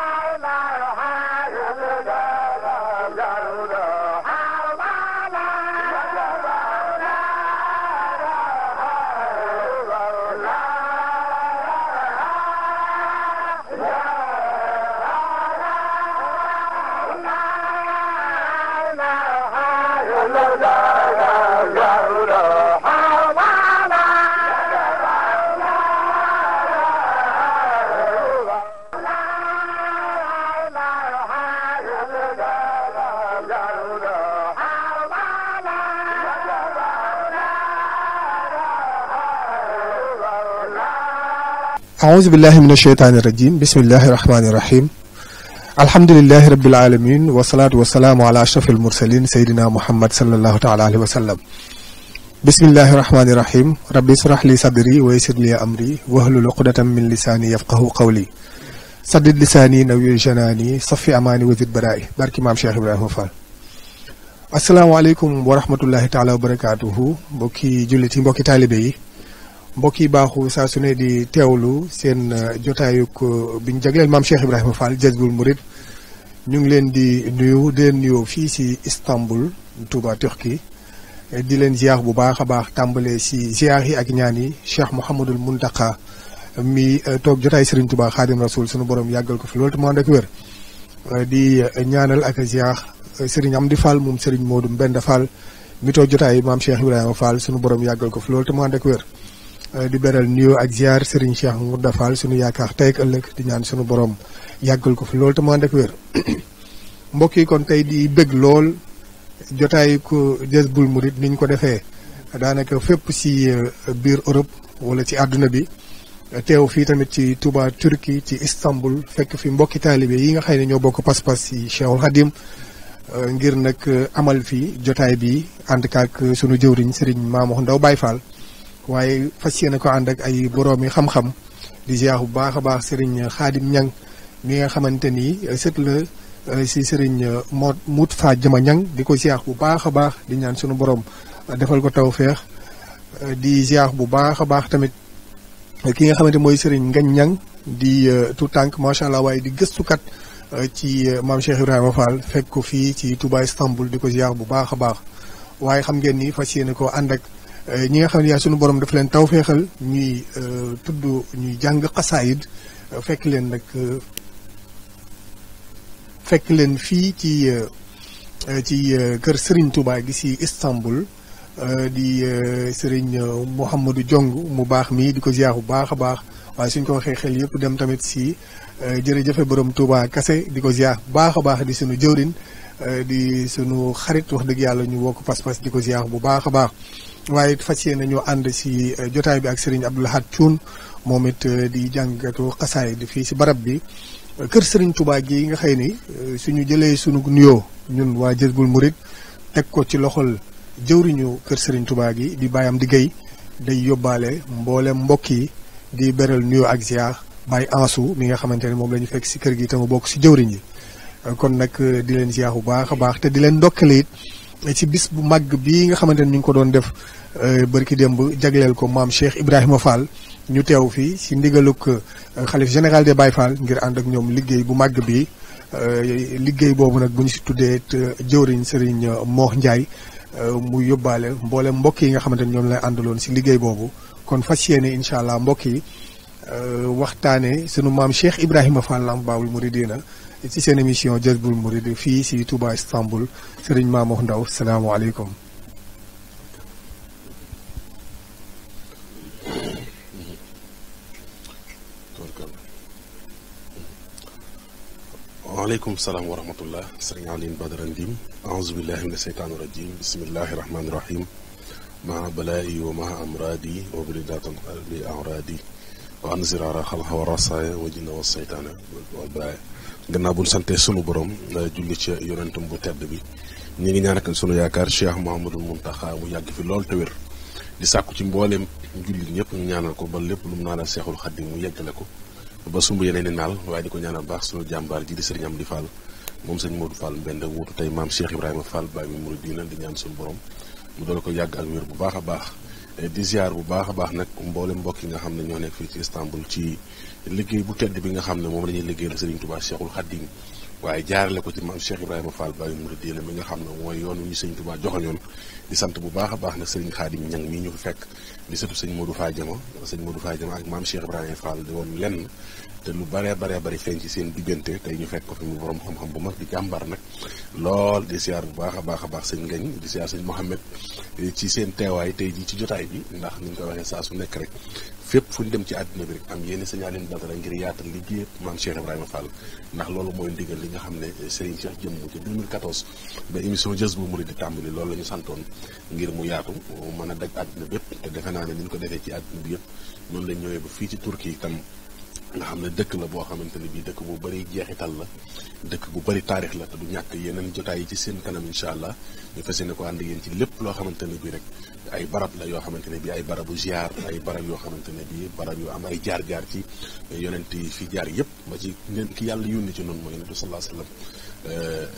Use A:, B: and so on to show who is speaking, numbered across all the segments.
A: our life.
B: أعوذ بالله من الشيطان الرجيم بسم الله الرحمن الرحيم الحمد لله رب العالمين والصلاة والسلام على أشرف المرسلين سيدنا محمد صلى الله عليه وسلم بسم الله الرحمن الرحيم ربي اشرح لي صدري ويسر لي أمري واهلل عقدة من لساني يفقه قولي سدد لساني نوي جناني صفي أماني وزد برائي بارك مام شيخ إبراهيم فال السلام عليكم ورحمة الله تعالى وبركاته بوكي جلتي بوكي طالبي mbokk yi baaxu saa su ne di teewlu seen uh, jotaayug bi ñu jagleel maam Cheikh Ibrahima Fall Jazbul Murid ñu ngi leen di nuyu di leen nuyoo fii si Istanbul Touba Turquie di leen ziar bu baax a baax tàmbalee si ziar yi ak ñaan yi Cheikh mun Muntaka mi uh, toog jotaay Serigne Touba Xaadim Rasul sunu borom yàggal ko fi loolu te mu ànd ak wér uh, di ñaanal ak ziar Serigne Amdi Fall moom Serigne Modou Mbenda Fall mi toog jotaay maam Cheikh Ibrahima Fall sunu borom yàggal ko fi loolu te mu ànd Euh, di beral nuyoo ak ziar Serigne Cheikh Mourda Fall sunu yaakaar tey ak ëllëg di ñaan sunu borom yàggal ko fi loolu te mu ànd wér mbokk yi kon tey di bëgg lool jotaay ko bul Mouride ni ñu ko defee daanaka fépp si euh, biir Europe wala ci àdduna bi teew fii tamit ci Touba Turquie ci Istanbul fekk fi mbokki taalibe yi nga xay ne ñoo bokk pas-pas yi Cheikhul Khadim euh, ngir nag amal fi jotaay bi ànd kaak sunu jëwriñ Serigne Mamour Ndaw Baye Fall waaye fas yéene ko ànd ak ay boroomi xam-xam di ziar bu baax a baax Serigne Khadim Niang mi nga xamante ni euh, sët la euh, si Serigne euh, Mot Mout Fa Jama Niang di ko ziar bu baax a baax di ñaan sunu borom defal ko taw feex di ziar bu baax a baax tamit ki nga xamante mooy Serigne Ngagne ñaŋ di tout tànk macha allah waaye di gëstukat ci maam Cheikh Ibrahima Fall fekk ko fii ci Touba Istanbul di ko ziar bu baax a baax waaye xam ngeen ni fas yéene ko ànd ak. Euh, ñi nga xam ne yaa sunu borom dafa leen tawféexal ñuy euh, tudd ñuy jàng xasaayid euh, fekk leen nag fekk leen fii ci ci kër sëriñ Touba gi si Istanbul di Serigne Mouhamadou Jong mu baax mii di ko ziar bu baax a baax waaye suñ ko waxee xel yëpp dem tamit si jërëjëfe borom Touba kase di ko ziar bu baax a baax di sunu jëwrin di sunu xarit wax dëgg yàlla ñu wokk pas-pas di ko ziar bu baax a baax. waaye it fas yéene ñoo ànd si euh, jotaay bi ak Serigne Abdou Lahad Thioune moom it euh, di jàngatu xasaay di fii si barab bi euh, kër Serigne tubaa gi nga xëy ni suñu jëlee suñu nuyoo ñun waa Jazbul Murid teg ko ci loxol jëwriñu kër Serigne Touba gi di bàyyam di géy day yóbbaale mboolem mbokk yi di beral nuyoo ak ziar Baye Ansu mi nga xamante ne moom la ñu fekk si kër gi te mu bokk si jëwriñ yi kon nag di leen ziar bu baax a baax te di leen ndokkale it ci bis bu màgg bii nga xamante ni ñu ngi ko doon def euh, bërki démb jagleel ko maam Cheikh Ibrahima Fall ñu teew fii ci ndigaluk euh, xalif général des bay Fall ngir ànd ak ñoom liggéey bu màgg bii euh, liggéey boobu nag bu ñu ci tuddee jëwriñ Serigne Moox Ndiaye mu yóbbaale mboole mbokk yi nga xamante ni ñoom lay àndaloon ci liggéey boobu kon fas yéene incha allah mbokk yi waxtaanee sunu maam Cheikh Ibrahima Fall Lamp Baabul Muridiina ci seen émission Jazboul Mouride fii si Touba Istanbul sëriñ Mamour Ndao salaamaaleykum.
C: waaleykum salaam wa rahmatullah sëriñ Alioune Badara Ndim aouzu billahi mina seytaani rajim bismillahir rahmanir rahim maa balaayi wa maa amradi wa biridatan qalbi amraadi wa anzir ara xalxa wa rasaaya wa jinna wa seytaana wal balaaya gannaaw bu ñu santee sunu borom eh, julli ci yonentam bu tedd bi ñu ngi ñaanal sunu yaakaar Cheikh Mouhamadul Mountakha mu yàgg fi lool te wér di sàkku ci mbooleem jullit ñëpp ñu ñaanal ko ba lépp lu mu naanal Seexul Xaddim mu yeggale ko ba sumb yeneen i naal waaye di ko ñaanal baax sunu jàmbaar ji di sëriñ di Fall moom sëñ Modou Fall Mbende wuutu tey maam Cheikh Ibrahima Fall baay bi muridina di ñaan sunu borom mu doon ko yàgg ak wér bu baax a baax eh, di ziar bu baax a baax nag mboolem mbokk yi nga xam ne ñoo nekk fii ci Istanbul ci liggéey bu tedd bi nga xam ne moom la ñuy liggéeyal Serigne Touba Cheikhul Khadim waaye jaarale ko ci maam Cheikh Ibrahima Fall Baye Mourideen la mi nga xam ne mooy yoon wu ñu Serigne Touba joxañoon di sant bu baax a baax nag Serigne Khadim ñang ñu fi fekk di sëtu sëñ Modou Fadiama sëñ Modou Fadiama maam Cheikh Ibrahima faal di woon lenn te lu baree baree bari feeñ ci seen diggante tey ñu fekk ko fi mu borom xam-xam bu mag di jàmbaar nag lool di siyaar bu baax a baax a baax sëñ Ngañ di siyaar sëñ Mohamed ci seen teewaay tey jii ci jotaay bi ndax ni ñu ko waxee saa su nekk rek fépp fuñ dem ci aduna bi rek am yéeni Serigne Alioune Badara ngir yaatal liggéey man Cheikh Ibrahima Fall ndax loolu moy ndigal li nga xamne ne Serigne Cheikh jëm ci 2014 ba émission bu Mouride tàmbali loolu lañu santone ngir mu yaatu mën a daj àddina bépp te defe na ne ñu ko défé ci aduna bi yëpp noonu lañ ñëwee ba fi ci Turquie tam nga xamne dëkk la bo xamanteni bi dëkk bu bari jeexital la dëkk bu bari taarix la te du ñàkk yeneen jotaay yi ci seen kanam inshallah ñu fas ko ànd yéen ci lépp loo xamanteni bi rek ay barab la yoo xamante ne bii ay barabu ziar ay barab yoo xamante ne bii barab yu am ay jaar-jaar ci yonent fi jaar yëpp ma ci ki yàlla yónni ci noonu mooy yonent bi sallallahu alayhi Euh,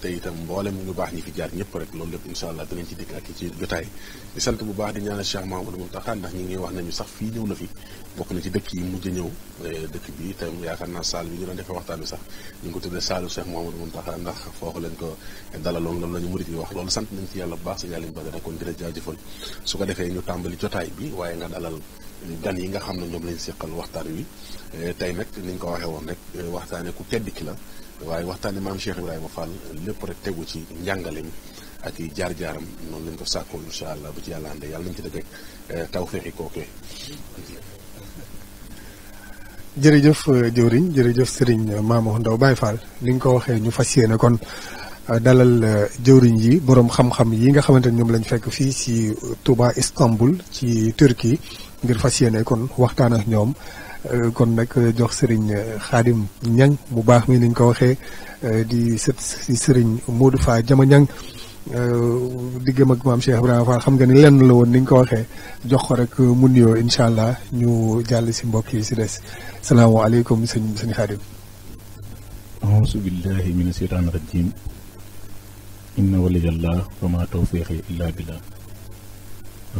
C: te itam mboolem ñu baax ñi fi jaar ñëpp rek loolu lépp incha allah dinañ ci dikk ak ci jotaay di sant bu baax di ñaanal Cheikh Mahamadou Mountakha ndax ñi ngi wax nañu sax fii ñëw na fi bokk na ci dëkk yi mujj ñëw euh, dëkk bi te yaakaar naa saal bi ñu doon defee waxtaan bi sax ñu ko tuddee saalu Cheikh Mahamadou Mountakha ndax foofu lañ ko dalaloon loolu la ñu murit yi wax loolu sant nañ ci bu baax sëñ Aliou Badara kon dina su ko defee ñu tàmbali jotaay bi waaye nga dalal gan yi nga xam ne ñoom lañ seqal waxtaan wi euh, tey nag niñ ko waxee woon rek waxtaane ku tedd ki la waaye waxtaane maam Cheikh Ibrahima Fall lépp rek tegu ci njàngaleem ak i jaar-jaaram noonu lañ ko sàkkoo incha allah bu ci yàlla àndee yàlla nañu ci dëkk ak eh, taw feexi kookee
B: jërëjëf eh, jëwriñ jërëjëf Serigne Mamadou Ndaw Baye Fall li nga ko waxee ñu fas yéene kon eh, dalal jëwriñ yi borom xam-xam yi nga xamante ne ñoom lañu fekk fii si Touba Istanbul ci Turquie ngir fas yéene kon waxtaan ak ñoom Euh, kon nak euh, jox serigne euh, khadim ñang mu baax mi niñ ko waxe di sepp ci serigne modou fa jama ñang digëm ak mam cheikh ibrahima fall xam nga ni lenn la won niñ ko waxe jox ko rek mu nuyo inshallah ñu jall ci mbokk yi ci dess assalamu alaykum serigne serigne khadim
D: أعوذ بالله من الشيطان الرجيم إن ولي الله وما توفيقي إلا بالله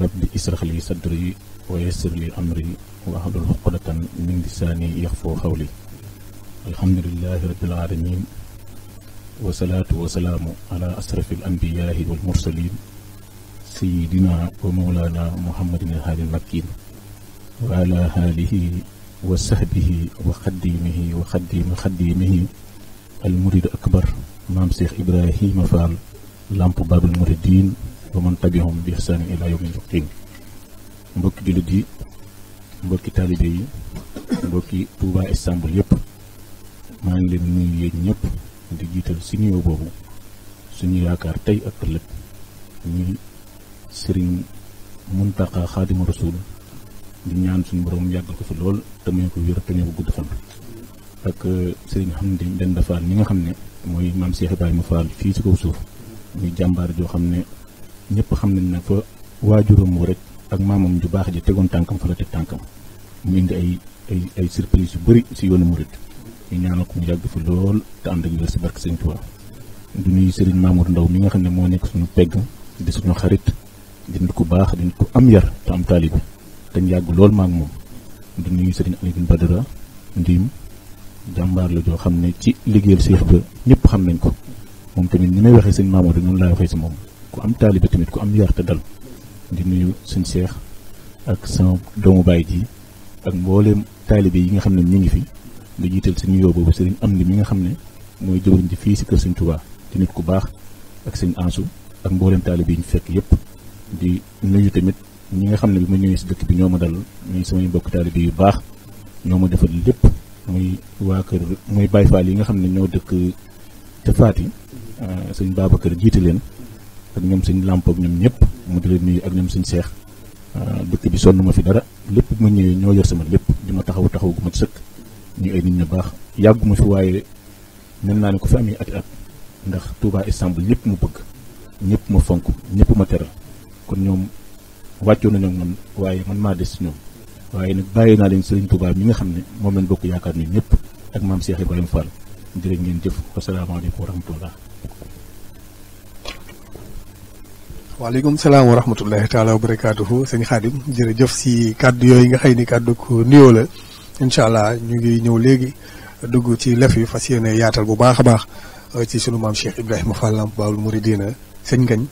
D: رب إسرح لي صدري ويسر لي أمري واحلل عقدة من لساني يخفو قولي الحمد لله رب العالمين والصلاة والسلام على أسرف الأنبياء والمرسلين سيدنا ومولانا محمد الهادي المكين وعلى آله وصحبه وخديمه وخديم خديمه المريد أكبر مام شيخ إبراهيم فال لامب باب المريدين ومن تبعهم بإحسان إلى يوم الدين mbokki mbokki talibé yi mbokki Touba Istanbul yépp ma ngi leen nuyu yéen ñëpp di jiital si nuyoo boobu suñu yaakaar tey ak ëllëg ñi sëriñ Muntaqa Xaadimu rasul di ñaan suñu borom yàggal ko fi lool te may ko wér te may ko gudd fan ak euh, sëriñ Hamdi Ndenda Fall mi nga xam ne mooy maam Cheikh Ibrahima Fall fii si kaw suuf muy jàmbaar joo xam ne ñëpp xam nañ ne fa waajuram wu rek ak maamam ju baax ji tegoon tànkam fa te tànkam mu indi ay ay ay surprise yu bëri si yoonu murit ñu ñaanal ko mu yàgg fi lool te ànd ak wér si barke Sëñ Tuubaa du nuyu Serigne Mamour Ndaw mi nga xam ne moo nekk suñu pegg di suñu xarit di nit ku baax di nit ku am yar te am taalibi te ñu yàgg lool ma ak moom du nuyu Serigne Alioune Badara Ndim jàmbaar la joo xam ne ci liggéeyal Seex ba ñëpp xam nañ ko moom tamit ni may waxee sëñ Mamour noonu laay waxee si moom ku am taalibi ku am yar te dal. di nuyu suñ seex ak sa doomu baay ji ak mbooleem taalibe yi nga xam ne ñu ngi fi nga jiital suñu yoo boobu sëriñ am ni mi nga xam ne mooy jëwriñ ji fii si kër sëñ Tuubaa di nit ku baax ak sëñ Ansu ak mbooleem taalibe yi ñu fekk yëpp di nuyu tamit ñi nga xam ne bi ma ñëwee si dëkk bi ñoo ma dal ñuy samay mbokk taalibe yu baax ñoo ma defal lépp muy waa kër muy Baay Faal yi nga xam ne ñoo dëkk te faati ah, sëñ kër jiite leen ak ñoom sëñ làmp ak ñoom ñëpp mu di leen nuyu ak ñoom suñu seex euh, dëkk bi sonn ma fi dara lépp bu ma ñëwee ñoo yor sama lépp di ma taxaw taxaw gu ma sëkk ñu ay nit ñu baax yàgguma fi waaye mel naa ne ko fi amee ati at ndax Touba Istanbul ñëpp mu bëgg ñëpp ma fonk ñëpp ma teral kon ñoom wàccoon nañu man waaye man maa des si ñoom waaye nag bàyyi naa leen Serigne Touba mi nga xam ne moom lañ bokk yaakaar ni ñëpp ak maam Cheikh Ibrahima Fall jërë ngeen jëf wasalaamaaleykum wa rahmatullah
B: waaleykum salaam wa rahmatullahi taala wa barakaatuhu sëñ Xaadim jërëjëf si kàddu yooyu nga xëy ni kàddu ko nuyoo la incha allah ñu ngi ñëw léegi dugg ci lef yi fas yéene yaatal bu baax a baax euh, ci sunu maam Cheikh Ibrahima Fall Lamp Baabul Muridina sëñ Ngañ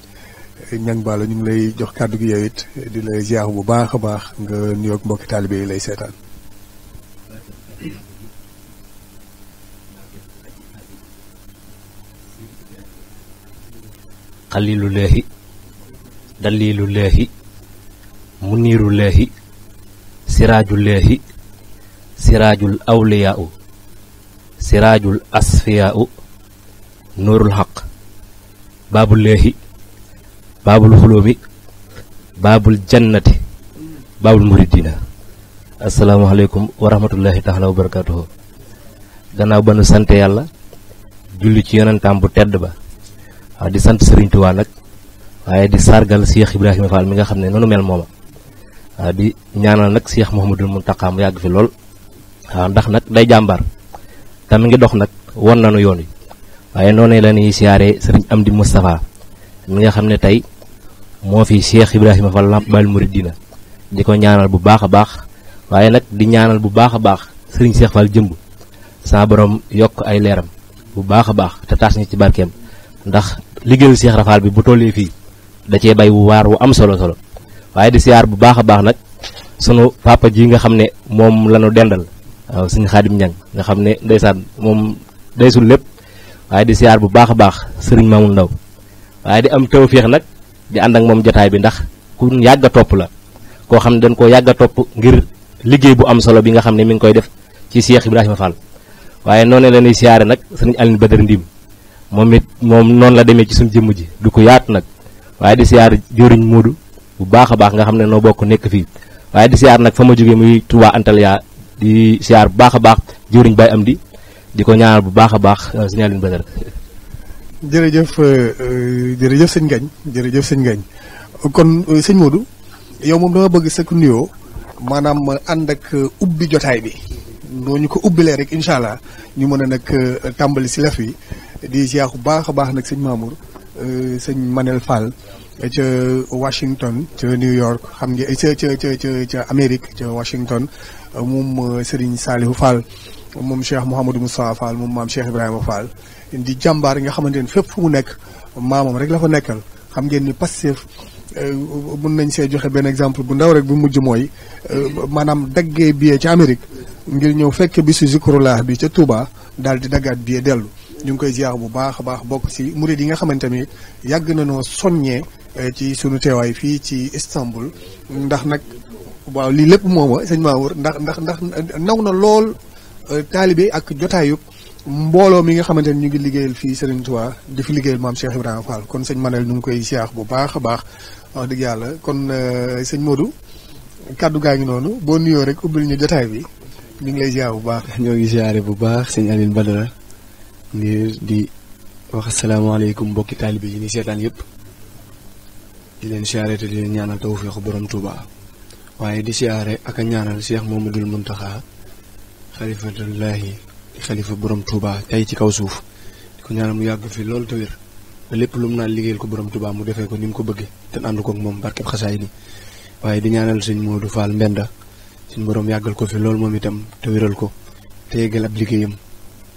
B: ñang bala ñu ngi lay jox kàddu gi yow it di la ziar bu baax a baax nga nuyoog mbokki taalibe yi lay seetaan. xalilullahi
E: daliilullaahi muniirullaahi siraajullaahi siraajul awliyaau siraajul asfiyaau nuurul xaq baabullaahi baabul xulóomi baabul jannati baabul muridina asalaamaaleykum wa rahmatullahi taala wa barakaatuhu gannaaw ba nu sant yàlla julli ci yonentaam bu tedd ba waaw di sant Sëriñ Tuubaa nag waaye di sargal Cheikh Ibrahim Fall mi nga xam ne mel ah, di ñaanal nag Cheikh muntakam ya mu yàgg fi lool ah, ndax nag day jàmbaar tam ngi dox nag won nañu yoon wi waaye la ñuy Serigne Amdi mustafa, mi nga xam ne tey moo fi Cheikh Ibrahim Fall Baal Mouridina di ko ñaanal bu baax a baax waaye nag di ñaanal bu baax a baax Serigne Cheikh Fall jëmb sa borom yokk ay leeram bu baax a baax te taas ñu ci barkeem ndax liggéeyu Cheikh Rafal bi bu tollee fii da cee bay waar wu am solo solo waaye di siyaar bu baax a baax nag sunu papa ji nga xam ne moom la dendal waaw suñu xaadim ñang nga xam ne ndeysaan moom daysul lépp waaye di siyaar bu baax a baax sëriñ Mamoun Ndaw waaye di am tawféex nag di ànd ak moom jotaay bi ndax ku yàgg a topp la koo xam ne dañ koo yàgg a topp ngir liggéey bu am solo bi nga xam ne mi ngi koy def ci Cheikh Ibrahima Fall waaye noonu la ñuy siyaare nag sëriñ Aline Badara Ndim moom it moom noonu la demee ci suñu jëmm ji du ko yaatu nag waaye di siyaar jëriñ Moodu bu baax a baax nga xam ne noo bokk nekk fii waaye di siyaar nag fa ma jógee muy Touba Antalya di siyaar bu baax a baax jëriñ Baye Amdi di ko ñaanal bu baax a baax signalin bële rek.
B: jërëjëf euh, jërëjëf sëñ jërëjëf sëñ Ngañ kon euh, sëñ Moodu yow moom dama bëgg sëkk nuyoo maanaam ànd ak euh, ubbi jotaay bi noo ñu ko ubbilee rek incha allah ñu mën a nag tàmbali si laf yi di ziar bu baax a baax nag sëñ Mamour. Euh, sëñ Manel Fall ca Washington ca New York xam nga ca ca ca ca Amérique ca Washington moom euh, Serigne Saliou Fall moom Cheikh Mouhamadou Moustapha Fall moom maam Cheikh Ibrahima Fall di jàmbaar nga xamante ni fépp fu mu nekk maamam rek la fa nekkal xam ngeen ni Pastef euh, mën nañ see joxe benn exemple bu ndaw rek bu mujj mooy maanaam daggee billet ci Amérique ngir ñëw fekk bisu zikrullah bi ca Touba daal di daggaat billet dellu. ñu ngi koy ziar bu baax a baax bokk si murid yi nga xamante ni yàgg nañoo soññee eh, ci sunu teewaay fii ci Istanbul ndax nag waaw lii lépp mooma sëñ Mamour ndax ndax ndax naw na lool eh, taalibe ak jotaayu mbooloo mi nga xamante ni ñu ngi liggéeyal fii Serigne Touba di fi liggéeyal maam Cheikh Ibrahima Fall kon sëñ Manel ñu ngi koy ziar bu baax a baax wax dëgg yàlla kon eh, sëñ Modou kàddu gaa ngi noonu boo nuyoo rek ubbil ñu jotaay bi ñu ngi lay ziar bu baax.
F: ñoo ngi ziare bu baax sëñ Aline Badara. ni di wax assalamu alaykum bokki talibi ni setan yep di len siyaare te di leen ñaanal tawfiq borom Touba waye di siyaare ak ñaanal Cheikh Mamadul muntaha xalifatullahi di khalifa borom Touba tay ci kaw suuf di ko ñaanal mu yag fi lol tawir lepp lu mu naan liggéeyal ko borom Touba mu defee ko nim ko bëggee te ko ak mom barké xassay ni waye di ñaanal seigne Modou Fall Mbenda seigne borom yagal ko fi lol mom itam tawiral ko te ab ligéeyam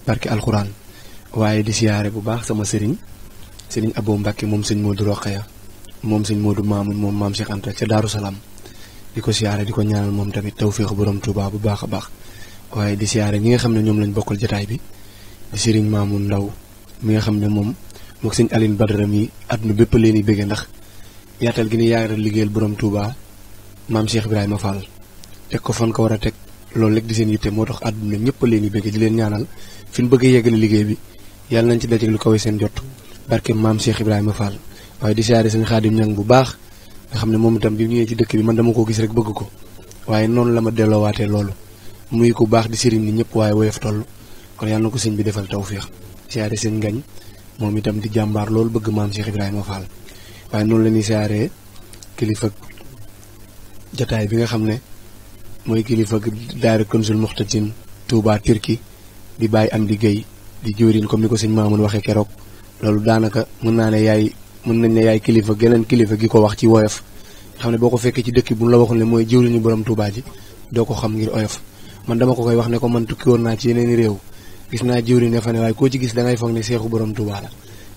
F: barké alcorane waaye di siyaare bu baax sama sëriñ sëriñ Abo Mbacke moom sëñ Modou Rokhaya moom sëñ Modou Mamoun moom maam Cheikh Anta ca Daaru Salaam di ko siyaare di ko ñaanal moom tamit tawféexu borom Touba bu baax a baax waaye di siyaare ñi nga xam ne ñoom lañ bokkal jotaay bi di sëriñ Mamoun Ndaw mi nga xam ne moom moog sëñ Aline Badara mi àdduna bépp leen i ndax yaatal gi ni liggéeyal borom Touba maam Cheikh Ibrahima Fall teg ko fan ko war a teg loolu di seen yitte moo tax àdduna leen i bëgge di leen ñaanal fi bëgg liggéey bi yàlla nañ ci dajeeg lu kawe seen jot barke maam Cheikh Ibrahima Fall waaye di siyaare seen xaadim ñang bu baax nga xam ne moom itam bi ñëwee ci dëkk bi man dama ko gis rek bëgg ko waaye noonu la ma delloowaatee loolu muy ku baax di sëriñ ni ñëpp waaye woyof toll kon yàlla na ko bi defal siyaare seen ngañ moom itam di jàmbaar loolu bëgg maam Cheikh Ibrahima Fall waaye noonu la ñuy siyaaree kilifa jataay bi nga xam ne mooy kilifa daara Kanzul muxtatin Touba Turki di bàyyi am di di jëwriñ comme ni ko sëñ Mamoun waxee keroog loolu daanaka mën naa ne yaay mën nañ ne yaay kilifa geneen kilifa gi ko wax ci woyof xam ne boo ko fekkee ci dëkk bu ñu la waxul ne mooy jëwriñu borom Touba ji doo ko xam ngir oyof man dama ko koy wax ne ko man tukki woon naa ci yeneen i réew gis naa jëwriñ ne fa koo ci gis da ngay ne seexu borom Touba la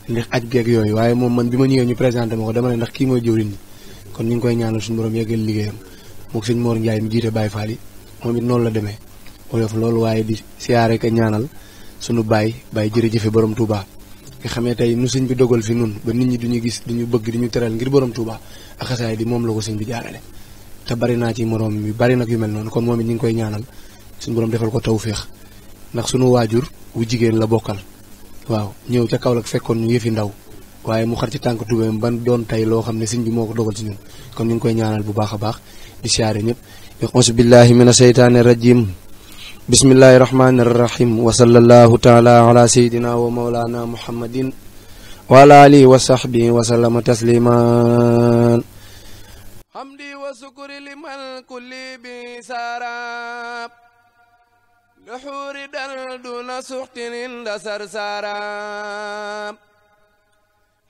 F: ndax aj geeg yooyu waaye moom man bi ma ñëwee ñu présenté ma ko ndax kii mooy jëwriñ ñi kon ñu ngi koy ñaanal suñu borom yeggal liggéeyam mook sëñ Mor Ndiaye mi jiite Baye Fall yi moom it noonu la demee oyof loolu waaye di siyaare ka ñaanal sunu baay baay jërëjëfe borom Touba nga xamee tey nu sëñ bi dogal fi nun ba nit ñi duñu gis duñu bëgg di ñu teral ngir borom Touba ak xasaay di moom la ko sëñ bi jaarale te bari naa ci moroom mi bari nag yu mel noonu kon moom it ñu ngi koy ñaanal suñu borom defal ko tawféex ndax sunu waajur wu jigéen la bokkal waaw ñëw ca Kaolack fekkoon ñu yëfi ndaw waaye mu xar ci tànk tubéem ban doon tey loo xam ne sëñ bi moo ko dogal ci ñun kon ñu ngi koy ñaanal bu baax a baax di siyaare ñëpp ausu billahi mina seytaani rajim بسم الله الرحمن الرحيم وصلى الله تعالى على سيدنا ومولانا محمد وعلى آله وصحبه وسلم تسليما
G: حمدي وشكر لمن كل بسارا لحور دل دون سحت عند سرسارا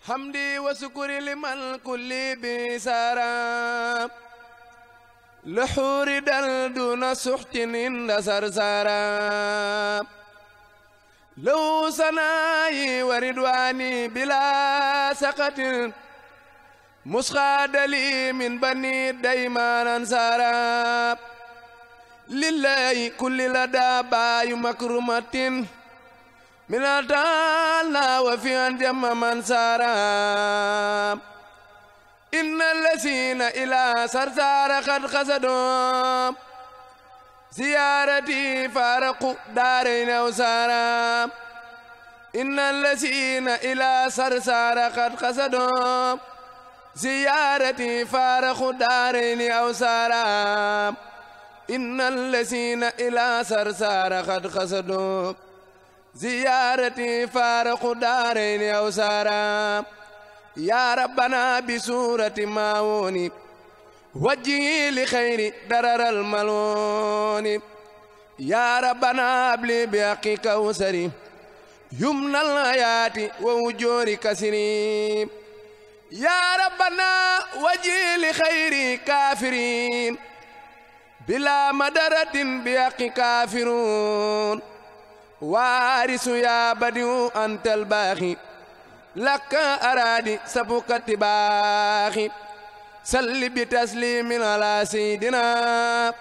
G: حمدي وشكر لمن كل بسارا لحور دل دون سحت إن سرسارا لو سناي وردواني بلا سقط مسخاد لي من بني ديمان أنصارا لله كل لدى باي مكرمات من أتانا وفي أنجم من سارا إن الذين إلى سرزار قد قصدوا زيارتي فارقوا دارين وسارا إن الذين إلى سرزار قد قصدوا زيارتي فارقوا دارين أوسارا إن الذين إلى سرزار قد قصدوا زيارتي فارقوا دارين أوسارا yaa rabbana bi suurati maawooni wajjihi li xayri dararal malooni yaa rabbana abli bi haqi kawsari yumnal hayaati wa wujoori kasiri yaa rabbana wajjihi li xayri kaafiri bila madaratin bi haqi kaafiruun waarisu yaa badiu antal baaxi لك أرادي سبوك تباخي سل بتسليم على سيدنا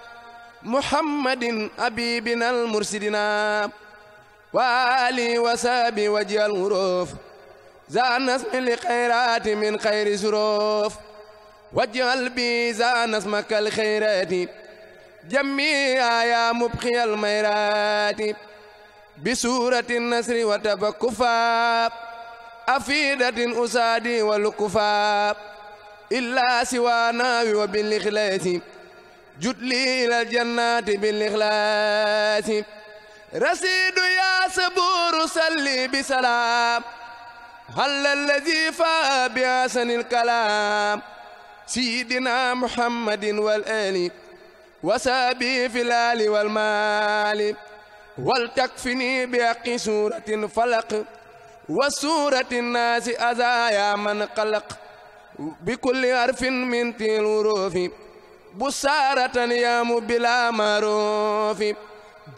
G: محمد أبيبنا المرسدنا وآلي وسابي وجه الغروف زان اسم الخيرات من خير سروف وجه بي زان اسمك الخيرات جميعا يا مبقي الميرات بسورة النسر وتبكفا أفيدة أسادي والكفاء إلا سوانا وبالإخلاص جد لي إلى الجنات بالإخلاص رسيد يا صبور صلي بسلام هل الذي فاء بأحسن الكلام سيدنا محمد والآل وسابي في الآل والمال ولتكفني بأقي سورة فلق wa suurati naasi azaaya man xalaq bi kulli harfin min wuruufi bu saaratan yaamu bilaa maruufi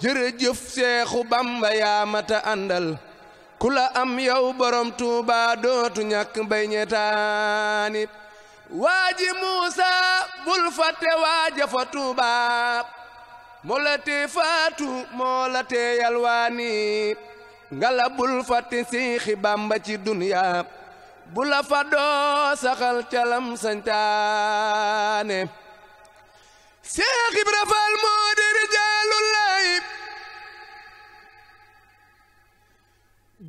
G: jërëjëf seexu bamba yaa mata àndal am yow borom tuuba dootu ñàkk bay ñetaani waaji muusa bul fàtte waaja fa tuuba moo la faatu moo la tee ngala bul fàtti siixi bàmba ci duniya bu fa doo calam santaane Seex Ibra Faal moo di rijaalu layib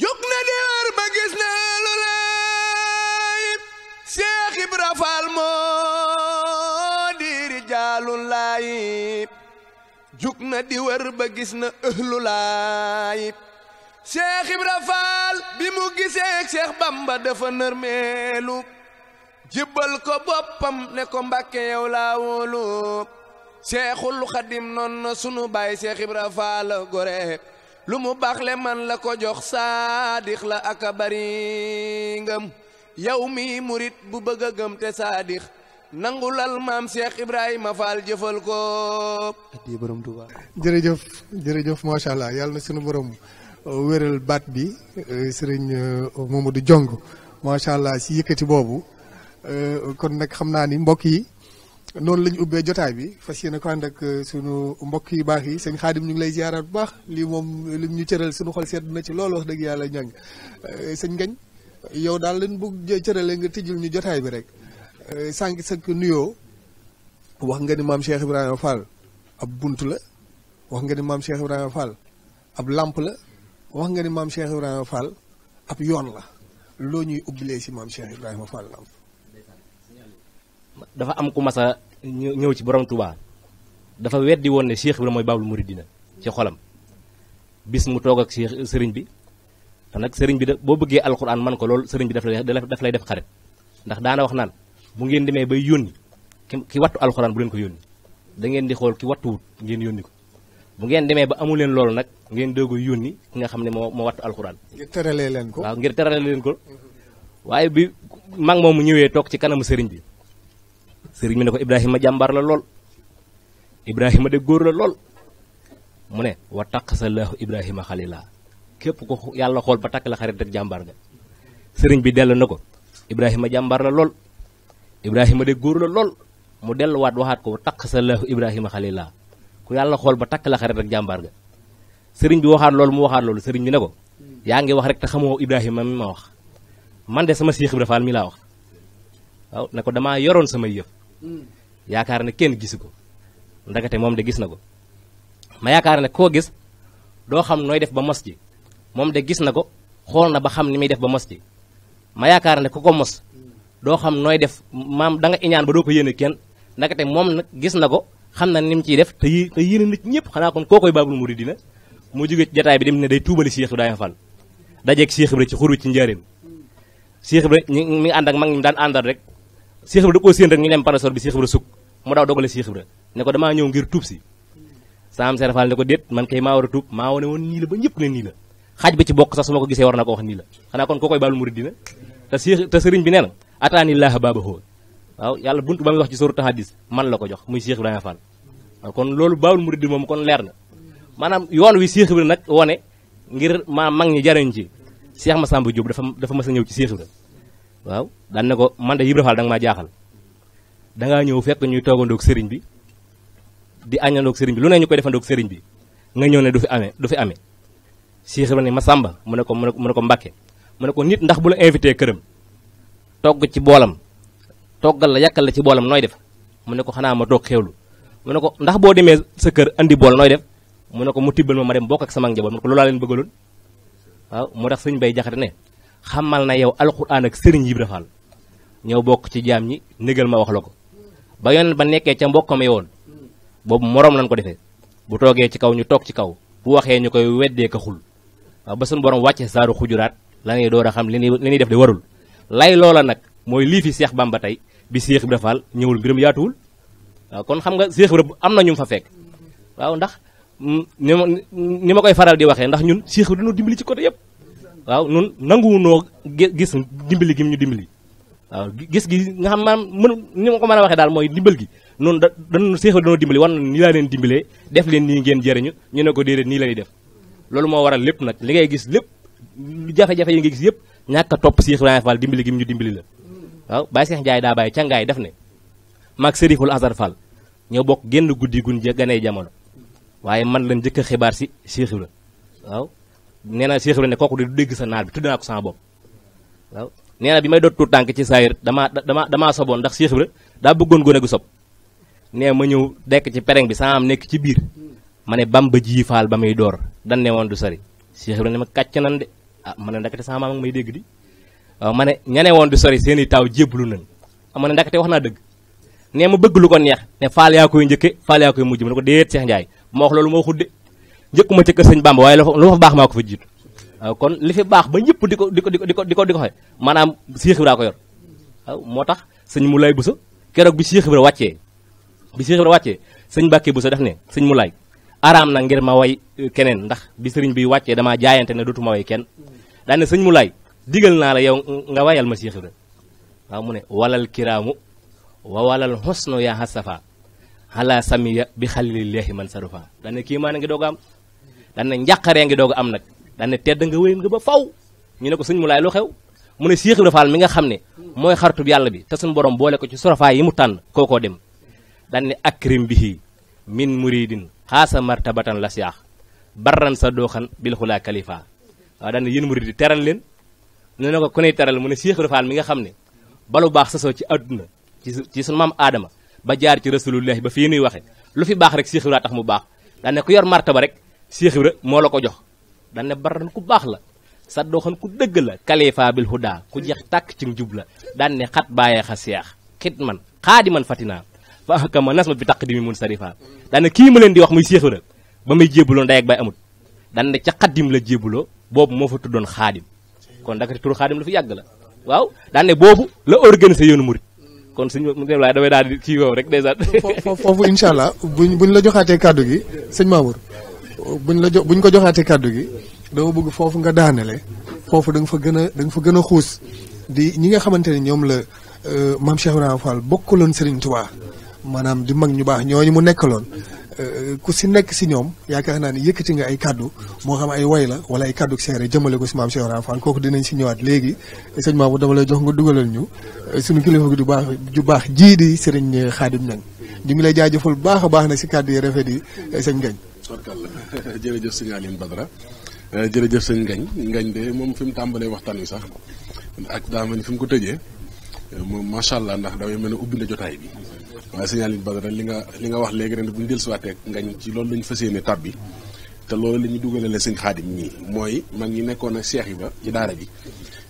G: jóg na di wër na lu layib Seex Ibra Faal moo di rijaalu layib jóg na di wër na ëhlu layib Cheikh Ibra Fall bi mu gisee Cheikh Bamba dafa nërmeelu jébbal ko boppam ne ko Mbàkke yow laa wóolu Cheikhul Xadim noon na sunu baay Cheikh Ibra Fall gore lu mu baaxle man la ko jox saadix la aka bari ngëm yow mi murit bu bëgg a gëm te saadix nangu lal maam Cheikh Ibrahima Fall jëfal ko.
B: jërëjëf jërëjëf macha yàlla sunu borom. wéral baat bi sëriñ a du Jong macha allah si yëkkati boobu eh, kon nag xam naa ni mbokk yi noonu lañu ñu ubbee jotaay bi fas yéene ko ànd ak eh, sunu mbokk yi baax yi sëñ xaadim ñu ngi lay ziaraat bu baax lii moom li ñu cëral suñu xol sedd na ci loolu wax dëgg yàlla ñang sëñ ngañ yow daal leen bu cëralee nga tijjul ñu jotaay bi rek eh, sànq sëkk nuyoo wax nga ni maam Cheikh Ibrahima Fall ab bunt la wax nga ni maam Cheikh Ibrahima Fall ab làmp la wax nga ni maam Cheikh Ibrahima Fall ab yoon la loo ñuy ubbilee si maam Cheikh Ibrahima Fall la am.
E: dafa am ku mas a ñëw ci borom Touba dafa weddi woon ne Cheikh Ibrahima mooy Baabul Muridina ci xolam bis mu toog ak Cheikh sëriñ bi te nag sëriñ bi da boo bëggee alxuraan man ko loolu sëriñ bi daf lay daf lay def xare ndax daana wax naan bu ngeen demee bay yónni ki wattu alxuraan bu leen ko yónni da ngeen di xool ki wattuwut ngeen yónni ko. bu ngeen demee ba amu leen loolu nag ngeen doog a yónni ki nga xam ne moo moo wattu alxuraan. ngir tëralee leen ko waaw ngir leen ko. waaye bi mag moomu ñëwee toog ci kanamu sëriñ bi sëriñ bi ne ko Ibrahima jambar la lool Ibrahima de góor la lool mu ne wa taqasallahu Ibrahima xalila képp ko yàlla xool ba takk la xarit rek jàmbaar nga sëriñ bi dellu na ko Ibrahima jambar la lool Ibrahima de góor la lool mu delluwaat waxaat ko wa Ibrahima xalila ku yàlla xool ba takk la xarit rek jàmbaar ga sëriñ bi waxaat loolu mu waxaat loolu sëriñ bi ne ko yaa ngi wax rek te xamoo Ibrahima mi ma wax man de sama Cheikh Ibra Fall mi laa wax waaw ne ko damaa yoroon sama yëf hmm. yaakaar ne kenn gisu ko ndagate moom de gis na ko ma yaakaar ne koo gis doo xam nooy def ba mos moom de gis na ko xool na ba xam ni muy def ba mos ci ma yaakaar ne ku ko mos hmm. doo xam nooy def maam danga nga iñaan ba doo ko yéene kenn ndagate moom nag gis na ko xamna nim ci def te te yene nit ñepp xana kon kokoy babul muridina mu joge ci jataay bi dem ne day tuubali Cheikh ibrahim Fall dajje ak Cheikh ibrahim ci xuru ci njaareem Cheikh ibrahim mi and ak mag ñu daan andal rek Cheikh ibrahim ko seen rek ñu dem parasol bi Cheikh ibrahim suk mu daw dogale Cheikh ibrahim ne ko dama ñew ngir tuub si sam Cheikh Fall ne ko déet man kay ma wara tuub ma wane won ni la ba ñepp ne ni la xaj ba ci bok sax sama ko gisee war na ko wax ni la xana kon kokoy babul muridina ta Cheikh ta serigne bi neena atani allah babahu waaw yàlla buntu ba muy wax ci suratu hadis man la ko jox muy Cheikh Ibrahima Fall waaw kon loolu bawul murid moom kon leer na maanaam yoon wi Cheikh Ibrahima nag wone ngir ma mag ñi jariñ ci Cheikh masamba Diop dafa dafa mas a ñëw ci Cheikh Ibrahima waaw daan na ko man de ibrahima Fall da nga maa jaaxal da nga ñëw fekk ñuy toogandoog sëriñ bi di añandoog sëriñ bi lu ne ñu koy defandoog sëriñ bi nga ñëw ne du fi amee du fi amee Cheikh Ibrahima masamba mu ne ko mu ne ko Mbàkke mu ne ko nit ndax bu la invité këram togg ci boolam toggal la yàkkal la ci boolam nooy def mu ne ko xanaa ma toog xewlu mu ne ko ndax boo demee sa kër indi bool nooy def mu ne ko mu tibbal ma ma dem bokk ak sama njaboot mu ne ko loolaa leen bëggaloon waaw moo tax sëñ bay jaxate ne xamal na yow alxuraan ak sëriñ Ibra Fall ñëw bokk ci jaam ñi négal ma wax la ko ba yoon ba nekkee ca mbokkam yowoon boobu moroom lañ ko defee bu toogee ci kaw ñu toog ci kaw bu waxee ñu koy weddee ka xul waaw ba suñu borom wàcce saaru xujuraat la a xam li ñuy def de warul lay loola nag mooy lii fi Seex tey bi Cheikh Ibra Fall ñëwul mbiram yaatuwul waaw kon xam nga Cheikh Ibra am na ñu fa fekk waaw ndax ni ma ni ma koy faral di waxee ndax ñun Cheikh Ibra dañoo dimbali ci côté yëpp waaw ñun nanguwunoo gis dimbali gi ñu dimbali waaw gis gi nga xam maanaam mënul ni ma ko mën a waxee daal mooy dimbal gi noonu da dañu Cheikh Ibra dañoo wan na nii laa leen dimbalee def leen nii ngeen jëriñu ñu ne ko déedéet nii la ñuy def loolu moo waral lépp nag li ngay gis lépp jafe-jafe yi nga gis yëpp ñàkk topp Cheikh Ibrahima Fall dimbali gi ñu dimbali la waaw bàyyi seex jaay daa bàyyi ca ngaay def ne mag sërixul azar fall ñoo bokk génn guddi gun ja ganee jamono waaye man lañ xibaar si Cheikh Ibra waaw nee na Cheikh Ibra ne kooku de du dégg sa naar bi tudd naa ko sama bopp waaw nee na bi may doot tuut tànk ci saayir dama dama dama soboon ndax Cheikh Ibra daa bëggoon gone gu sob nee ma ñëw dekk ci pereng bi sama am nekk ci biir ma ne Bamba ji faal ba door dan ne woon du sari Cheikh Ibra ne ma kàcc de ah ma ne ndakate sama maam may dégg di ma ne ñane woon di sori seen i taaw jéblu nañ ama ne ndakate wax naa dëgg nee ma bëgg lu ko neex ne faal yaa koy njëkke faal yaa koy mujj ma ne ko déet Cheikh Ndiaye ma wax loolu moo xudde njëkkuma ca kër sëñ Bamba waaye lu fa baax maa ko fa jiitu kon li fi baax ba ñëpp di ko di ko di ko di ko di ko maanaam Cheikh Ibra ko yor waaw moo tax sëñ Moulay Boussa keroog bi Cheikh Ibra wàccee bi Cheikh Ibra wàccee sëñ Mbàkke Boussa def ne sëñ Moulay araam na ngir ma wa eh, keneen ndax bi sëriñ bi wàccee damaa jaayante ne dootuma way kenn daane sëñ digal naa la yow nga wayal ma Cheikh Ibra waaw mu ne walal kiraamu wa walal xosno yaa xasafa xalaa samiya bi xalilillahi man sarufa dana kii maa ngi doog a am dana njàqaree ngi doog am nag dana tedd nga wéy nga ba faw ñu ne ko suñ mu laay lu xew mu ne Cheikh Ibra Fall mi nga xam ne mooy xartub yàlla bi te suñu borom boole ko ci surafa yi mu tànn kookoo dem dana akrim bihi min muridin xaasa martabatan la siyaax barran sa dooxan bil xulaa kalifa waaw dana leen nee na ko ku ney teral mu a Cheikh Ibra mi nga xam ne lu baax sasoo ci àdduna ci ci sunu maam aadama ba jaar ci rasulullahi ba fii nuy waxe lu fi baax rek Cheikh Ibra tax mu baax daan ne ku yor martaba rek Cheikh Ibra moo la ko jox daan ne baran ku baax la sa doxan ku dëgg la kalifa bil huda ku jeex tàkk ci njub la daan ne xat bàyyee xa seex xit man xaadi man fatinaa fa ahkama nas ma bi taqdimi mun sarifa faa ne kii ma leen di wax muy Cheikh Ibra ba muy jébaloo ndey ak bay amut daan ne ca la jébaloo boobu moo fa tuddoon xaadim kon ndakati turu xaadim lu fi yàgg la waaw daan boobu la organiser yoonu murit kon sëñ mu dem laay damay daal di kii rek dèjà. foofu incha allah
B: buñ buñ la joxaatee kàddu gi sëñ Mamour buñ la jox buñ ko joxaatee kàddu gi dama bëgg foofu nga daanele foofu da nga fa gën a da nga fa gën a xuus di ñi nga xamante ne ñoom la euh, maam Cheikh Ibrahima Fall bokkaloon Serigne Touba maanaam di mag ñu baax ñu mu nekk loon Euh, ku si nekk si ñoom yaakaar naa ne yëkkati nga ay kàddu moo xam ay way la wala ay kàddu seere jëmale ko si maam kooku dinañ si ñëwaat léegi sëñ Mamadou dama lay jox nga dugalal ñu euh, suñu kilifa gi du baax ju baax jii di sëriñ Xaadim Ñaŋ ñu ngi lay jaajëfal baax a baax na si kàddu yi rafet yi euh, sëñ Ngañ
C: barkalla jërëjëf sëñ Aline Badara jërëjëf sëñ Ngañ Ngañ de moom fi mu tàmbalee waxtaan wi sax ak daa ni fi mu ko tëjee moom macha allah ndax dafay mel ne ubbi na jotaay bi waaye sëñ Aliou Badara li nga li nga wax léegi ren bu ñu dellusiwaatee ngañ ci loolu la ñu fas yéene tab bi te loolu la ñu la sëñ xaadim ñii mooy mag ñi nekkoon a seex yi ba ci daara ji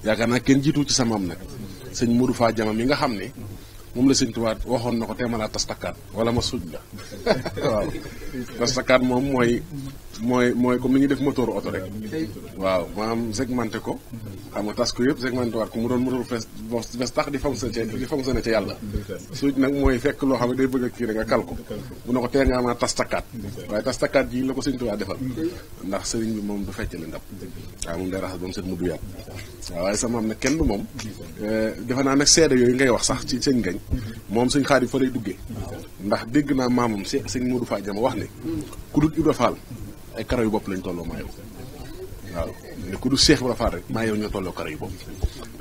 C: yaakaar naa kenn jiitu ci sama am nag sëñ Modou faa Jama mi nga xam ne moom la sëñ Tuubaa waxoon na ko teemalaa tas takkaat wala ma suuj la
A: waaw tas
C: takkaat moom mooy mooy mooy comme ni ñuy def moteur oto rek. waaw maanaam segmenté ko. xam nga tas ko yëpp segmenté waat ko mu doon moteur fees tax di fonctionné ca di fonctionné ca yàlla. suuj nag mooy fekk loo xam ne day bëgg a kii rek nga kal ko. bu na ko tee tas takkaat. waaye tas takkaat ji la ko sëñ Tuubaa defal. ndax sëriñ bi moom du fecc la ndab. waaw moom day raxas ba mu set mu du yàpp. waaye sama am nag kenn du moom. Eh, defe naa nag seede yooyu ngay wax sax ci sëñ gañ. Mm-hmm. moom sëñ xaar yi fa lay duggee. ndax dégg naa maamam sëñ Modou Fadiama wax ne. ku dul Ibra Fall ay karaw yu bopp lañ tolloo maa yow waaw ne ku du Seex Ibra Faal rek maa yow ñoo tolloo karaw yu bopp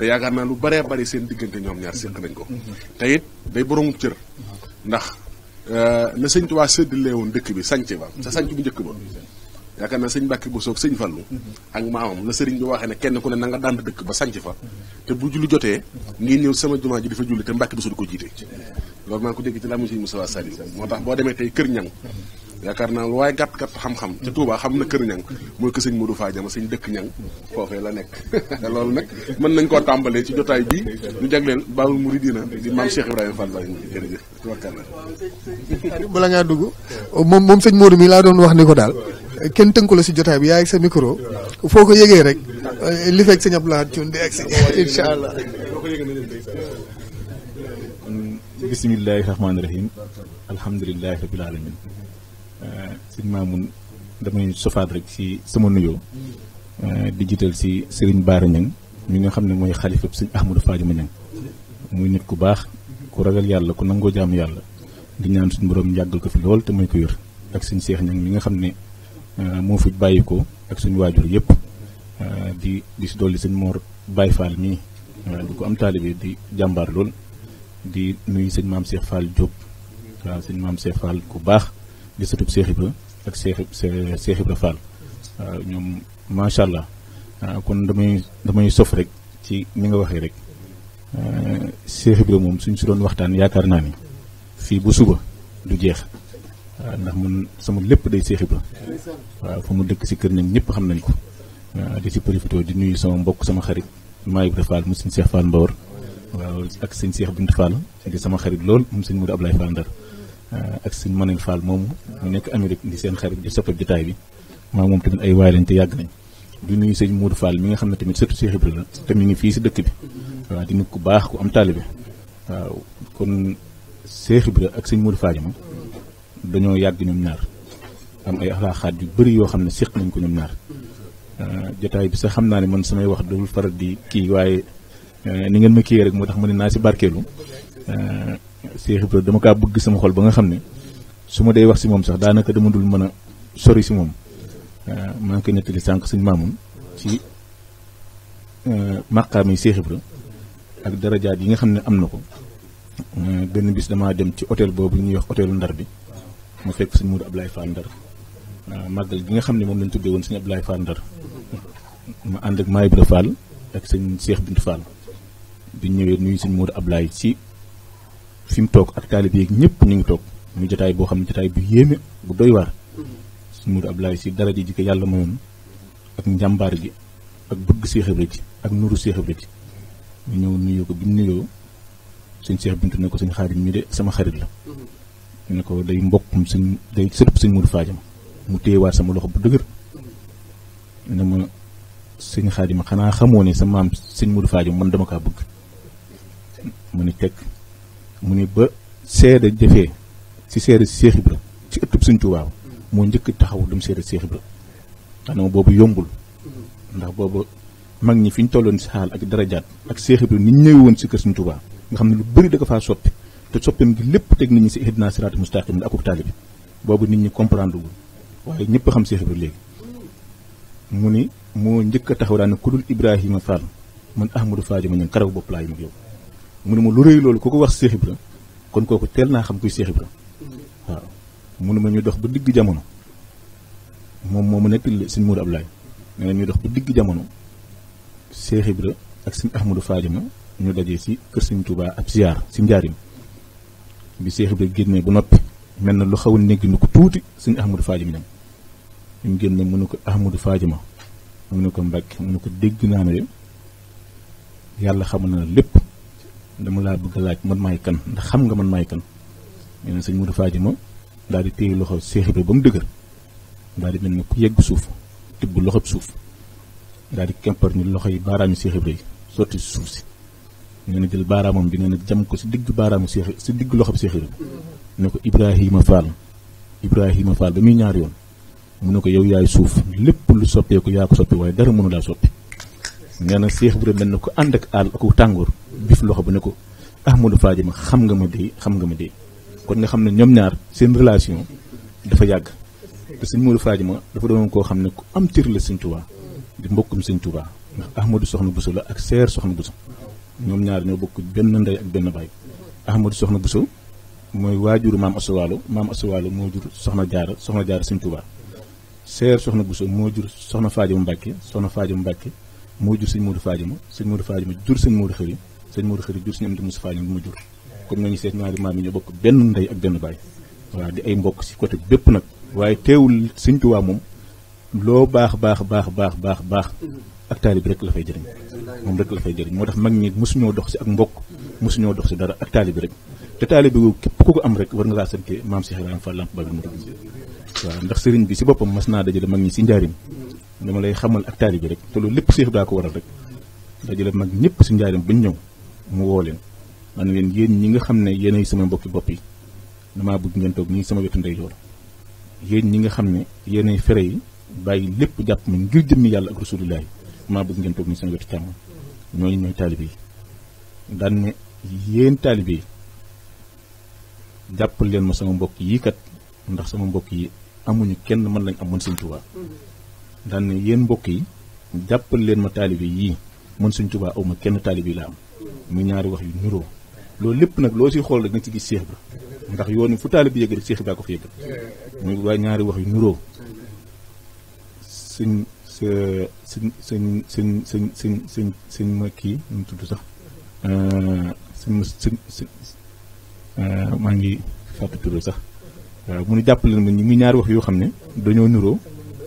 C: te yaakaar naa lu baree bari seen diggante ñoom ñaar séq nañ ko te it day borom cër ndax euh, na sëñ Tuubaa séddalee woon dëkk bi sanc ba sa sanc bu njëkk ba yaakaar naa sëñ Mbàkke Bousso ak sëñ Fallu ak maamam la sëriñ bi waxee ne kenn ku ne na nga daan dëkk ba sanc fa te bu julli jotee ngi ñëw sama jumaa ji di fa julli te Mbàkke Bousso di ko jiite loolu maa ngi ko dégg ci laa mu sëñ Moussa Saliou moo tax boo demee tey kër ñang yaakaar naa lu waaye gàtt gàtt xam-xam ci Touba xam na kër ñang mooy ko sëñ Modou Fadiama sëñ dëkk ñang foofee la nekk loolu nag mën nañ koo tàmbalee ci jotaay bi ñu jagleel Baabul Muridiina di maam Cheikh Ibrahima Fall
A: Baye jërëjëf wakkaar
B: bala ngaa dugg moom moom sëñ Modou mii laa doon wax ni ko daal kenn tënku la si jotaay bi yaa ak sa micro foo ko yëgee rek eh, li fekk sëñ Abdoulaye Thioune di agsi incha allah
D: bismillahi rahmaani rahim alhamdulilahi rabil alamin Euh, sëñ Mamoun damay sofaat rek ci sama nuyoo euh, di jiital ci Serigne Bara Niang mi nga xam ne mooy xalifab sëñ Ahmadou Fadima Niang muy nit ku baax ku ragal yàlla ku nangoo jaam yàlla di ñaan suñ borom yàggal ko fi lool te mooy ko wér ak suñu seex ñang mi nga xam ne euh, moo fi bàyyi ko ak suñu waajur yëpp di di si dolli sëñ Mor Baye Fall mii di ko am taalibe di jàmbaar lool di nuyu sëñ maam Cheikh Fall Diop waaw sëñ maam Cheikh Fall ku baax di Cheikh Ibra ak Cheikh Cheikh Ibra Fall ñom ah, ñoom macha allah ah, kon damay damay sof rek ci ni nga waxe rek ah, Cheikh Ibra mom suñ si doon waxtaan yaakar na ni fi bu suba du jeex ndax mun sama lepp day Cheikh Ibra waaw fa mu dekk ci keur nañ ñëpp xam nañ ko di ci profito di nuyu sama mbokk sama xarit may Ibra Fall musin Cheikh Fall Mbawar waaw ak seigne Cheikh bint Fall ci sama xarit lool musin mudou Moudou Ablaye Fall Ndar ak suñ mënañ faal moomu mu nekk Amérique di seen xarit di soppab jotaay bi maa moom tamit ay waay lañ te yàgg nañ di nuyu sëñ Moudou Fall mi nga xam ne tamit surtout Cheikh Ibrahima te mi ngi fii si dëkk bi waaw di nit ku baax ku am taalibe waaw kon Cheikh Ibrahima ak sëñ Moudou Fall moom dañoo yàgg ñoom ñaar am ay alaaxaat yu bari yoo xam ne séq nañ ko ñoom naar euh, jotaay bi sa xam naa ne man samay wax dul faral di kii waaye euh, ni ngeen ma kii rek moo tax ma ne naa si barkeelu euh, Cheikh Ibra dama ka bëgg sama xol ba nga xam suma day wax ci mom sax daanaka dama dul mëna sori si moom euh, ma ngi koy nettali sànq suñ ci euh maqami Cheikh Ibrahim ak daraja yi nga xam amna ko euh, benn bis dama dem ci hôtel bobu ñuy wax hôtel ndar bi ma fekk suñu mudu Abdoulaye Fall ndar euh, màggal gi nga xam mom lañ tuddé won suñu Abdoulaye Fall ndar ma and ak Maay Fall ak suñu Cheikh Bint Fall bi ñëwé nuyu suñu mudu Abdoulaye ci fi mu toog ak taalib yeeg ñëpp ñu ngi toog muy jotaay boo xam ne jotaay bu yéeme bu doy waar suñu Modu Abdoulaye si dara ji ji yàlla mayoon ak njàmbaar gi ak bëgg Seex Ibra ji ak nuru Seex Ibra ji ñëw nuyoo ko bi mu nuyoo sëñ Seex Bintu ne ko sëñ Xaadim mi de sama xarit la ne ko day mbokkum sëñ day sëtub sëñ Modu Faajam mu téyewaat sama loxo bu dëgër ne ma sëñ Xaadim xanaa xamoo ne sa maam sëñ Modu Faajam man dama kaa bëgg ma ne teg mu ne ba seede jëfee si seede Seex Ibra si ëttub Sëñ Tuubaa moo njëkk taxaw dem seede Seex Ibra xanaa boobu yombul ndax boobu mag ñi fi ñu tolloon si xaal ak darajaat ak Seex Ibra ni ñëwee woon si kër Sëñ Tuubaa nga xam ne lu bëri da ko faa soppi te soppim gi lépp teg nit ñi si ihdina siraat mustaqim la akub taalibi boobu nit ñi comprendre wul waaye ñëpp xam Seex Ibra léegi mu ni moo njëkk a taxaw daane ku dul Ibrahima Fall man Ahmadou Fadio ma ñëw karaw bopp laa yem ak mu ma lu rëy loolu ku ko wax Cheikh Ibra kon kooku teel naa xam kuy Cheikh Ibra waaw mu ma ñu dox ba digg jamono moom moo ma nettali sëñ Mourou Ablaye nee na ñu dox ba digg jamono Cheikh Ibra ak sëñ Ahmadou Fadima ñu dajee si kër sëñ Touba ab ziar si njaarim bi Cheikh Ibra génnee bu noppi mel na lu xaw a ni ko tuuti sëñ Ahmadou Fadima dem bi mu génne mu ne ko Ahmadou Fadima mu ne ko Mbacke mu ko dégg naa ne yàlla xamal na lépp. dama laa bëgg laaj man maay kan ndax xam nga man maay kan nee na sëñ Modou Fadima daal di téye loxo Cheikh Ibra ba mu dëgër daal di mel ni ku yegg suuf tibb loxo suuf daal di kempar ni loxo yi baaraami Cheikh Ibra yi sotti si suuf si nee na jël baaraamam bi nee jam ko si digg baaraamu Cheikh si digg loxo bi Cheikh Ibra ne ko Ibrahima Fall Ibrahima Fall ba muy ñaar yoon mu ne ko yow yaay suuf lépp lu soppeeku yaa ko soppi waaye dara mënu laa soppi nee na Seex Ibra mel na ko ànd ak àll aku tàngoor bif loxo bu ne ko Ahmadou Fadima xam nga ma dee xam nga ma dee kon nga xam ne ñoom ñaar seen relation dafa yàgg te sëñ Modou Fadima dafa doon koo xam ne ku am cër la sëñ Touba sëñ Touba ndax Ahmadou Soxna Bousso la ak Seer Soxna Bousso ñoom ñaar ñoo bokk benn ndey benn baay Ahmadou Soxna Bousso mooy waajuru maam Asawaalo maam Asawaalo moo jur Soxna Jaara Soxna jaar sëñ Touba Seer Soxna Bousso moo jur Soxna Fadima Mbàkke Soxna Fadima Mbàkke moo jur sëñ Modou Fadima sëñ Modou Fadima jur sëñ Modou Xëri sëñ Modou Xëri jur sëñ Amdi Moussa Fadima bi ma jur comme nañu seet naa maam yi ñu bokk benn ndey ak benn baay waaw di ay mbokk si côté bépp nag waaye teewul sëñ Tuubaa moom loo baax baax baax baax baax baax ak taalib rek la fay jëriñ moom rek la moo tax mag ñi mosuñoo dox si ak mbokk mosuñoo dox si dara ak taalib rek te taalib képp ku ko am rek war nga laa sante maam Cheikh Ibrahima Fall Lamp Baabul ndax sëriñ bi si boppam mas naa dajale mag ñi si njaarim dama lay xamal ak taalibe rek te lépp Seex Ibra ko waral rek dajale mag ñëpp si njaaram ñu ñëw mu woo leen man leen yéen ñi nga xam ne yéenay sama mbokki bopp yi damaa bëgg ngeen toog ñii sama wetu ndeyjoor yéen ñi nga xam ne yéenay fere yi bàyyi lépp jàpp ma ngir yàlla ak rasulillah yi damaa bëgg ngeen toog ñii sama wetu càmmoñ ñooñu ñooy taalibe yi daan yéen taalibe yi jàppal leen ma sama mbokk yi kat ndax sama mbokk yi amuñu kenn mën lañ am mën Sëñ Tuubaa daan ne yéen mbokk yi jàppal leen ma taalibe yii man suñ tubaa aw ma kenn taalibe la am mu ñaari wax yu niroo loolu lépp nag loo si xool rek nga ci gis Seex Ibra ndax yoon fu taalibe yëg rek Seex Ibra ko fi yëgal muy waa ñaari wax yu niroo suñ sa suñ suñ suñ suñ ma kii mu tudd sax euh, suñ euh, maa ngi fàtte sax mu nu jàppale ma ngi ñaari wax yoo xam ne dañoo niroo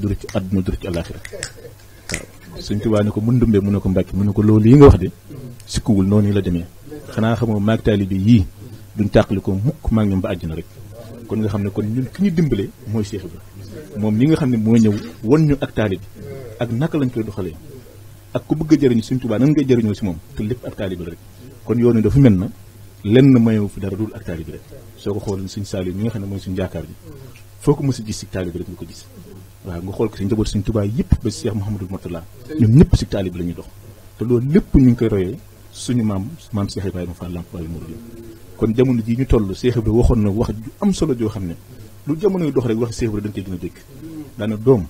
D: du rëcc àdduna du rëcc àllaaxira waaw suñ tubaa ne ko mun ndumbe mu ne ko mbàkki mu ne ko loolu yi nga wax de sikkuwul noonu la demee xanaa xamoo maag taalibe yii duñ tàqali ko mukk maag ñoom ba àjjana rek kon nga xam ne kon ñun ki ñu dimbale mooy Seex Ibra moom mi nga xam ne moo ñëw won ñu ak taalibe ak naka lañ koy doxalee ak ku bëgg a jëriñu suñ tubaa nan ngay jëriñoo si moom te lépp ak taalibe la rek kon yoonu dafa mel na lenn mayewu fi dara dul ak taalibe rek soo ko xoolal suñ saali mi nga xam ne mooy suñ jaakaar ji foo ko mos a gis si taalibe rek nga ko gis waaw nga xool ko si njaboot suñ tubaay yëpp ba Cheikh Mouhamadul Mourtala ñoom ñëpp si taalib la ñuy dox te loolu lépp ñu ngi koy royee suñu maam maam Cheikh Ibrahima Baay Murid kon jamono ji ñu toll Cheikh Ibra waxoon na wax ju am joo xam ne lu jamono yu dox rek wax Cheikh Ibra dañ a dégg daana doom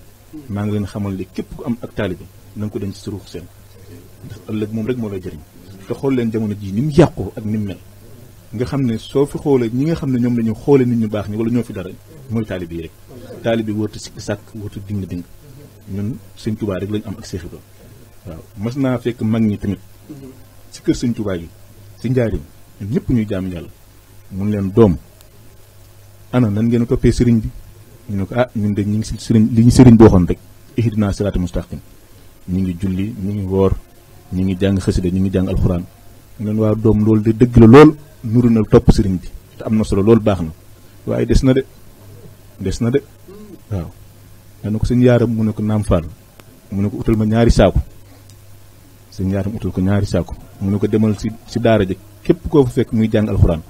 D: maa ngi leen xamal ne képp ku am ak taalibe ko denc ci ruux moo la jëriñ te xool leen jamono ji ni mu yàqoo ak ni mu mel nga xam ne soo fi xoolee ñi nga xam ne ñoom la ñu xoolee nit ñu baax ñi wala ñoo fi dara mooy taalib yi rek taalib yi wërtu sikki sàkk wërtu ding ding ñun sëñ Tuubaa rek lañu am ak Seex waaw mas naa fekk mag ñi tamit si kër sëñ Tuubaa yi si njaarim ñun ñëpp ñuy jaam yàlla mun leen doom ana nan ngeen toppee sëriñ bi ñu ne ko ah ñun de ñu ngi si sëriñ li ñu sëriñ boo waxoon rek ihdina siraata mustaqim ñu ngi julli ñu ngi woor ñu ngi jàng xasida ñu ngi jàng alxuraan ñu leen waaw doom loolu de lool nuru na topp sëriñ bi te am na solo loolu baax na waaye des na de des na de waaw dana ko sëñ yaaram mu ne ko naam faal mu ne ko utal ma ñaari saako sëñ yaaram ko ñaari saako mu ne ko demal si si daara ja képp koo fa fekk muy jàng alxuraan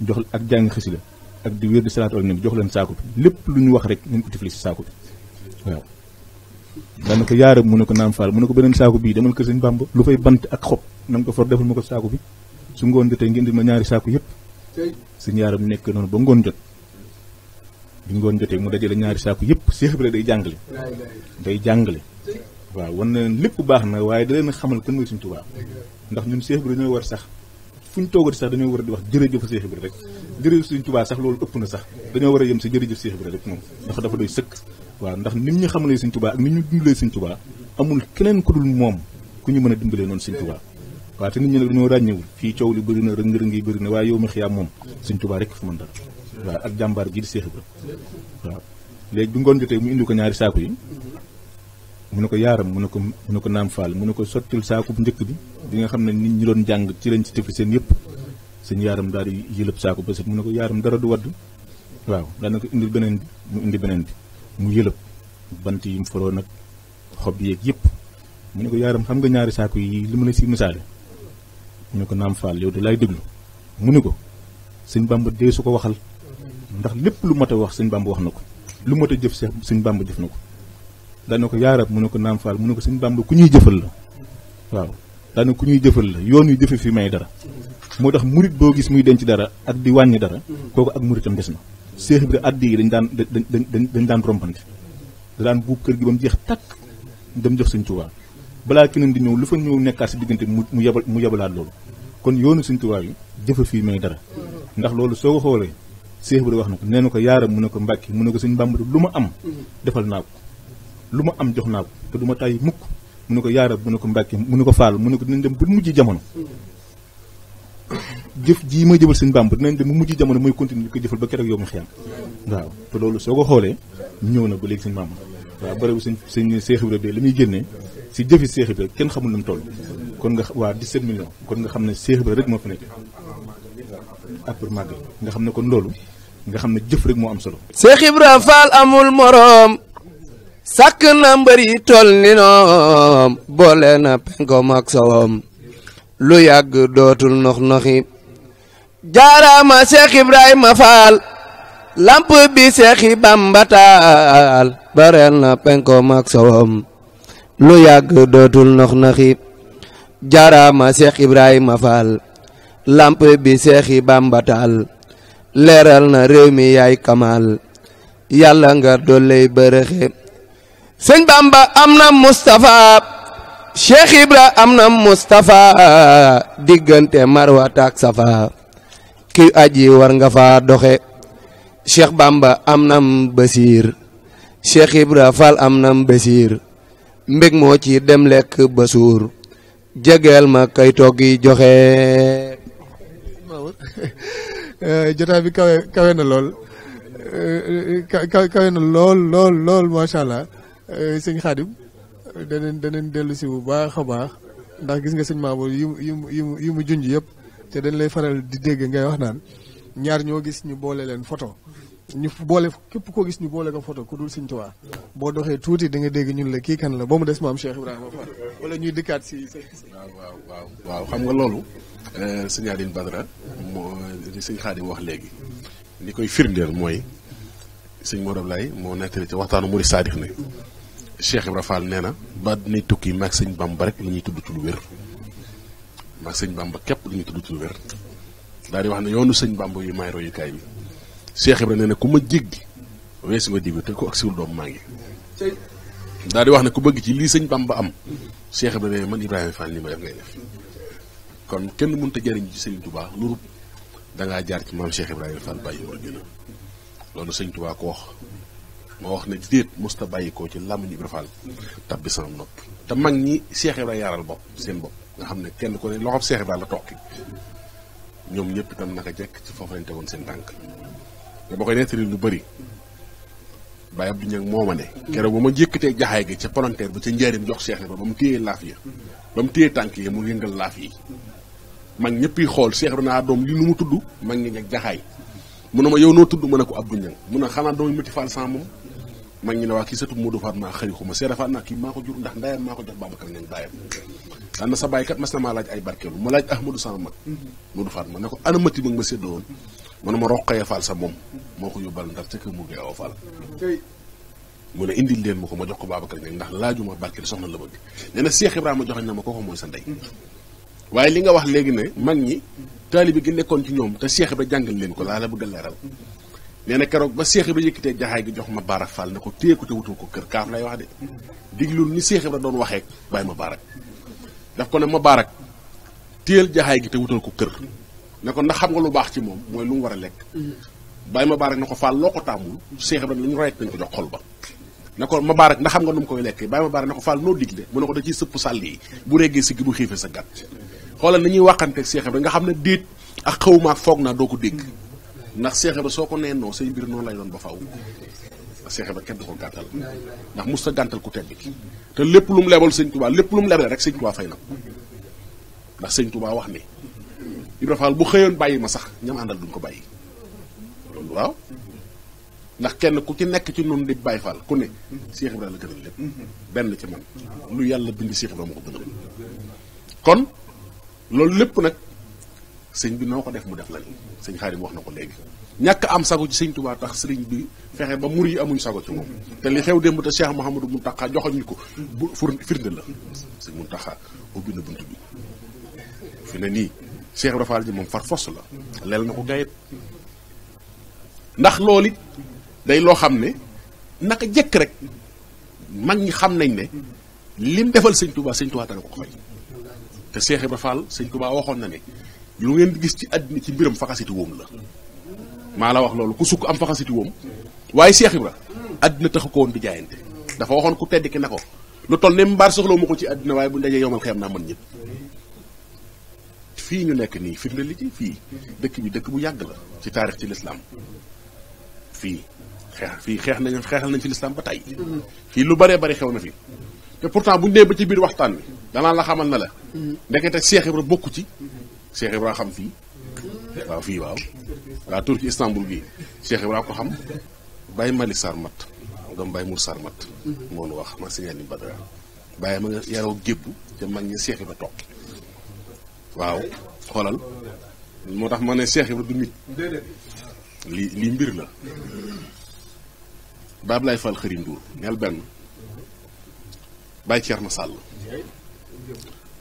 D: jox ak jàng xasida ak di wér di salaatu ala jox leen saako lépp lu ñu wax rek nañ ko tifli saako bi waaw dana ko naam faal mu ne ko beneen saako bii demal kër sëñ bàmba lu fay bant ak xob na ko for defal ma ko saako bi su ngoon jotee ngeen di ma ñaari saako yëpp suñu yaaram nekk noonu ba ngoon jot bi ngoon jotee mu dajale ñaari saako yëpp Seex Ibra day jàngale day jàngale waaw wan na leen lépp baax na waaye da leen a xamal kan mooy suñ Tuubaa ndax ñun Seex Ibra dañoo war sax fu ñu toogati sax dañoo war di wax jërëjëf Seex Ibra rek jërëjëf suñ Tuubaa loolu ëpp na sax dañoo war a yem si jërëjëf Seex Ibra rek moom ndax dafa doy sëkk waaw ndax nim ñu xamalee suñ Tuubaa ak ni ñu dundalee suñ Tuubaa amul keneen ku dul moom ku ñu mën a dimbalee noonu suñ Tuubaa waaye te nit ñi nag dañoo ràññewul fii coow li bëri na rëng-rëng yi bëri na waaye yow mi xiyaam moom suñ tubaa rek fu mën dara waaw ak jàmbaar gii di Seex Ibra waaw léegi bi ngoon jotee mu indi ko ñaari saako yi ne ko yaaram mu ne ko mu ne ko naam faal mu ne ko sottil saaku bu njëkk bi bi nga xam ne nit ñi doon jàng ci lañ ci tefi seen yëpp seen yaaram daal di yëlëb saaku ba mu ne ko yaaram dara du wadd waaw daal ko indil beneen bi mu indi beneen bi mu yëlëb bant yi mu foroo nag xob yeeg yëpp mu ne ko yaaram xam nga ñaari saako yi li mën a si misaale ñu ko naam faal yow laay déglu mu ne ko sëñ bàmba dee su ko waxal ndax lépp lu mat a wax sëñ bàmba wax na ko lu mat a jëf seex sëñ bàmba jëf na ko daana ko yaarab mu ne ko naam faal mu ne ko sëñ bàmba ku ñuy jëfal la waaw daana ku ñuy jëfal la yoon yu jëfe fi may dara moo tax murit boo gis muy denc dara ak di wàññi dara kooku ak muritam des na seex bi addi yi dañ daan dañ daan rompante da daan buub kër gi ba mu jeex takk dem jox sëñ Tuubaa balaa keneen di ñëw lu fa ñëw nekkaat si diggante mu yabal mu yabalaat loolu kon yoonu suñ tubaab yi jëfa fii may dara ndax loolu soo ko xoolee Seex Ibra wax na ko nee na ko yaaram mu ne ko mbàkki mu ne ko suñ bàmba lu ma am defal naa ko lu ma am jox naa te du ma mukk mu ko yaaram mu ne ko mbàkki mu ne ko faal mu ne ko dinañ dem bu mujj jamono jëf jii may jëfal suñ bàmb dinañ dem bu mujj jamono mooy continuer ko jëfal ba keroog yow mu xiyam waaw te loolu soo ko xoolee ñëw na ba léegi suñ bàmb waaw bërëbu suñ suñ Seex Ibra bi li muy génnee si jëfi bi Ibra kenn xamul nañ mu kon nga wa 17 millions kon nga xamne ne Cheikh Ibra rek mo fi nek après mag nga xamne ne kon lolu nga xamne ne jëf rek mo am solo.
G: Cheikh ibrahim Fall amul morom. sak na mbër yi toll ni noom boole na pengo mak sawam lu yag dotul nox noxi ma Cheikh ibrahim Fall lamp bi Cheikh Bamba tal. bareel na penkoom mak sawam lu yag dotul nox noxi jaaraama Cheikh Ibrahima Fall lamp bi Cheikh Bamba taal leeral na réew mi yaay kamal yàlla nga dolley bërëxe Bamba am na Moustapha Cheikh Ibra am na Moustapha diggante Marwa ak Safa ki aji war nga fa doxe
F: Cheikh Bamba am na Basiir Cheikh Ibra Fall am na Basiir mbég moo ci dem lekk ba jegeel ma kay toog gi joxe
B: eh, jotaay bi kawe kawe na lool eh, kawe na lool lool lool macha allah eh, sëñ Xaadim daneen daneen dellu si bu baax a baax ndax gis nga sëñ Mamour yi mu yu mu yu mu junj yëpp te dañ lay faral di dégg ngay wax naan ñaar ñoo gis ñu boole leen photo ñu boole képp koo gis ñu boole ko photo ku dul Sëñ Tuubaa boo doxee tuuti da nga dégg ñun la kii kan la ba mu des maam Cheikh Ibrahima wala ñuy dëkkaat si. waaw waaw waaw xam nga
C: loolu. Euh, sëñ Alioune Badara. moo li wax léegi. li koy firndeel mooy sëñ Modou Ablaye moo nettali ci waxtaanu Murid Saadix ne Cheikh Ibrahima Fall nee na ba dina tukki maag sëñ Bamba rek la ñuy tudd ci lu wér. maag sëñ Bamba képp lu ñuy tudd ci lu wér daal di wax ne yoonu sëñ Bamba yu may royukaay bi. Cheikh Ibra nee na ku ma jéggi weesu nga dibi te ku ak siwul doom maa daal di wax ne ku bëgg ci lii sëñ Bamba am Cheikh Ibra na man Ibrahima Fall li ma def ngay def kon kenn mënut a jëriñ ci Sëriñ Touba lu da ngaa jaar ci maam Cheikh Ibrahima Fall a loolu Sëriñ ko wax moo wax ne déet mosta bàyyi ko ci làmmiñu Ibra Fall tabbi sama nopp te mag ñi Cheikh Ibra yaaral bopp seen bopp nga xam ne kenn ko ne loxob Cheikh Ibra la toog ñoom ñëpp itam naka jekk ci foofu lañ tegoon seen tànk. dama koy nettali lu bëri Baye Abdou Niang moo ma ne. keroog ba ma jékkatee jaxaay gi ca polonteer ba ca njaarim jox Cheikh ne ba ba mu téyee laaf ya ba mu téyee tànk yi mu yëngal laaf yi mag ñëpp yi xool Cheikh naa doom li nu mu tudd mag ñi ak jaxaay mu ne ma yow noo tudd ma ne ko Abdou Niang mu ne xanaa doomu Mati Fall sans moom mag ñi ne waa kii sëtu Modou Faat maa xëy xuma seera faat naa kii maa ko jur ndax ndayam maa ko jox Babacar Niang baayam daan na sa bàyyi kat mas na laaj ay ma laaj Ahmadou mag Modou Faat ma ne ko ana ma nga woon a manuma roqee faal sa moom moo ko yóbbal ndax ca kër Mourgué Awa Fall mu ne indil leen ma ko ma jox ko Babacar Niang ndax laajuma barke di soxna la bëgg nee na Cheikh Ibrahima joxañ na ma kooku mooy sa ndey waaye li nga wax léegi ne mag ñi taalibe gi nekkoon ci ñoom te Cheikh ba jàngal leen ko laa la bëgg a leeral nee na keroog ba Cheikh ba yëkkatee jaxaay gi jox ma Barak Fall na ko téye ko te wutul ko kër kaaf lay wax de diglul ni Cheikh Ibrahima doon waxee bàyyi ma Barak daf ko ne ma Barak téyel jaxaay gi te ko kër ne ko ndax xam nga lu baax ci moom mooy lu mu war a lekk
A: mm-hmm.
C: bàyyi ma baarak na ko faal loo ko tàmmul Cheikh Ibrahima lu ñu royet nañ ko jox xol ba ne ko ma baarak ndax xam nga nu koy lekk bàyyi ma na ko faal noo digle mu ne ko da ciy sëpp sàll yi bu reggee siggi bu xiifee sa gàtt xoolal na ñuy waxante ak Cheikh Ibrahima nga xam ne déet ak xawma ak foog naa doo ko dégg ndax Cheikh Ibrahima soo ko nee noo say mbir noonu lay doon ba faw Cheikh Ibrahima kenn du ko gàntal ndax mus sa gàntal ku tedd ki te lépp lu mu lebal sëñ Tuubaa lépp lu mu lebal rek sëñ Tuubaa fay na ndax sëñ Tuubaa wax ni Ibra Fall bu xëyoon bàyyi ma sax ñam duñ ko bàyyi loolu waaw ndax kenn ku ci nekk ci noonu di Baye Fall ku ne Cheikh Ibra la gënal lépp benn ci man lu yàlla bind Cheikh Ibra ma ko gënal kon loolu lépp nag sëñ bi noo ko def mu def la ni sëñ wax na ko léegi ñàkk am sago ci sëñ Tuubaa tax sëriñ bi fexe ba mur yi amuñ sago ci moom te li xew démb te Cheikh ko bu firnde la sëñ Mountakha moo bunt bi fi ne nii cheikh rafal ji mom far fos la lel na ko gayet ndax loolu day lo xamne naka jekk rek mag ñi xam nañ ne lim defal seigne touba seigne touba tan ko xoy te cheikh rafal seigne touba waxon na ne lu ngeen gis ci ci mbiram faxasitu la wax lolu ku am faxasitu wom waye cheikh ibra adna taxu won di jayante dafa waxon ku teddi ki nako lu tol ne mbar soxlo mako ci adna waye bu ndaje yomal xeyam na man ñet fii ñu nekk nii firnde li ci fii dëkk bi dëkk bu yàgg la ci taarix ci lislaam fii xeex fii xeex nañ xeexal nañ fi lislaam ba tey fii lu baree bari xew na fi te pourtant bu ñu ba ci biir waxtaan wi danaa la xamal na la ndekete Cheikh Ibra bokk ci Cheikh Ibra xam fii waaw fii waaw waa Turki Istanbul bii Cheikh Ibra ko xam Baye Malick Sarr Matt doom Baye Mour Sarr Matt moo wax ma signal ni Badara Baye ma nga yaroo gébbu te mag ñi Cheikh Ibra toog waaw xoolal moo tax ma ne Cheikh Ibra du nit li li mbir la lay fal xëri nduur neel benn bàyyi Thierno Sall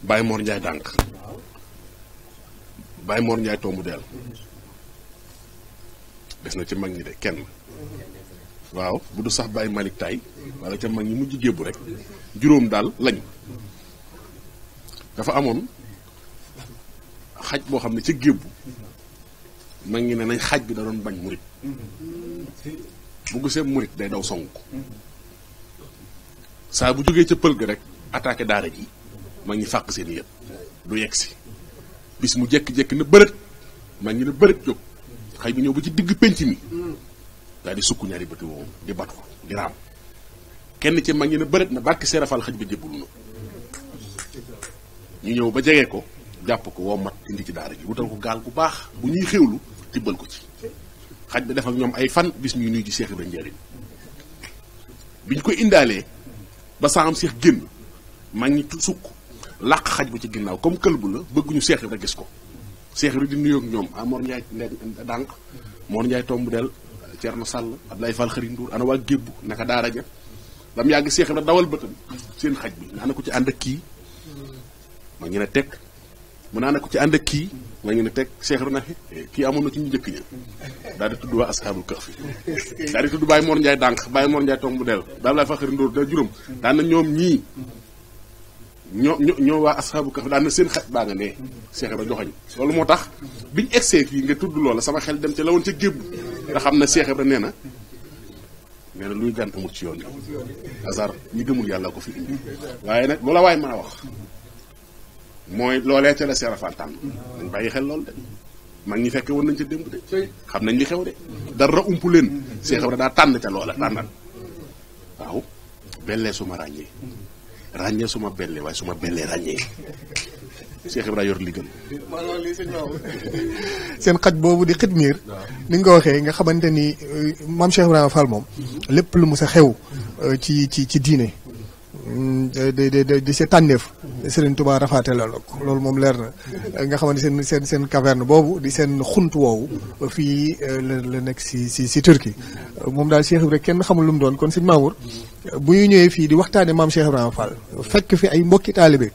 C: bàyyi Mor Ndiaye Dank. bàyyi Mor Ndiaye tombu deel des na ci mag ñi de kenn waaw bu du sax Tay wala ca mag ñi mujj jébbu rek juróom daal lañ xaj boo xam ne ca gébbu ma ngi ne nañ xaj bi da doon bañ murit bu gisee murit day daw song ko saa bu jógee ca pël ga rek attaqué daara ji ma ngi fàq seen yëpp du yegg si bis mu jékki-jékki na bërët ma ngi ne bërët jóg xaj bi ñëw ba ci digg pénc mi daal di sukk ñaari bëti woowu di bat ko di raam kenn ci mag ñi ne bërët na barki seerafal xaj bi jébbalu na ñu ñëw ba jege ko jàpp ko woo mat indi ci daara ji wutal ko gaal bu baax bu ñuy xéwlu tibbal ko ci xaj bi def ak ñoom ay fan bis ñuy nuyu ci Seex Ibra njëriñ biñ ko indaalee ba saa am seex génn mag ñi sukk làq xaj ba ci ginnaaw comme këlbu la bëgguñu Seex Ibra gis ko Seex Ibra di nuyoog ñoom ah Mor Ndiaye dànq Mor Ndiaye tomb del Thierno Sall Abdoulaye Fall Xëri Ndour ana waa Gébbu naka daara ja dam yàgg Seex Ibra dawal bëtam seen xaj bi naa na ko ci ànd ak kii ma ñu ne tekk mun naa ne ko ci ànd ak kii ma ngi ne teg Cheikh Renafi kii amoon na ci ñu njëkk ña daal di tudd waa askaabul kahfi daal di tudd Baye Mor Ndiaye dànq Baye Mor Ndiaye tomb del daal laa faxari ndóor da juróom daan na ñoom ñii ñoo ñoo waa askaabul kahfi daal na seen xaj baa nga nee Cheikh Ibra joxañ loolu moo tax biñu egsee fii nga tudd loola sama xel dem ca la woon ca gébb nga xam na Cheikh Ibra nee na nee na luy gan amul ci yoon bi hasard ñi gëmul yàlla ko fi waaye nag loola waaye mën mooy loolee ca la Seera Faal tànn dañ bàyyi xel loolu de mag ñi fekke woon nañ ca démb de xam nañ li xew de dara umpu leen Seex Ibra daa tànn ca loola tànnal waaw bellee suma ràññee ràññee suma bellee waaye suma bellee ràññee Seex Ibra yor li gën
B: seen xaj boobu di xitmiir ni nga ko waxee nga xamante ni euh, maam Cheikh Ibrahima Fall moom lépp lu mu sa xew euh, ci ci ci diine di di si tànneef Serigne Touba rafaatee la ko loolu moom leer na nga xamante seen seen seen caverne boobu di seen xunt woowu fii euh, la la nekk si si si Turquie moom daal Cheikh Ibrahima kenn xamul lu mu doon kon sëñ Mamour bu ñu ñëwee fii di waxtaanee maam Cheikh Ibrahima Fall fekk fi ay mbokki taalibe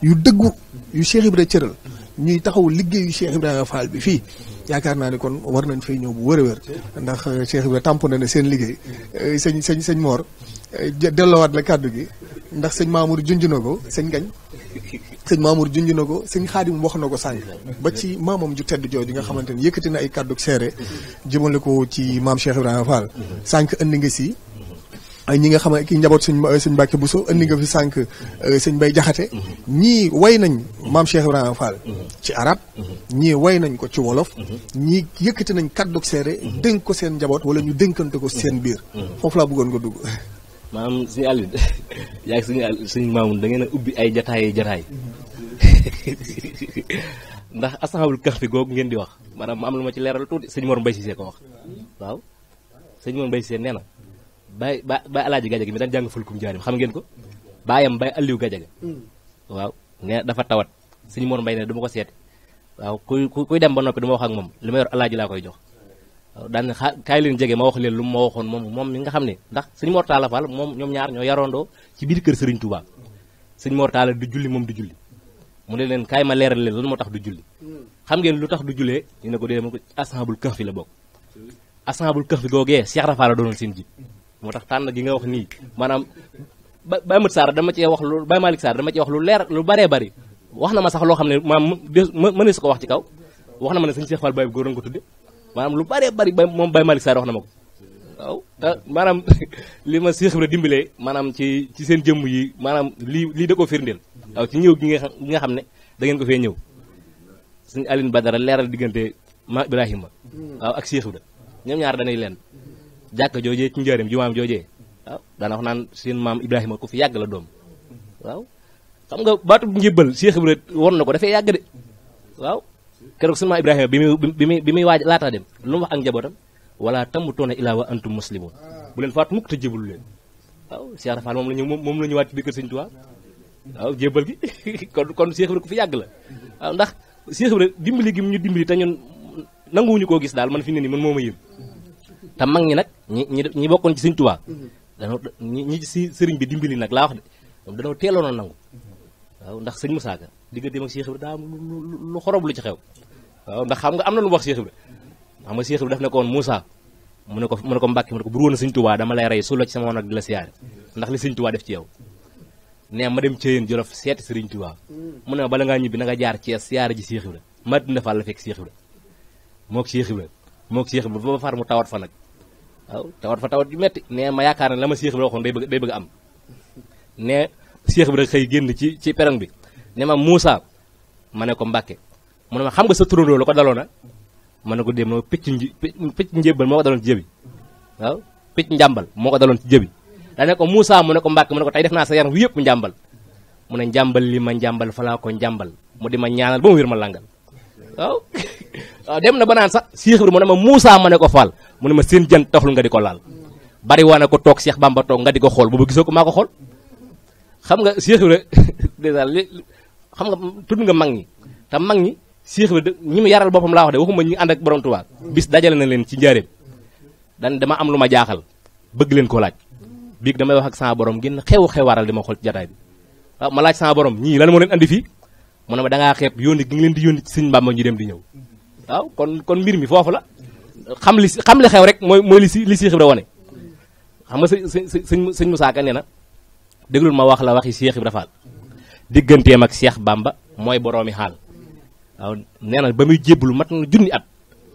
B: yu dëggu yu Cheikh Ibrahima cëral ñuy taxaw liggéeyu Cheikh Ibrahima Fall bi fii yaakaar naa ni kon war nañ fay ñëw bu wër a wër ndax euh, Cheikh Ibrahima tamponné na seen liggéey euh, sëñ sëñ sëñ Mor euh, delloowaat la kàddu gi ndax sëñ Mamour junj na ko sëñ Gañ sëñ Mamour junj na ko sëñ Xaadim wax na ko sànq ba ci maamam ju tedd jooju nga xamante ni yëkkati na ay kàddu seere jëmale ko ci maam Cheikh Ibrahima Fall sànq andi nga si ñi nga xam ne ki njaboot sëñ sëñ Mbàkke Bousso indi nga fi sànq euh, suñ Bay Jaxate ñii way nañ maam Cheikh Ibrahima Fall ci arab ñii way nañ ko ci wolof ñii yëkkati nañ kàddu seere dénk ko seen njaboot wala ñu dénkante ko seen biir foofu laa bëggoon ko dugg
E: maam suñ àll yaa ngi suñu àll suñu maamun da ngeen ubbi ay jataay jataay ndax assemble kahfi googu ngeen di wax maanaam ma am la ma ci leeral tuuti sëñ Mor Mbay Sise ko wax waaw sëñ Mor Mbay Sise nee na bay ba bay alaaji gajaga mi daan jàng fulkum jaarim xam ngeen ko baayam bay alliw gajaga mm. waaw nee dafa tawat suñu mor mbay ne ma ko seet waaw kuy kuy dem ba noppi duma wax ak moom li ma yor alaaji laa koy jox waaw daan xa kaay leen jege ma wax leen lu ma waxoon moom moom mi nga xam ne ndax suñu mor taala faal moom ñoom ñaar ñoo yarondoo ci biir kër sëriñ Touba suñu mor taala du julli moom du julli mu ne leen kaay ma leeral leen loolu moo tax du julli mm. xam ngeen lu tax du jullee ñu ne ko dee ma ko ashabul kahfi la bokk mm. ashabul kahfi googee Cheikh Rafaal la doonoon seen ji motax tan gi nga wax ni manam bay mut sar dama ci wax lu bay malik sar dama ci wax lu leer lu bare bari waxna ma sax lo xamne ne meune su ko wax ci kaw waxna ma ne seigne Cheikh Fall Baye góor ko tudde manam lu bare bari ba moom Baye Malick Sarr wax na ma ko waaw li ma Cheikh Ibra dimbele manam ci ci sen jëm yi manam li li da ko firndel waaw ci ñew gi nga da ngeen ko fe ñew seigne Aline Badara leral digeunte ma Ibrahima hmm. ak Cheikh Ibra ñom ñaar ngay len jàkk joojee ci njëriñ jumaam joojee waaw daana wax naan seen maam Ibrahima ku fi yàgg la doom waaw xam nga baatu njëbbal Cheikh Ibrahima won na ko dafay yàgg de waaw keroog seen maam Ibrahima bi muy bi muy bi muy waaj laataa dem lu njabootam wala tamutoona ilaa wa antum muslimun bu leen faatu mukk te jébbalu leen moom moom la ñu waat ci biir kër Sëñ Tuubaa waaw jébbal gi ku fi yàgg la waaw ndax Cheikh Ibrahima dimbali gi ñu dimbali te ñun nanguwuñu koo gis daal man fi ne nii man moo ma yëm te mag ñi nag ñi ñi ñi bokkoon ci sëñ Tuubaa mhm. danoo ñi ci serigne bi dimbali nak la wax de danoo teeloon a nangu mhm. waaw ndax sëñ Musaa Ka dem ak Cheikh Ibra da lu xorom lu ci xew waaw ndax xam nga amna lu wax Cheikh Ibra xam nga Cheikh Ibra daf ne ko woon Moussa mu ne ko mu ne ko Mbàkke mu ne ko bu won serigne touba dama lay ray su la ci sama woon ak di mhm. ndax li serigne touba def ci yow ne ma dem Ceyeen Jolof seeti sëriñ Tuubaa mu ne bala ngaa ñibbi na nga jaar ci siyaare ji Cheikh Ibra Madina Fall la fek Cheikh Ibra mok Cheikh Ibra mok Cheikh Ibra ba far mu tawat fa nak Tawar tawat fa tawat ju metti ne ma yaakaar na lama cheikh seex bi day bëgg day bëgg am ne cheikh bi da xey genn ci ci perang bi ne ma Moussa mané ko mbacké mu ne ma xam nga sa turandoo la ko daloon ah? a ko dem no pecc pecc moo moko jambal ci jambal waw pecc njambal moko dalon ci jëbi da ne ko Moussa mu ne ko mbacké mu ne ko tay def sa yar wi yëpp njàmbal mu ne li ma njambal fala ko njambal mu di ma ñaanal bu mu ma langal waw dem na banan sa cheikh bi mu ne ma Moussa mané ko fal mu ne ma seen jant taxul nga siak laal bari wana ko tok Cheikh Bamba tok nga diko xol bu gisoko mako xol xam nga Cheikh re dèjà xam nga tud nga magni ta magni Cheikh re ñi mu yaral bopam la wax de waxuma ñi and ak borom tuba bis dajale na len ci dan dama am luma jaaxal bëgg len ko laaj biig dama wax ak sama borom ngeen xew di ma xool ci jataay bi ah, ma laaj sama borom ñi lan mo len andi fi mu ne ma da nga yoni gi ngi len di yoni ci seigne Bamba ñu dem di ñew waaw kon kon mbir mi fofu la xam li xam li xew rek moy moy li li cheikh xibra wane xam nga sëñ sëñ Moussa Ka nee na ma wax la waxi Cheikh Ibra Fall digganteem ak Cheikh Bamba moy boromi hal waaw nee na ba mat na junni at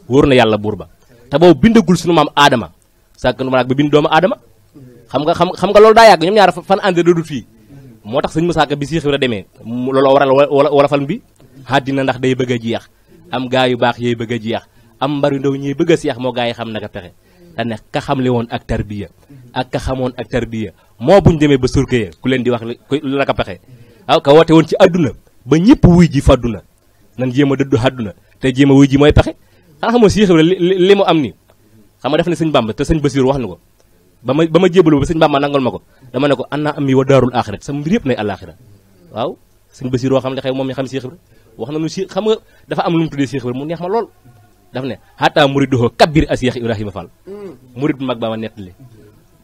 E: worna yalla burba ta bo bindagul suñu mam adama sàkk nu ma bi bind doomu adama xam nga xam nga loolu da yag ñom ñaar fan ànd do dut fi motax sëñ Moussa Ka bi Cheikh Ibra demee looloo waral wala wala fan bi hadina ndax day bëgg a jeex am gaay yu bax yey bëgg jeex am mbaru ndaw ñuy bëgg a seex moo gaa yi xam naka pexe te ne ka xamle woon ak tarbiya ak ka xamoon ak tarbiya moo ñu demee ba surke ya ku leen di wax la ka pexe waaw ah, ka woote woon ci àdduna ba ñëpp wuy ji fàdduna nan jéem a dëddu àdduna te jéem a wuy ji mooy pexe xanaa ah, xamoo Seex Ibra li mu am ni xam nga def na sëñ Bàmba te sëñ Basiir wax na ko ba ma ba ma jébalu ba sëñ Bàmba nangal ma ko dama ne ko an naa am yi wa daarul aaxirat sama mbir yëpp nay àllaaxira waaw sëñ Basiir xam ne xëy moom ñu xam Seex Ibra wax na nu Seex xam nga dafa am lu mu tuddee Seex Ibra mu neex ma lool daf ne hatta muriduhu kabir as ibrahim fall hmm. murid bu mag baa ma nettali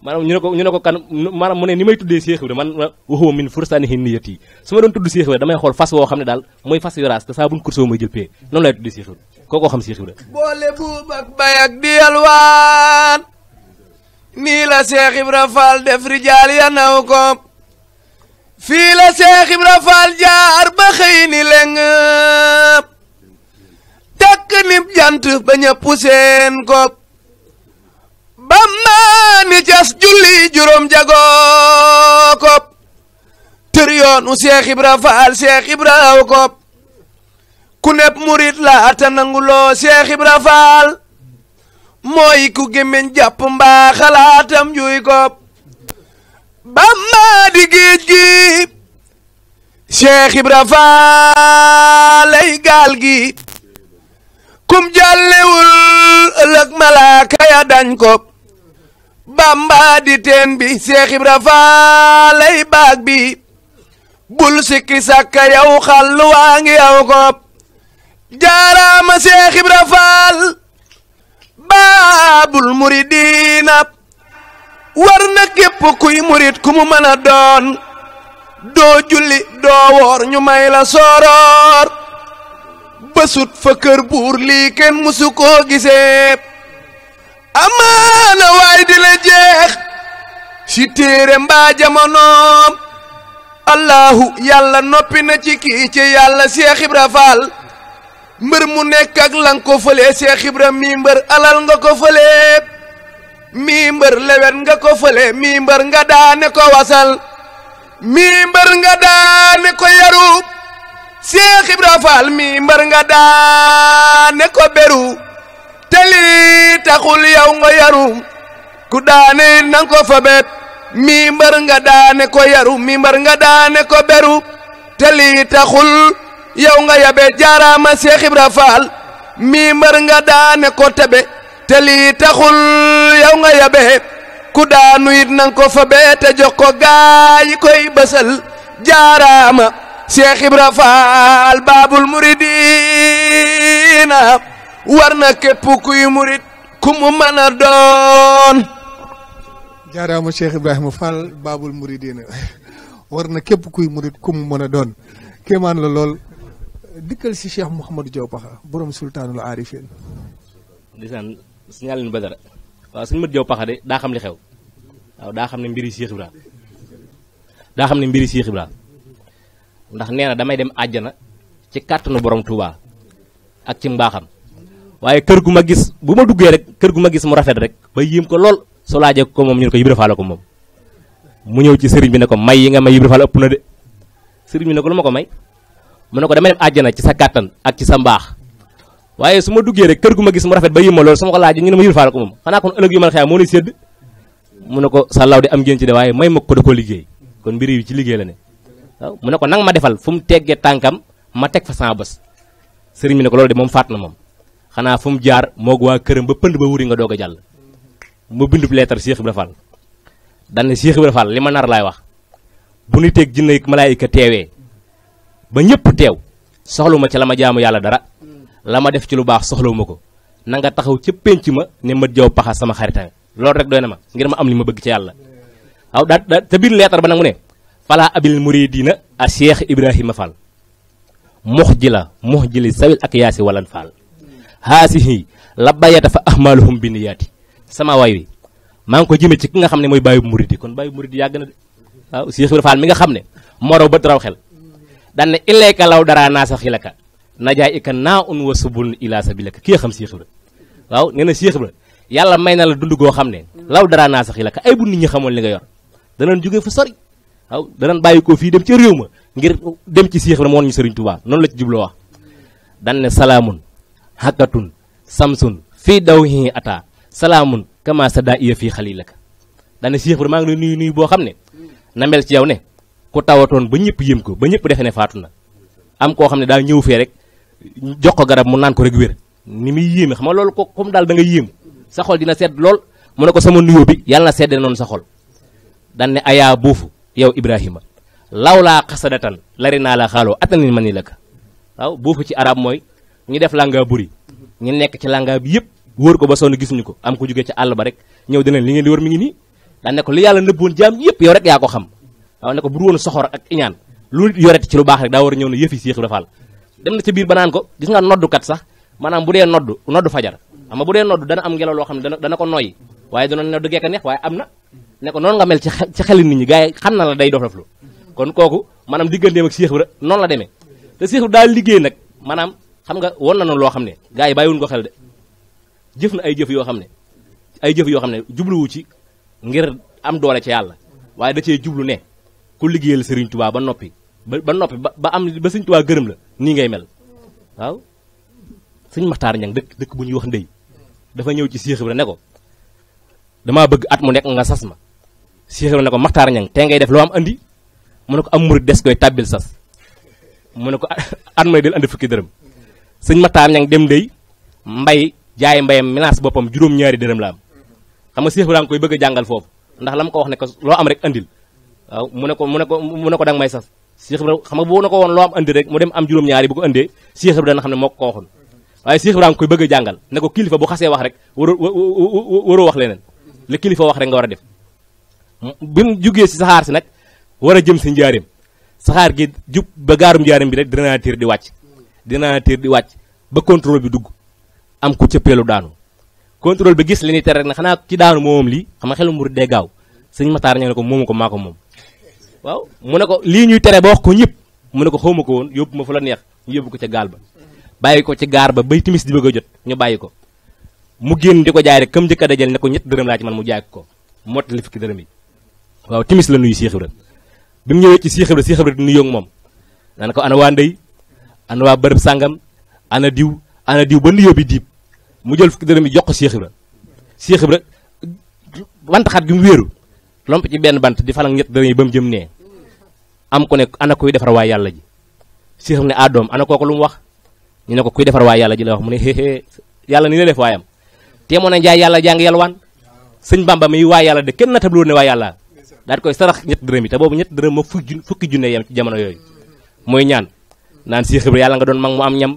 E: maanaam ñu ne ko ñu ne ko kan manam mu ne ni may tuddé Cheikh bi man waxuma min fursanihi niyati suma don tuddu Cheikh bi damay xol fas wo xamne dal moy fas yoras te sa buñ kurso may jël pé non lay tuddé Cheikh xam Cheikh bu
G: di alwan. ni la Cheikh ibrahim Fall def rijal ya naw ko fi la Cheikh ibrahim Fall jaar ba xeyni leng Tak nib jant baña pousen ko bamma ni jass julli jurom jago ko tër yoonu cheikh ibrahim Faal cheikh ibrahim ko ku nepp mourid la atanangulo cheikh ibrahim Ibra Faal ku gemen japp mba khalatam juy ko bamma di geji Cheikh Ibrahim Faal kum jàllewul ëllëg malaaka ya dañ ko bamba di bi Seex Ibra lay baag bi bul sikki sàkka yow xàllu waa ngi yow ko jaaraama Seex Ibra Faal baabul muridiina war na képp kuy murit ku mu mën doon doo julli doo woor ñu may la sooroor bësut fa kër buur lii kenn musu koo gisee amaana waay di jeex ci téere mbaa jamonoom allahu yàlla noppi na ci kii yàlla Seex Faal mbër mu nekk ak lan ko fëlee Seex mii mbër alal nga ko fëlee mii mbër lewet nga ko fëlee mii mbër nga daane ko wasal mii mbër nga daane ko yarub Cheikh Ibra Fall mi mbar nga daane ko beru te taxul yow nga yaru ku daane nang ko fa bet mi nga daane ko yaru mi mbar nga daane ko beru te taxul yow nga yabe jaaraama Cheikh Ibra Fall mi mbar nga daane ko tebe te taxul yow nga yabe ku daanu it ko fa bet te ko gaa koy bësal jaaraama Cheikh Ibra Fall baabul
B: muridina
G: war na képp kuy murid ku mu doon.
B: jaaraama na képp kuy murid ku mu mën la lool dikkal si Cheikh Mouhamadou Diop Paxa borom sultaanul aarifin.
E: di naan suñu yàlla ba waaw suñu mët Diop de daa xam li xew waaw daa xam ne mbiri Cheikh Ibrahima daa xam ne mbiri Cheikh Ibrahima. ndax neena ada damay dem aljana ci no borom Touba ak ci mbaxam waye keur guma gis buma duggé rek keur guma gis mu rafet rek ba yim ko lol so laaje ko mom ñu ko Ibra Fall ko mu ñew ci serigne bi ne ko may yi nga may Ibra faal ëpp na de serigne bi ne ko luma ko may mu ne ko damay dem aljana ci sa kàttan ak ci sa mbax waye suma ma rek keur guma gis mu rafet ba yim ma lol ko laaje ñu ne ma ko kon ëlëk yu mal xeyaa mo ni sedd mu ne ko sa di am gën ci de waye may mako ko da liggéey kon mbiri ci liggéey la ne mu ne ko nang ma defal fum tangkam, tankam ma tek fa sama bes serigne mi ne ko lolou de mom fatna mom xana fum fu mu jaar moog waa këram ba pënd ba wuri nga doga jall mu bindub Cheikh ibrahim Fall dan Cheikh ibrahim Fall lima nar lay wax bu ni tek jinne malaika teewee ba ñëpp teew soxluma ci Lama jaamu yalla dara lama def ci lu baax soxlawuma taxaw ci ne ma jow paxa sama xarita loolu rek doyna ma ngir ma am li ma bëgg ci yalla aw da te bir lettre ba nag mu ne fala abil muridina a cheikh ibrahima fall muhjila muhjili sawil ak yasi walan fall hasihi labayata fa ahmaluhum bi sama waay wi maa ko jimi ci ki nga xamne moy bayu muridi kon bayu muridi yagna wa cheikh ibrahima fall mi nga xamne moro ba raw xel dan ne ilayka law dara naa sa xilaka najaa wa subul ila sabilaka ki xam cheikh ibrahima wa neena cheikh ibrahima yalla may na la dund law dara naa ay bu nit ñi xamoon li nga yor lan joge fu sori aw da nan bayiko fi dem ci rewma ngir dem ci cheikh Ibra moo ñu serigne touba non la ci djiblo wax dan ne salamun hakatun samsun fi dawhi ata salamun kama sada daa iya fii dan ne cheikh Ibra maa ngi lay nuyu nuyu ne na mel ci yow ne ku tawaton ba ñepp yem ko ba ñepp def ne fatuna am ko xamne da ñew ñëw rek jox ko garab mu nan ko rek wer ni mi yéeme xam nga ko kum dal da nga yem sa xol dina set lool mu ne ko sama bi yalla sedde non sa xol dan ne aya bufu yow Ibrahim lawla qasadatan lari la xaaloo atani manilaka waw la ci arab moy ñu def langa buri ñu nek ci langa bi yep wor ko ba sonu gisuñu ko am ko jóge ci àll ba rek ñew dinañ li ngeen di wor mi ngi ni da ne ko li yalla nëbboon jam yep yow rek ya ko xam waw ne ko bu soxor ak iñan lu yoret ci lu bax rek da wor ñew na yef yëfi Cheikh dem na ci bir banan ko gis nga kat sax manam bu de noddu noddu fajar amma bu de noddu dana am ngelaw lo xam dana ko noy waye dana noddu gekk neex waye amna ne ko noonu nga mel ci ci xel nit ñi gaa yi xam na la day dof doflu kon kooku maanaam digganteem ak Cheikh Ibra noonu la demee te Cheikh Ibra daal liggéey nag maanaam xam nga won na noonu loo xam ne gaa yi bàyyiwuñ ko xel de jëf na ay jëf yoo xam ne ay jëf yoo xam ne jubluwu ci ngir am doole ci yàlla waaye da cee jublu ne ku liggéeyal Serigne tubaab ba noppi ba noppi ba am ba Serigne Touba gërëm la nii ngay mel waaw Serigne Makhtar Niang dëkk dëkk bu ñuy wax ndey dafa ñëw ci Cheikh Ibra ne ko damaa bëgg at mu nekk nga sas ma cheikh na ko maxtaar ñang te ngay def lo am andi mu ne ko am des koy tabbil sas mu ne at andi fukki dërëm sëñ maxtaar ñang dem dey mbay jaay mbayam menace bapam jurum ñaari dalam, la am xam nga cheikh ibrahim koy bëgg jàngal ndax lam ko wax ne ko andil waaw mu ne ko mu ne ko mu dang may sas am andi rek mu dem am juróom ñaari bu ko andee cheikh ibrahim xam ne moo ko waxoon waaye cheikh ibrahim koy bëgg jàngal ne ko kilifa bu xasee wax rek waroo wax leneen bi mu jugee si saxaar si nag war a jëm si njaareem saxaar gi jub ba gaarum njaareem bi rek détonateur di wàcc détonateur di wàcc ba contrôle bi dugg am ku cëppeelu daanu contrôle bi gis li ni tere rek na xanaa ci daanu moom lii xam nga xelu mbur dee gaaw sëñ Matar ña ne ko moomu ko maa ko moom waaw mu ne ko lii ñuy tere ba wax ko ñëpp mu ne ko xawma ko woon yóbbu ma fu la neex ñu ko ca gaal ba bàyyi ko ci gaar ba bay timis di bëgg a jot ñu bàyyi ko mu génn di ko jaay rek comme njëkk a dajal ne ko ñett dërëm laa ci man mu jaay ko mottali fukki dërëm yi waaw timis la nuyu Cheikh Ibra bi mu ñëwee ci Cheikh Ibra Cheikh Ibra nuyoo ak moom naan ko ana waa ndey ana waa bërëb sàngam ana diw ana diw ba nuyoo bi diib mu jël fukki dërëm bi jox ko Cheikh Ibra Cheikh Ibra bant xat gi mu wéeru lomp ci benn bant di falang ñett dërëm yi ba mu jëm nee am ko ne ana kuy defar waa yàlla ji Cheikh ne ah doom ana kooku lu mu wax ñu ne ko kuy defar waa yàlla ji la wax mu ne xéxé yàlla ni la def waayam teemoon na njaay yàlla jàng yalwaan sëñ Bamba mi waa yàlla de kenn natablu ne waa yàlla daal koy sarax ñet dërëm yi te bobu ñet dërëm mo fukki fukki junne yam ci jamono yoy moy ñaan naan Cheikh Ibra yalla nga doon mag mu am ñam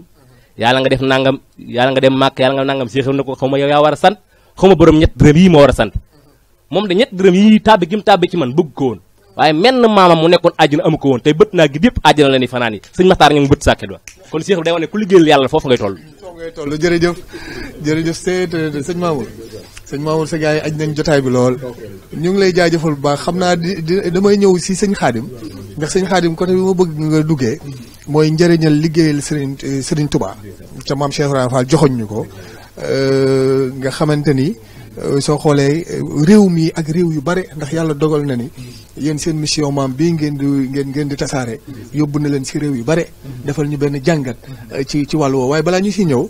E: yalla nga def nangam yalla nga dem mak yalla nga nangam Cheikh Ibra ne ko yow ya wara sant xawma borom ñet dërëm yi mo wara sant mom de ñet dërëm yi tabbi gim tabbi ci man bëgg ko won waye men maamam mu nekkon aljina amuko won tay tey na gi yëpp aljina la ni fanani señ mastar ñu ngi bët sàkket kon Cheikh day wone ku liggéeyal yalla fofu ngay
B: toll foofu ngay toll jërëjëf jërëjëf señ Mamour sëñ Mamour sa gars yi aj nañ jotaay bi lool ñu ngi lay jaajëfal bu baax xam naa damay ñëw si sëñ xaadim ndax sëñ xaadim côté bi ma bëgg nga duggee mooy njëriñal liggéeyal Serigne Serigne Touba ca maam Cheikh Ibrahima Fall joxoñ ñu ko euh, nga xamante ni Euh, soo xoolee euh, réew mii ak réew yu bare ndax yàlla dogal na ni yéen seen mission maam bii ngeen di ngeen ngeen di tasaare yóbbu na leen si réew yu bare defal ñu benn jàngat euh, ci ci wàllu woowu waaye balaa ñu si ñëw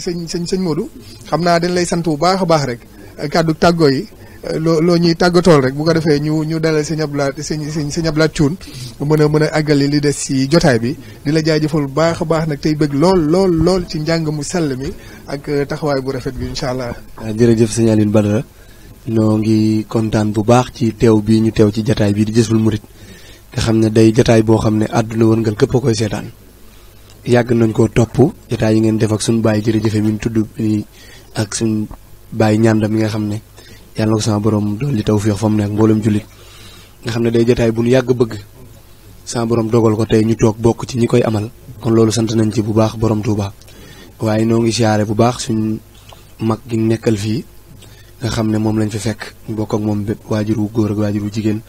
B: sëñ sëñ sëñ Modou xam naa dañ lay sant bu baax a baax rek kàddu tàggoo yi loo loo ñuy tàggatool rek bu ko defee ñu ñu dalal sëñ Abdoulaye sëñ sëñ sëñ Abdoulaye mën a mën a àggali li des ci jotaay bi di la jaajëfal bu baax a baax nag tey bëgg lool lool lool ci njàng mu sell mi ak euh, taxawaay bu rafet bi incha allah.
F: Ah, jërëjëf sëñ Alioune Badara ñoo ngi kontaan bu baax ci teew bii ñu teew ci jotaay bii di Jazboul Mouride nga xam ne day jotaay boo xam ne àdduna wërngal képp a koy seetaan yàgg nañ ko topp jotaay yi ngeen def ak suñu bàyyi jërëjëf mi tudd ak suñu bàyyi ñaandam mi nga xam ne yalla ko sama borom dool li taw fiix fa mu nekk nga xamne day jotaay bu nu yag bëgg sama borom dogal ko tay ñu tok bok ci ñi koy amal kon lolu sant nañ ci bu baax borom Touba waye no ngi siyaare bu baax suñ mag gi nekkal fi nga xamne mom lañ fi fekk bok ak mom bépp wajuru goor ak wajuru jigen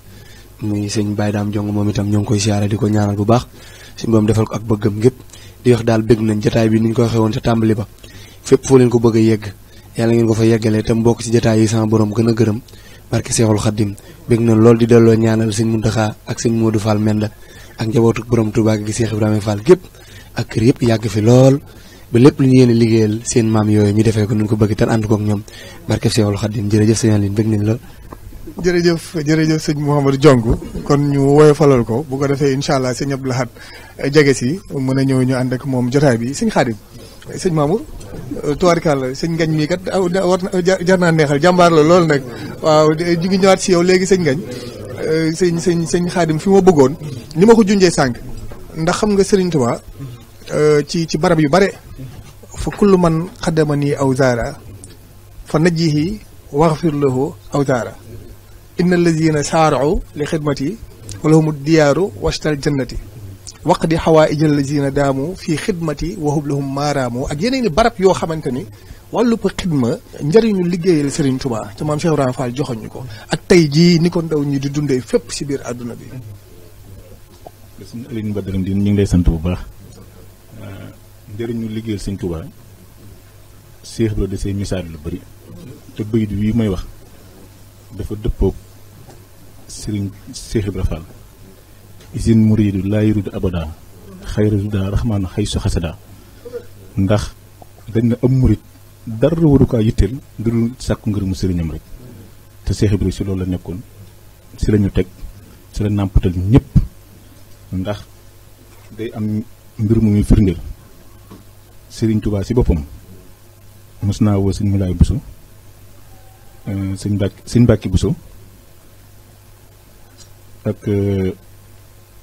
F: muy sëñ Baye Dame Jong mom itam ñong koy siyaare diko ñaanal bu baax suñ borom defal ko ak bëggam gep di wax dal bëgg nañ jotaay bi niñ ko waxee woon ca tàmbali ba fepp fo leen ko bëgg yegg yalla ngeen ko fa yeggale tam bok ci jotaay yi sama borom gëna a gërëm barke Seexul Xaddim bég na lool di delo ñaanal seigne Muntaxa ak seigne Modou Fall Menda ak njabootu borom Touba gi cheikh ibrahim Fall gep ak kër yep yag fi lool ba lepp lu ñu yéene liggéeyal seen maam yooyu ñu defee ko nu ñu ko bëgg tan and ànd kook ñoom barke Seexul Xaddim jërëjëf seigne Aline bég nañ lool
B: jërëjëf jërëjëf sëñ Mouhamadou Diongue kon ñu woy falal ko bu ko defee inshallah seigne sëñ Abdou Lahad jege si mën a ñëw ñu ànd ak moom jotaay bi seigne khadim sëñ Mamour euh, tubaarkàlla sëñ Ngañ mii kat war na jar naa neexal jàmbaar la loolu nag waaw ñu ngi ñëwaat si yow léegi sëñ Ngañ euh, sëñ sëñ sëñ Xaadim fi ma bëggoon ni ma ko junjee sànq ndax xam nga Sëriñ Tuubaa euh, ci ci barab yu bare fa kullu man xaddama nii aw zaara fa najjihi waxfir lahu aw zaara inna allazina saarau li xidmati walahum diyaaru wastal jannati وقد حوائج الذين داموا في خدمتي وهب لهم ما راموا اك يينيني بارب يو خامتاني والو خدمه نجارينو ليغيال سيرن توبا تي مام شيخ عمران فال جوخنيكو اك تاي جي نيكو نداو ني دي دوندي فيب سي بير ادنا بي
D: بسم الله الرحمن الرحيم دين ني نداي سانتو باخ نجارينو ليغيال سيرن توبا شيخ لو ديسي ميساج لو بري تي بيد وي ماي واخ دا فا ديبوك سيرن شيخ عمران isin muridu laa yuridu abada xayru zuda rahman xay xasada ndax dañ na am murit dar waru kaa yitteel dul sàkku ngërëmu sëriñam rek te Seex Ibra si loolu la nekkoon si la teg si la nàmpatal ñëpp ndax day am mbir mu muy firndeel Sëriñ Tuubaa si boppam mos naa woo sëñ Mulaay Buso eh, sëñ Mbàkke Buso eh,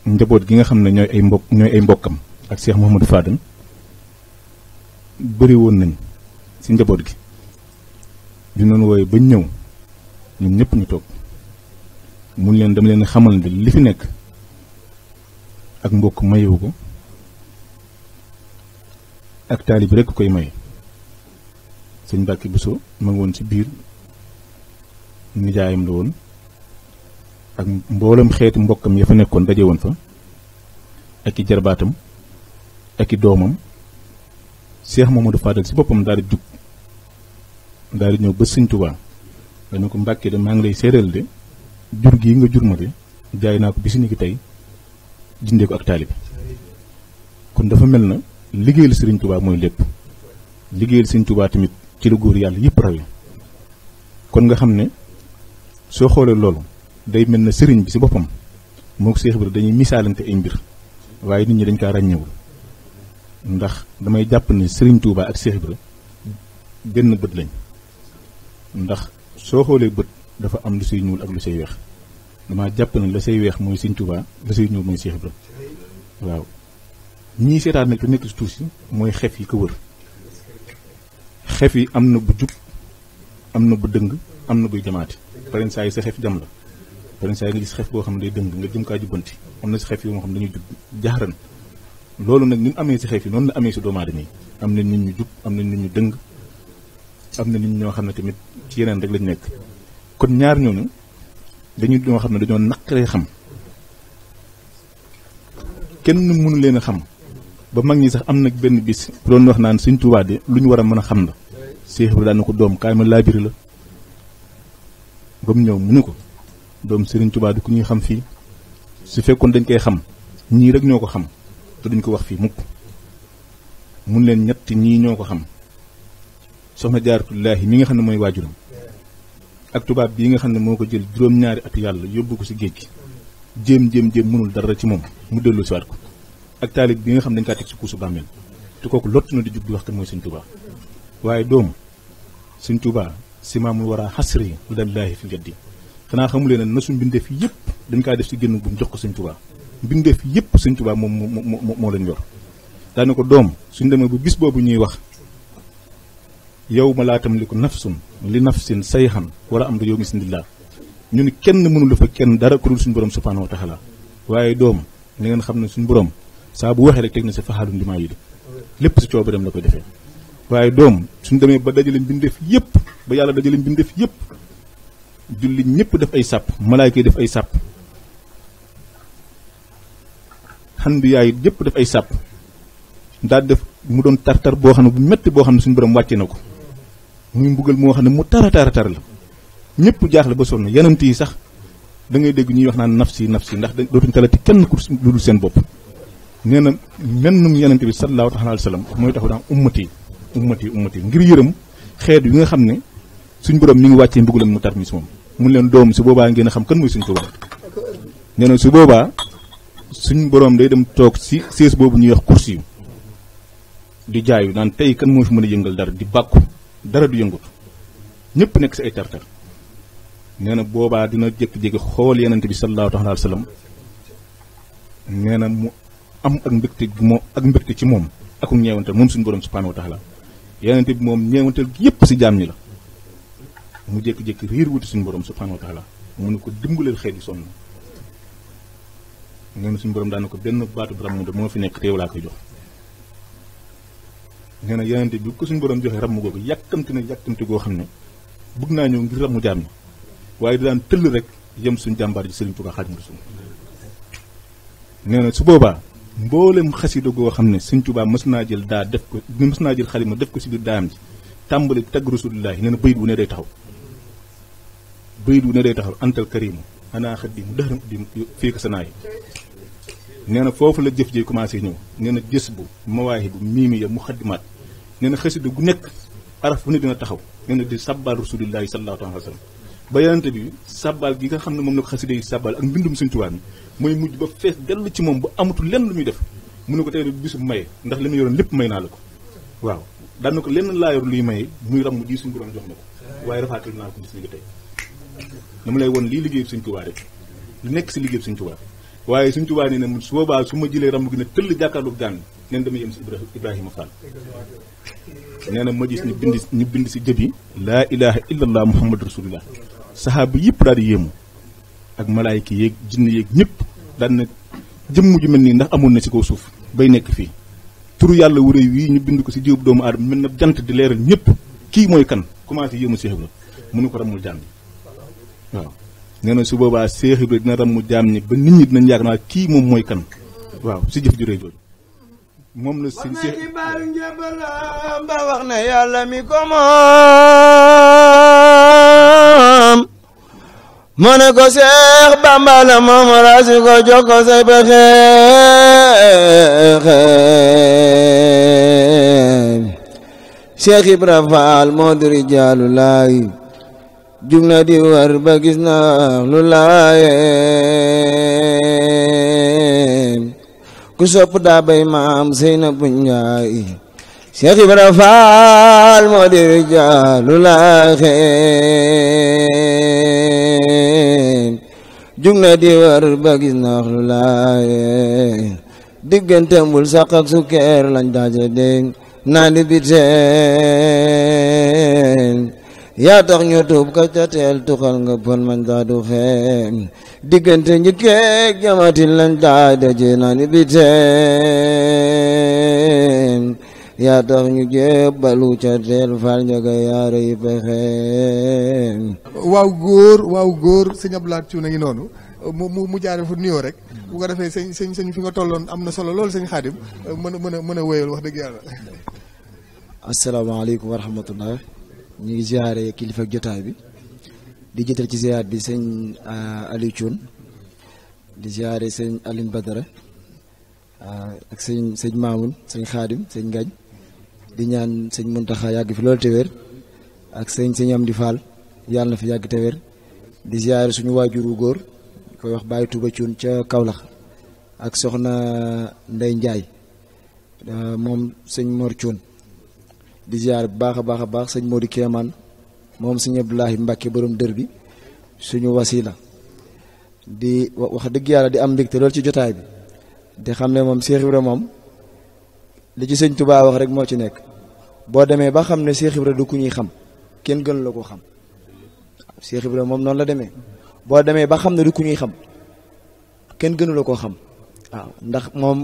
D: njaboot gi nga xam ne ñooy ay mbokk ñooy ay mbokkam ak Cheikh Mouhamadou Fadal bëri woon nañ si njaboot gi ñu noonu wooye ba ñëw ñun ñëpp ñu toog mun leen dama leen xamal ne li fi nekk ak mbokk mayewu ko ak taalib rek koy may sëñ Mbàkke Buso ma ngi woon si biir nijaayam la woon ak mboolem xeetu mbokkam ya fa nekkoon daje woon fa ak i jarbaatam ak i doomam Cheikh Mamadou Fadal si boppam daal di jug daal di ñëw ba Sëñ Tuubaa dañu ko mbàkkee de maa ngi lay séeral de jur gii nga jur ma de jaay naa ko bis ni ki tey dindee ko ak taalibe kon dafa mel na liggéeyal Sëriñ Tuubaa mooy lépp liggéeyal Sëriñ Tuubaa tamit ci la góor yàlla yëpp rawe kon nga xam ne soo xoolee loolu day mel na sëriñ bi si boppam moo ko Seex Ibra dañuy misaalante ay mbir waaye nit ñi dañ kaa ràññewul ndax damay jàpp ne sëriñ Touba ak Seex Ibra benn bët lañ ndax soo xoolee bët dafa am lu say ñuul ak lu say weex damaa jàpp ne la say weex mooy sëriñ Touba la say ñuul mooy Seex Ibra waaw ñii seetaan nag te nekk si tuuti mooy xef yi ko wër xef yi am na bu jub am na bu dëng am na buy jamaati paren saa yi sa xef jam la yeneen saa yi nga gis xef boo xam ne day dëng nga jëm kaa jubbanti am na si xef yi moo xam ne dañuy jub jaaran loolu nag ni amee si xef yi noonu la amee si doomu aadama yi am na nit ñu jub am na nit ñu dëng am na nit ñoo xam ne tamit ci yeneen rek lañu nekk kon ñaar ñooñu dañu ñoo xam ne dañoo naqaree xam kenn mënu leen xam ba mag ñi sax am nag benn bis doon wax naan suñ Tuubaa de lu ñu war a mën a xam la Seex daan na ko doom kaay ma laabiri la ba mu ñëw mu ne ko doom Serigne Touba di ku ñuy xam fii su fekkoon dañ koy xam ñii rek ñoo ko xam dañ duñ ko wax fii mukk mun leen ñett ñii ñoo ko xam soxna jaaratullaahi mi nga xam ne mooy waajuram ak tubaab bii nga xam ne moo ko jël juróom-ñaari at yàlla yóbbu ko si géej gi jëm jëm jëm mënul dara ci moom mu dellu si waat ko ak taalib bi nga xam dañ kaa teg si kuusu bàmmeel te kooku lott na di jub di wax kan mooy sëñ Touba waaye doom sëñ tubaa si maamul war a xasri lillaahi fi jaddi danaa xamulee ne na suñ mbindeef yëpp dañ kaa def ci génn buum jox ko sëñ tubaa mbindeef yëpp sëñ tubaa moom moo moo leen yor daane ko doom suñ demee bu bis boobu ñuy wax yow ma laa tamliku nafsun li nafsin sayhan wala am da yow mi sindillaa ñu ni kenn mënu la fa kenn dara ku dul suñu borom subhaanahu wa taala waaye doom li ngeen xam ne suñu borom saa bu waxee rek teg na si faxaalum limaa yi di lépp si coobareem la koy defee waaye doom suñu demee ba dajale mbindeef yëpp ba yàlla dajale mbindeef yëpp julli ñëpp def ay sàpp malaayka yi def ay sàpp xanbiyaay yi ñëpp def ay sàpp daal def mu doon tar-tar boo xam ne bu metti boo xam ne suñ borom wàcce na ko muy moo ne mu tara tara tar la ñëpp jaaxle ba sonn yanant yi sax da ngay ñuy wax naan nafsi nafsi ndax dootuñ talati kenn ku dul seen bopp nee na mennum yanant bi sallallahu taala alayhi wa sallam mooy taxu daan ummati ummati ummati ngir yërëm xeet yi nga xam ne suñ borom mi ngi wàccee mbugalam mu tar mis moom mu len dom su boba ngeen xam kan moy suñu tubaab nee su boba suñu borom day dem tok si ses bobu ñuy wax kursi di jaayu nan tay kan moo fi mën yëngal dara di bakku dara du yëngut ñepp nek ci ay tartar neena boba dina jékki-jékki xol yenenbi bi sallallahu alaihi wasallam neena mu am ak mbégte mo ak mbekté ci mom akum ñewante mom suñu borom subhanahu wa taala yenenbi mom ñewante yépp ci jamm si la mu jékki-jékki riir wuti suñu borom subhanahu wa taala mu ne ko dimbaleel xeet yi sonn nee na suñu borom daan na ko benn baatu ram de moo fi nekk teew laa koy jox. nee na yeneen bi ko suñu borom joxe ramm googu yàkkamti na yàkkamti goo xam ne bëgg naa ñëw ngir ramu jaam ñi waaye di daan tëll rek yem suñu jàmbaar ji Serigne Touba Xaadimu Rasuul nee na su boobaa mboolem xasida goo xam ne Serigne Touba mës naa jël daa def ko mës naa jël xalima def ko si biir daam ji tàmbali tagg Rasulullaahi nee na bayit wu ne day taxaw. bayit wu ne day taxaw antal karimu ana xaddimu dëxëram dim fii ko sa naay nee na foofu la jëf ji commencé ñëw nee na gis bu mawaahi bu miimi ya mu xaddimaat nee na xasida gu nekk araf bu ne dina taxaw nee na di sabbal rasulillahi sallallahu alayhi wa sallam ba yonente bi sabbal gi nga xam ne moom la ko xasida yi sabbal ak mbindum Sëñ Tuubaa mi mooy mujj ba fees dell ci moom ba amatul lenn lu muy def mu ne ko tey bisu maye ndax li mu yoroon lépp may naa la ko waaw daan na ko lenn laa yor luy maye muy ram mu di suñu borom jox na ko waaye rafaatal naa tey dama lay won lii liggéey Sëñ Tuubaa rek lu nekk si liggéey Sëñ Tuubaa waaye Sëñ Tuubaa nee na su boobaa su ma jëlee ram gi ne tëll jàkkaarloog daan neen damay yem si Ibrahima Fall nee na ma gis ñu bind ñu bind si jëb yi laa ilaha illallah muhammad rasulullah sahaaba yëpp daal di yéemu ak malaayka yeeg jinn yeeg ñëpp daan na jëmm ju mel nii ndax amoon na si ko suuf bay nekk fii turu yàlla wuréy wii ñu bind ko si jiwub doomu aadama mel na jant di leeral ñëpp kii mooy kan commencé yéemu Seex Ibra mu nu ko ramul jàng waaw nee su boobaa Seex Ibra dina ram mu jaam ñi ba nit ñi dinañ yàgg naa kii moom mooy kan waaw si jëf ju rëy moom la
G: sëñ Seex ba wax moom
H: mu ne ko jox ko say pexe Seex Ibra Faal moo di rijaalu jug na di war ba gis naa lu laayeen ku sopp daa bay sey na bu njaay Cheikh Ibra Faal moo di rijaalu laayeen jug di war ba gis lu laayeen diggante mbul saq ak sukeer lañ deen naa di Ya tax ñu tuub tel ca teel tuxal kan nga bon man daa du xeem diggante ñi keeg jamatin ya lañ daa daje naan bi ya tax ñu jébbalu ca teel fal njaga yaara yi pexeem
B: waaw góor waaw góor sëñ Abdoulaye Thioune a ngi noonu mu mu mu jaare fu nuyoo rek bu ko defee sëñ sëñ sëñ fi nga tolloon am na solo loolu sëñ Xaadim mën eh, a mën a a wax dëgg yàlla
H: asalaamaaleykum wa ñu ngi ziare kilifa jotaay bi di jiital ci ziar bi sëñ ah, Aliou Thioune di ziare sëñ Aline Badara ah, ak sëñ sëñ Mamoun sëñ Khadim sëñ Ngañ di ñaan sëñ Mountakha yàgg fi loolu te wér ak sëñ sëñ Amdi Fall yàlla na fi yàgg te di ziare suñu waajuru góor koy wax Baye Touba Thioune ca Kaolack ak soxna Ndey Ndiaye ah, moom sëñ Mor Thioune di ziar bu baax a baax a baax sëñ Modou Kéemaan moom sëñ Abdoulahi Mbacke borom dër bi suñu la di wax dëgg yàlla di am mbégte loolu ci jotaay bi di xam ne moom Cheikh rek moom li ci sëñ tubaa wax rek moo ci nekk boo demee ba xam ne Cheikh Ibra du ku ñuy xam kenn gënula la ko xam Cheikh Ibra moom noonu la demee boo demee ba xam ne du ñuy xam kenn gënu koo xam ndax moom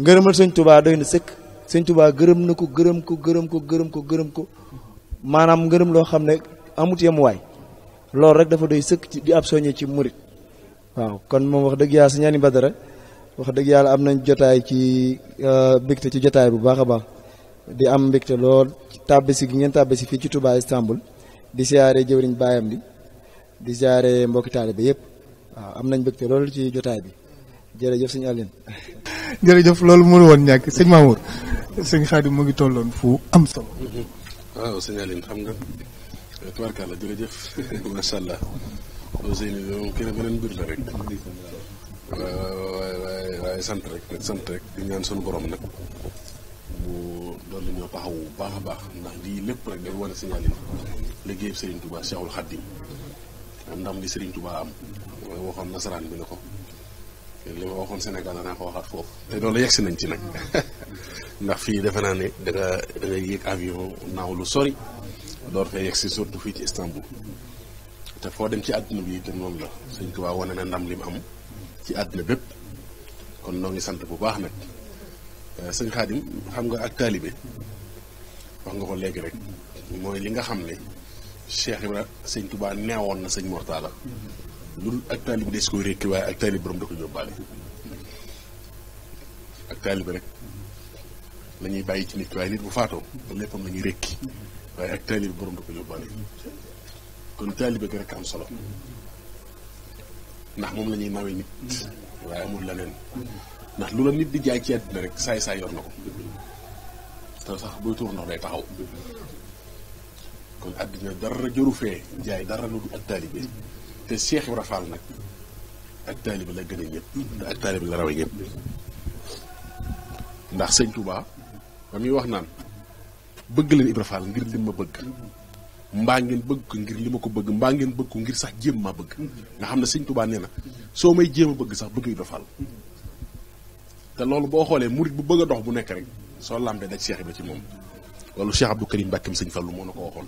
H: ngërëmal sëñ Touba doy na sëkk. sëñ tubaa gërëm na ko gërëm ko gërëm ko gërëm ko gërëm ko maanaam ngërëm loo xam ne amut yemuwaay loolu rek dafa doy sëkk ci di ab soññe ci murit waaw kon moom wax dëgg yàlla Sëñ Aliou Badara wax dëgg yàlla am nañ jotaay ci euh, mbégte ci jotaay bu baax a baax di am mbégte lool tàbbisi gi ngeen tàbbisi fii ci Touba Istanbul di siyaare jëwriñ baayam bi di siyaare mbokki taalibe yëpp waaw am nañ mbégte lool ci jotaay bi jërëjëf
C: sëñ Aline.
B: jërëjëf loolu mënu woon ñàkk sëñ Mamour sëñ Khadim mu ngi tolloon fu am solo.
C: Mhm. waaw sëñ Aline xam nga tubaarkàlla jërëjëf macha allah. Ousseynou moom kenn beneen mbir la rek. waaw waaye waaye sant rek sant rek di ñaan suñu borom nag. bu dolli ñoo taxaw baax a baax ndax lii lépp rek day wane sëñ Aline liggéeyub Serigne Touba Cheikhul Khadim. ndam li Serigne Touba am. waxoon nasaraan bi ne ko. li ma waxoon Sénégal danaa ko waxaat foofu te loolu yegsi nañ ci nag ndax fii defe naa ne da nga da avion naaw lu sori door fa yegsi surtout fii ci Istanbul te foo dem ci àdduna bi itam moom la Sëñ Tuubaa wane na ndam li mu am ci àddina bépp kon noo ngi sant bu baax nag euh, sëñ Xaadim xam nga ak taalibe wax nga ko léegi rek mooy li nga xam ne Cheikh Ibra sëñ Tuubaa neewoon na sëñ Mortala loolu ak taalib des koy rekki waaye ak taalib borom da ko yóbbaale ak taalib rek lañuy bàyyi ci nit waaye nit bu faatoo léppam la ñuy rekki waaye ak taalib borom da ko yóbbaale kon taalibe gi rek am solo ndax moom la ñuy nawee nit waaye amul leneen ndax lu nit di jaay rek saay saay yor na ko te sax buy tuur ndox day taxaw kon àddina dara jëru fee jaay dara lu du ak taalibe te Cheikh Ibra Fall nag ak taalibe la gën a ak taalibe la rawe ñëpp ndax seigne Touba ba muy wax naan bëgg leen Ibra Fall ngir lima bëgg mba ngeen bëgg ko ngir lima ko bëgg mba ngeen bëgg ko ngir sax jëm ma bëgg nga xam seigne Touba neena so may jëm bëgg sax bëgg Ibra Fall te loolu bo xolé mourid bu bëgg dox bu nekk rek so lambe daj Cheikh Ibra ci mom walu Cheikh Abdou Karim Mbàkkeem seigne Fallu mo nako ko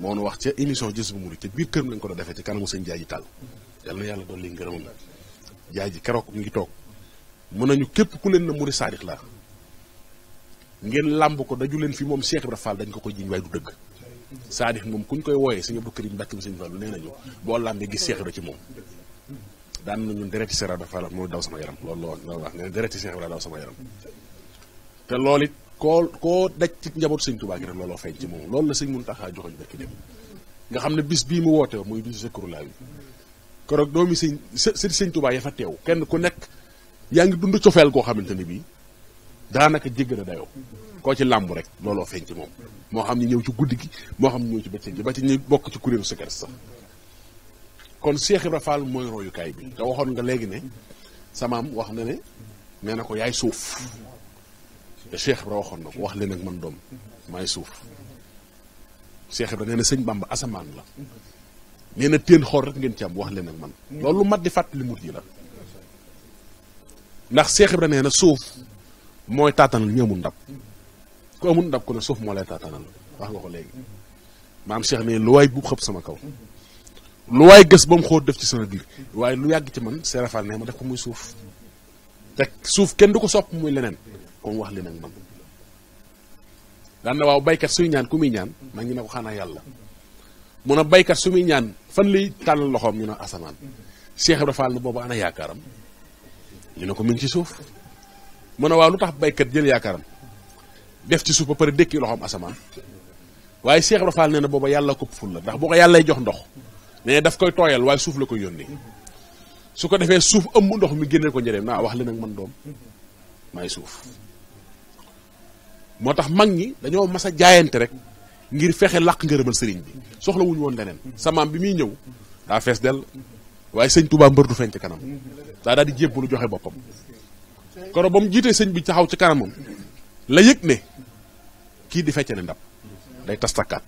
C: moo na wax ca émission Jës bu Murid te biir këram lañ ko doon defee ci kanamu sëñ ji Tall yal na yàlla doon li ngërëmam Jaaji keroog mi ngi toog mën nañu képp ku leen na murid saadix la ngeen làmb ko daju leen fi moom Cheikh Ibra Fall dañ ko ko jiñ waaye du dëgg saadix moom ku kuñ koy wooyee sëñ Abdou Karim Mbàkke sëñ Fallu nee nañu boo làmbee gis Cheikh Ibra ci moom daan na ñun dereti Cheikh Ibra Fall mooy daw sama yaram loolu loolu wax ne dereti Cheikh Ibra daw sama yaram koo koo daj ci njabootu sëñ Tuubaa gi rek looloo feeñ ci moom loolu la sëñ Muntaxa joxoñ barki dem nga xam ne bis bii mu wootee muy bisu Zikrullaahi keroog doomi sëñ sëñ sëñ Tuubaa ya fa teew kenn ku nekk yaa ngi dund cofeel koo xamante ne bii daanaka jégg na dayoo koo ci làmb rek looloo feeñ ci moom moo xam ñu ñëw ci guddi gi moo xam ñu ñëw ci bëccëg gi ba ci ñuy bokk ci kuréelu sikar sax kon Cheikh Ibra Fall mooy royukaay bi te waxoon nga léegi ne samaam wax na ne nee na ko yaay suuf Cheikh Ibra waxoon na ko wax leen ak man doom maay suuf Cheikh Ibra nee sëñ Bamba asamaan la nee na teen xool rek ngeen caab am wax leen ak man loolu mat di fàttali mu yi la ndax Cheikh Ibra nee na suuf mooy taatanal ñu amul ndab ku amul ndab ku ne suuf moo lay taatanal wax nga ko léegi maam Cheikh ne lu waay bu xëpp sama kaw lu waaye gës ba mu xóot def ci sama biir waaye lu yàgg ci man Serafal ne ma def ko muy suuf te suuf kenn du ko sopp muy leneen kon wax leen ak man daan na waaw baykat suy ñaan ku muy ñaan mag ñu ne ko xanaa yàlla mun a baykat su muy ñaan fan lay tàllal loxoom ñu ne asamaan Cheikh Ibra Fall na boobu ana yaakaaram ñu ne ko mi ngi ci suuf mu ne waaw lu tax baykat jël yaakaaram def ci suuf ba pare dëkki loxoom asamaan waaye Cheikh Ibra Fall nee na booba yàlla ko ful la ndax boo ko yàllay jox ndox nee daf koy tooyal waaye suuf la koy yónni su ko defee suuf ëmb ndox mi génne ko njëriñ naa wax leen ak man doom maay suuf motax tax mag ñi dañoo mas jaayante rek ngir fexé lak ngeureumal serigne bi soxla wuñu woon leneen samaam bi mi ñew da fess del waye serigne Touba mbër du feeñ kanam da daal di jébbalu joxé bopam koro bam jité serigne bi taxaw ci kanamum la yek ne ki di fecce ne ndab day tastakat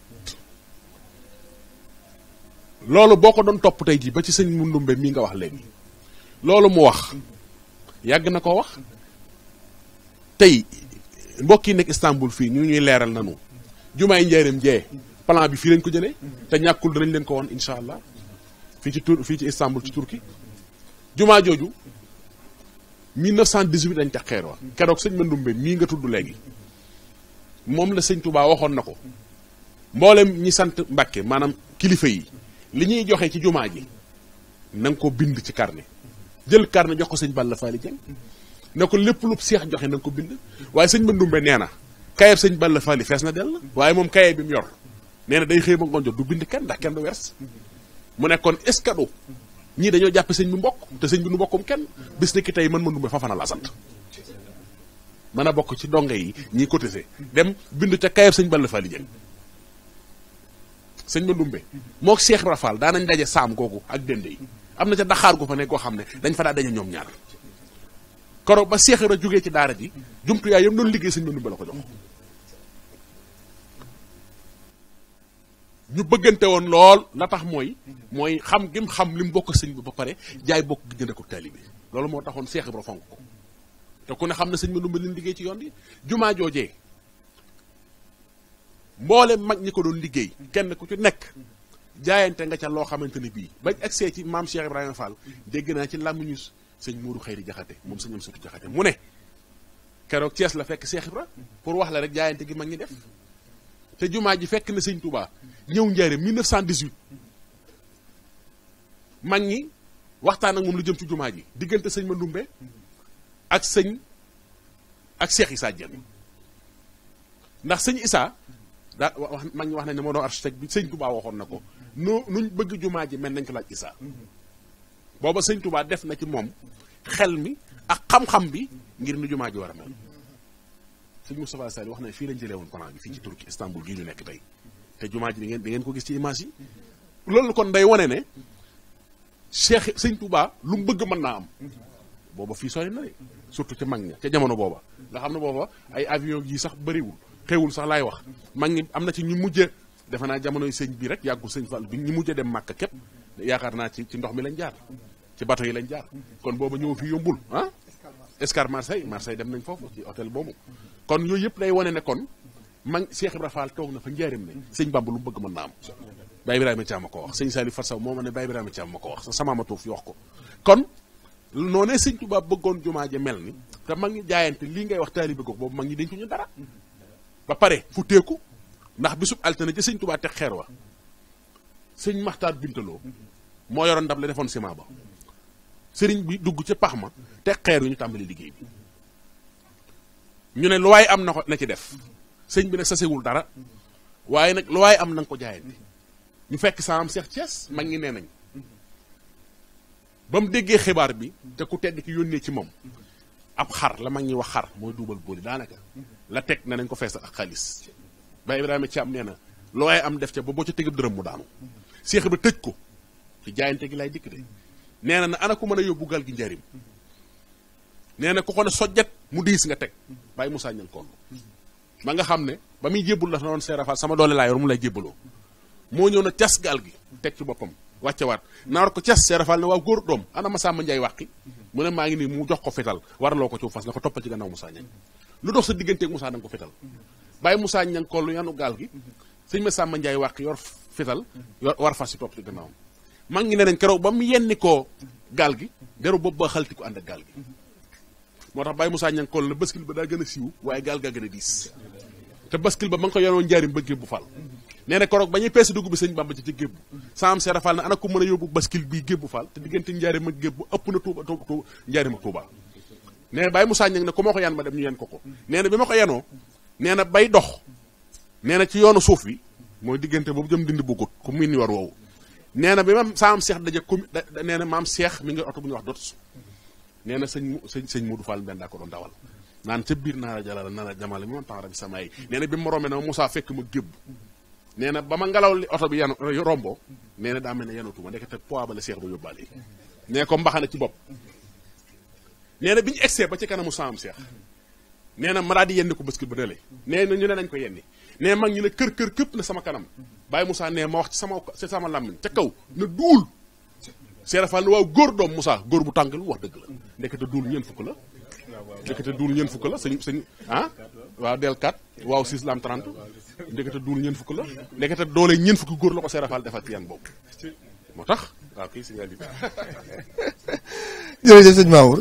C: lolu boko don top tay ji ba ci serigne Mundumbe mi nga wax léegi lolu mu wax yag na ko wax tay mbokk yi nekk Istanbul fii ñu ñuy leeral nanu jumaay njaareem jee plan bi fii lañ ko jëlee te ñàkkul danañ leen ko woon incha allah fii ci tur fii ci Istanbul ci Turki jumaa jooju 1918 dañ tax xeer wa keroog sëñ Mandoumbe mii nga tudd léegi moom la sëñ Touba waxoon na ko mboolem ñi sant mbakke maanaam kilifa yi li ñuy joxe ci jumaa ji nan ko bind ci carnet jël karne jox ko sëñ Balla Faali Jeng ne ko lépp lu seex joxe nañ ko bind waaye sëñ Mandoumbe nee na kayeb sëñ Balla Fally fees na dell waaye moom kaye bi mu yor nee na day xëy ba ngoon jot du bind kenn ndax kenn du wers mu nekkoon eskado ñii dañoo jàpp sëñ bi mbokk te sëñ bi nu mbokkum kenn bis ni ki tey man Mandoumbe Fafana laa sant mën a bokk ci donga yi ñiy cotisé dem bind ca kayeb sëñ Balla Fally jëng sëñ Mandoumbe moo Seex Rafal nañ daje saam googu ak dende yi am na ca daxaar gu fa ne koo xam ne dañ fa daa ñoom ñaar koro ba Seex Ibra jógee ci daara ji jumtuyaay yam doon liggéey sëñ Mandumbe la ko jox ñu bëggante woon lool la tax mooy mooy xam gim xam li mu bokk sëñ bi ba pare jaay bokk gi jënd ko taalibe loolu moo taxoon Seex Ibra fonk ko te ku ne xam na sëñ Mandumbe li mu liggéey ci yoon bi jumaa joojee mboole mag ñi ko doon liggéey kenn ku ci nekk jaayante nga ca loo xamante ne bii bañ agsee ci maam Cheikh Ibrahima Fall dégg naa ci làmmiñu sëñ Mourou Xayri Jaxate moom sëñ am sutu Jaxate mu ne keroog Cees la fekk Seex la pour wax la rek jaayante gi mag ñi def te jumaa ji fekk na sëñ Touba ñëw njaareem 1918 mag ñi waxtaan ak moom lu jëm ci jumaa ji diggante sëñ ma Mandumbe ak sëñ ak Seex Isaa Jeen ndax sëñ Isaa daa wax mag ñi wax nañ ne moo doon architecte bi sëñ Touba waxoon na ko nu nuñ bëgg jumaa ji mel nañ ko laaj Isaa booba sëñ Touba def na ci moom xel mi ak xam-xam bi ngir nu jumaa ji war a mel sëñ Moustapha Sall wax na fii lañ jëlee woon Coran bi fii ci Turki Istanbul gii ñu nekk tey te jumaa ji di ngeen di ngeen ko gis ci image yi loolu kon day wane ne Cheikh sëñ Touba lu mu bëgg mën naa am booba fii sori na de surtout ci mag ña ca jamono booba nga xam ne booba ay avion yi sax bëriwul xewul sax laay wax mag ñi am na ci ñu mujj defe naa jamonoy sëñ bi rek yàggul sëñ Fall bi ñu mujj dem màkk képp yaakaar naa ci ci ndox mi lañ jaar ci bateau yi lañ jaar kon booba ñëw fi yombul ah Escale Marseille Marseille dem nañ foofu ci hôtel boobu kon yooyu yëpp day wane ne kon man Cheikh Ibra Fall toog na fa njaarim ne sëñ Bamba lu mu bëgg mën naa am Baye Ibrahima Thiam ma ko wax sëñ Saliou Farsaw moo ma ne Baye Ibrahima Thiam ma ko wax sa samaama tuuf wax ko kon noonee sëñ Tuubaa bëggoon jumaa ji mel ni te mag ñi jaayante lii ngay wax taalibe ko boobu mag ñi dencuñu dara ba pare fu teeku ndax bisub altine ci sëñ Tuubaa teg xeer wa sëñ Maxtaar Bintaloo moo yoroon ndab la defoon ciment sëriñ bi dugg ca pax ma te xeer yu ñu tàmbali liggéey bi ñu ne lu waaye am na ko na ci def sëñ bi nag sasewul dara waaye nag lu waaye am na nga ko jaayante ñu fekk saam Seex Cees mag ngi nee nañ ba mu déggee xibaar bi te ku tedd ki yónnee ci moom ab xar la mag ñi wax xar mooy duubal booli daanaka la teg na nañ ko feesal ak xaalis ba Ibrahima ci am nee na lu waaye am def ca ba boo ca tegib dërëm mu daanu seex bi tëj ko ci jaayante gi lay dikk nee na ana ko mën a yóbbu gaal gi njëriñ nee ko ko na sojjat mu diis nga teg bay musa ñan ko ma nga xam ne ba muy jébbul la noon seerafaal sama doole laa yor mu lay jébbaloo moo ñëw na cas gal gi teg ci boppam wàccewaat naar ko cas serafal ne waaw góor doom ana Masamba Njaay waqi mu ne maa ngi ni mu jox ko fetal waraloo ko ci fas na ko toppal ci gannaaw musa ñan lu dox sa digganteeg musa da nga ko fetal bay musa ñan ko lu yanu gal gi sëñ Masamba Njaay waqi yor fetal war fas si topp ci gannaawam mag ngi ne nañ keroog ba mu yenni koo gaal gi deru bopp ba xalti ko ànd ak gaal gi moo tax Baye Moussa Niang kool na bascule ba daa gën a siiw waaye gaal gaa gën a diis te bascule ba ma nga ko yonoon njaarim ba Gébu Fall nee na keroog ba ñuy peese dugub bi sëñ Bamba ci ci Gébu saam seera Fall ne ana ko mën a bii Gébu Fall te diggante njaarim ak Gébu ëpp na Tuuba Tuuba njaarim ak Tuuba nee na Baye Moussa Niang ne ku ma ko yan ma dem ñu yen ko ko nee na bi ma ko yenoo nee na bay dox nee na ci yoonu suuf bi mooy diggante boobu jëm dindi bu gut ku mu indi war woowu nee bi mam saam cheikh dajje comi nee na maam mi nga auto bu ñu wax dots na sëñ Modou Fall benn ko doon dawal nan ca bir nara jalal nana jamal mi mam paxara rabbi samay yi bi mo romé na ma Moussa fekk ma gébb nee ba ma li auto bi yanu rombo nee da melni yanu tuma nek ndekete poids ba la seex ba yóbbaale ko mbaxana ci bop nee biñu ba ci kanamu sam cheikh ma ko ñu ne nañ ko yenni ne mag ñu ne kër kër kep na sama kanam Baye Moussa ne ma wax ci sama ci sama lamine ci kaw ne dul cheikh fall waaw gor do Moussa gor bu tangal wax deug la nek te dul ñen fuk la
A: nek te dul ñen fuk la señ
C: señ han ah? waaw del 4 waaw 6 lam 30 te dul ñen fuk la ndekete doole ñeen fukki góor la ko cheikh fall defal ci yan boobu
A: moo tax waaw kii si yàlla
B: jërëjëf sëñ Mamour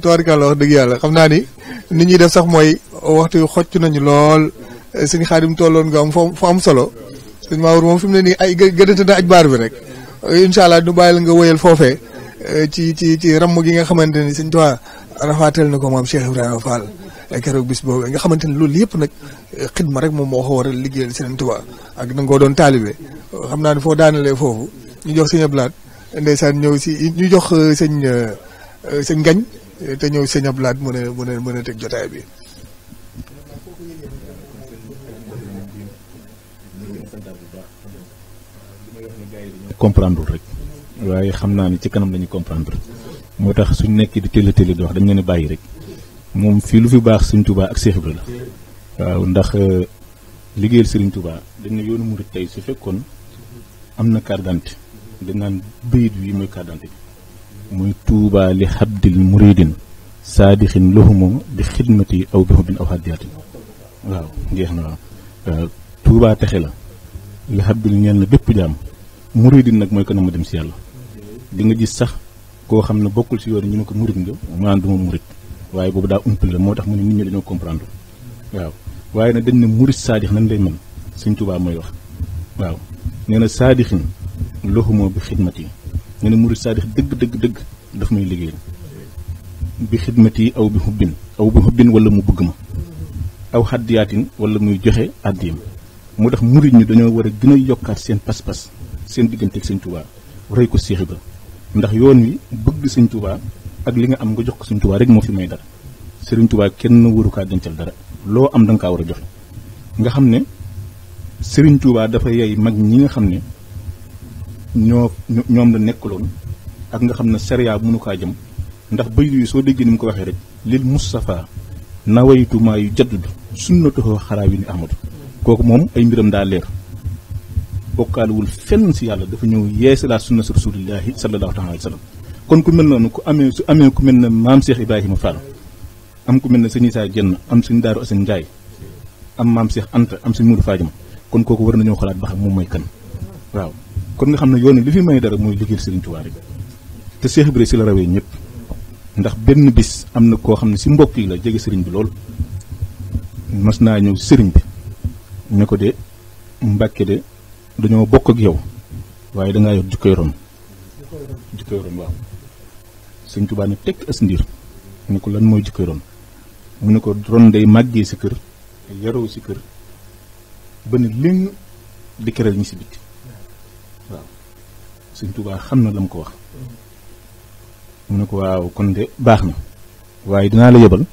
B: tubaarikàlla wax dëgg yàlla xam naa ni nit ñi def sax moy waxtu xoccu nañu lool señ khadim tolon nga am fo am solo sëñ Maodo moom fi mu ne nii ay gëdante na aj baar bi rek incha allah nu bàyyi la nga wëyal foofee eh, ci ci ci ramm gi nga xamante ni sëñ Tuubaa rafaatal na ko moom Cheikh Ibrahima Fall eh, keroog bis boobu nga xamante ni loolu yëpp nag eh, xidma rek moom moo ko waral liggéeyal sëñ Tuubaa ak nangoo doon taalibe xam naa ne foo daanalee foofu ñu jox sëñ Ablaat ndeysaan ñëw si ñu jox sëñ sëñ Ngañ te ñëw sëñ Ablaat mu ne mu mën a teg jotaay bi
D: comprendre rek waaye xam ni ci kanam lañu comprendre moo tax nekk di télé télé di wax dañ leen bàyyi rek moom fii lu fi baax Sëriñ Tuubaa ak Seex Ibra waaw ndax liggéeyal Sëriñ Tuubaa dañ ne yoonu murit tey su fekkoon am na dañ naan bayit wi mooy carte d'identité bi li xabdil muridin saadixin loxumo di xidmati aw bi aw xaddiyaatin waaw jeex na waaw li xabdil ñeel bépp jaam muridin nag mooy kanam ma dem si yàlla di nga gis sax koo xam ne bokkul si yoon ñu ne ko murid nga mu naan duma murid waaye boobu daa umpale moo tax mu ne nit ñi dañoo waaye nag dañ ne murid saadix nan lay mel Sëñ Tuubaa mooy wax waaw nee na saadixin loxumoo bi xidmat yi nee na murid dëgg dëgg dëgg daf may liggéeyal bi xidmat yi aw bi xubbin aw bi xubbin wala mu bëgg ma aw xaddiyaatin muy joxe àddiyam moo tax murid ñu dañoo war a gën a yokkaat seen pas-pas seen digganteeg sëñ Touba roy ko Seex ba ndax yoon wi bëgg sëñ Touba ak li nga am nga jox ko sëñ Touba rek moo fi may dara seen Touba kenn waru kaa dencal dara loo am danga kaa war a joxe nga xam ne sëriñ Touba dafa yey mag ñi nga xam ne ñoo ñoom la nekkaloon ak nga xam ne sariya mënu kaa jëm ndax baydu yi soo déggee ni mu ko waxee rek lil Moustapha nawaytumaa yu jaddudu sunnatuhu xaraa wi ni ahmadu kooku moom ay mbiram daa leer bokkaaluwul fenn si yàlla dafa ñëw yeesi laa sunna si rasulillahi sallallahu taala alayhi wa sallam kon ku mel noonu ku amee su amee ku mel ne maam Cheikh Ibrahima Fall am ku mel ne sëñ Issa Dieng am suñ Daaru Assane Ndiaye am maam Cheikh Anta am suñ Moudou kon kooku war nañoo xalaat ba moom mooy kan waaw kon nga xam ne yoon li fi may dara mooy liggéeyal Sëriñ Tuubaa rek te Cheikh Ibrahima si la rawee ñëpp ndax benn bis am na koo xam ne si mbokk yi la jege sëriñ bi lool mas naa ñëw sëriñ bi ne ko de Mbàkke de dañoo bokk ak yow waaye dangaa yor jikkoy ron jikkoy ron waaw sëñ Tuubaa ne tekk as ndiir mu ne ko lan mooy jikkoy ron mu ne ko ron day màggee si kër yaroo si kër ba ne léegi di këral ñi si bitti waaw Tuubaa xam na la mu ko wax mu ne ko waaw kon de baax na waaye dinaa la yebal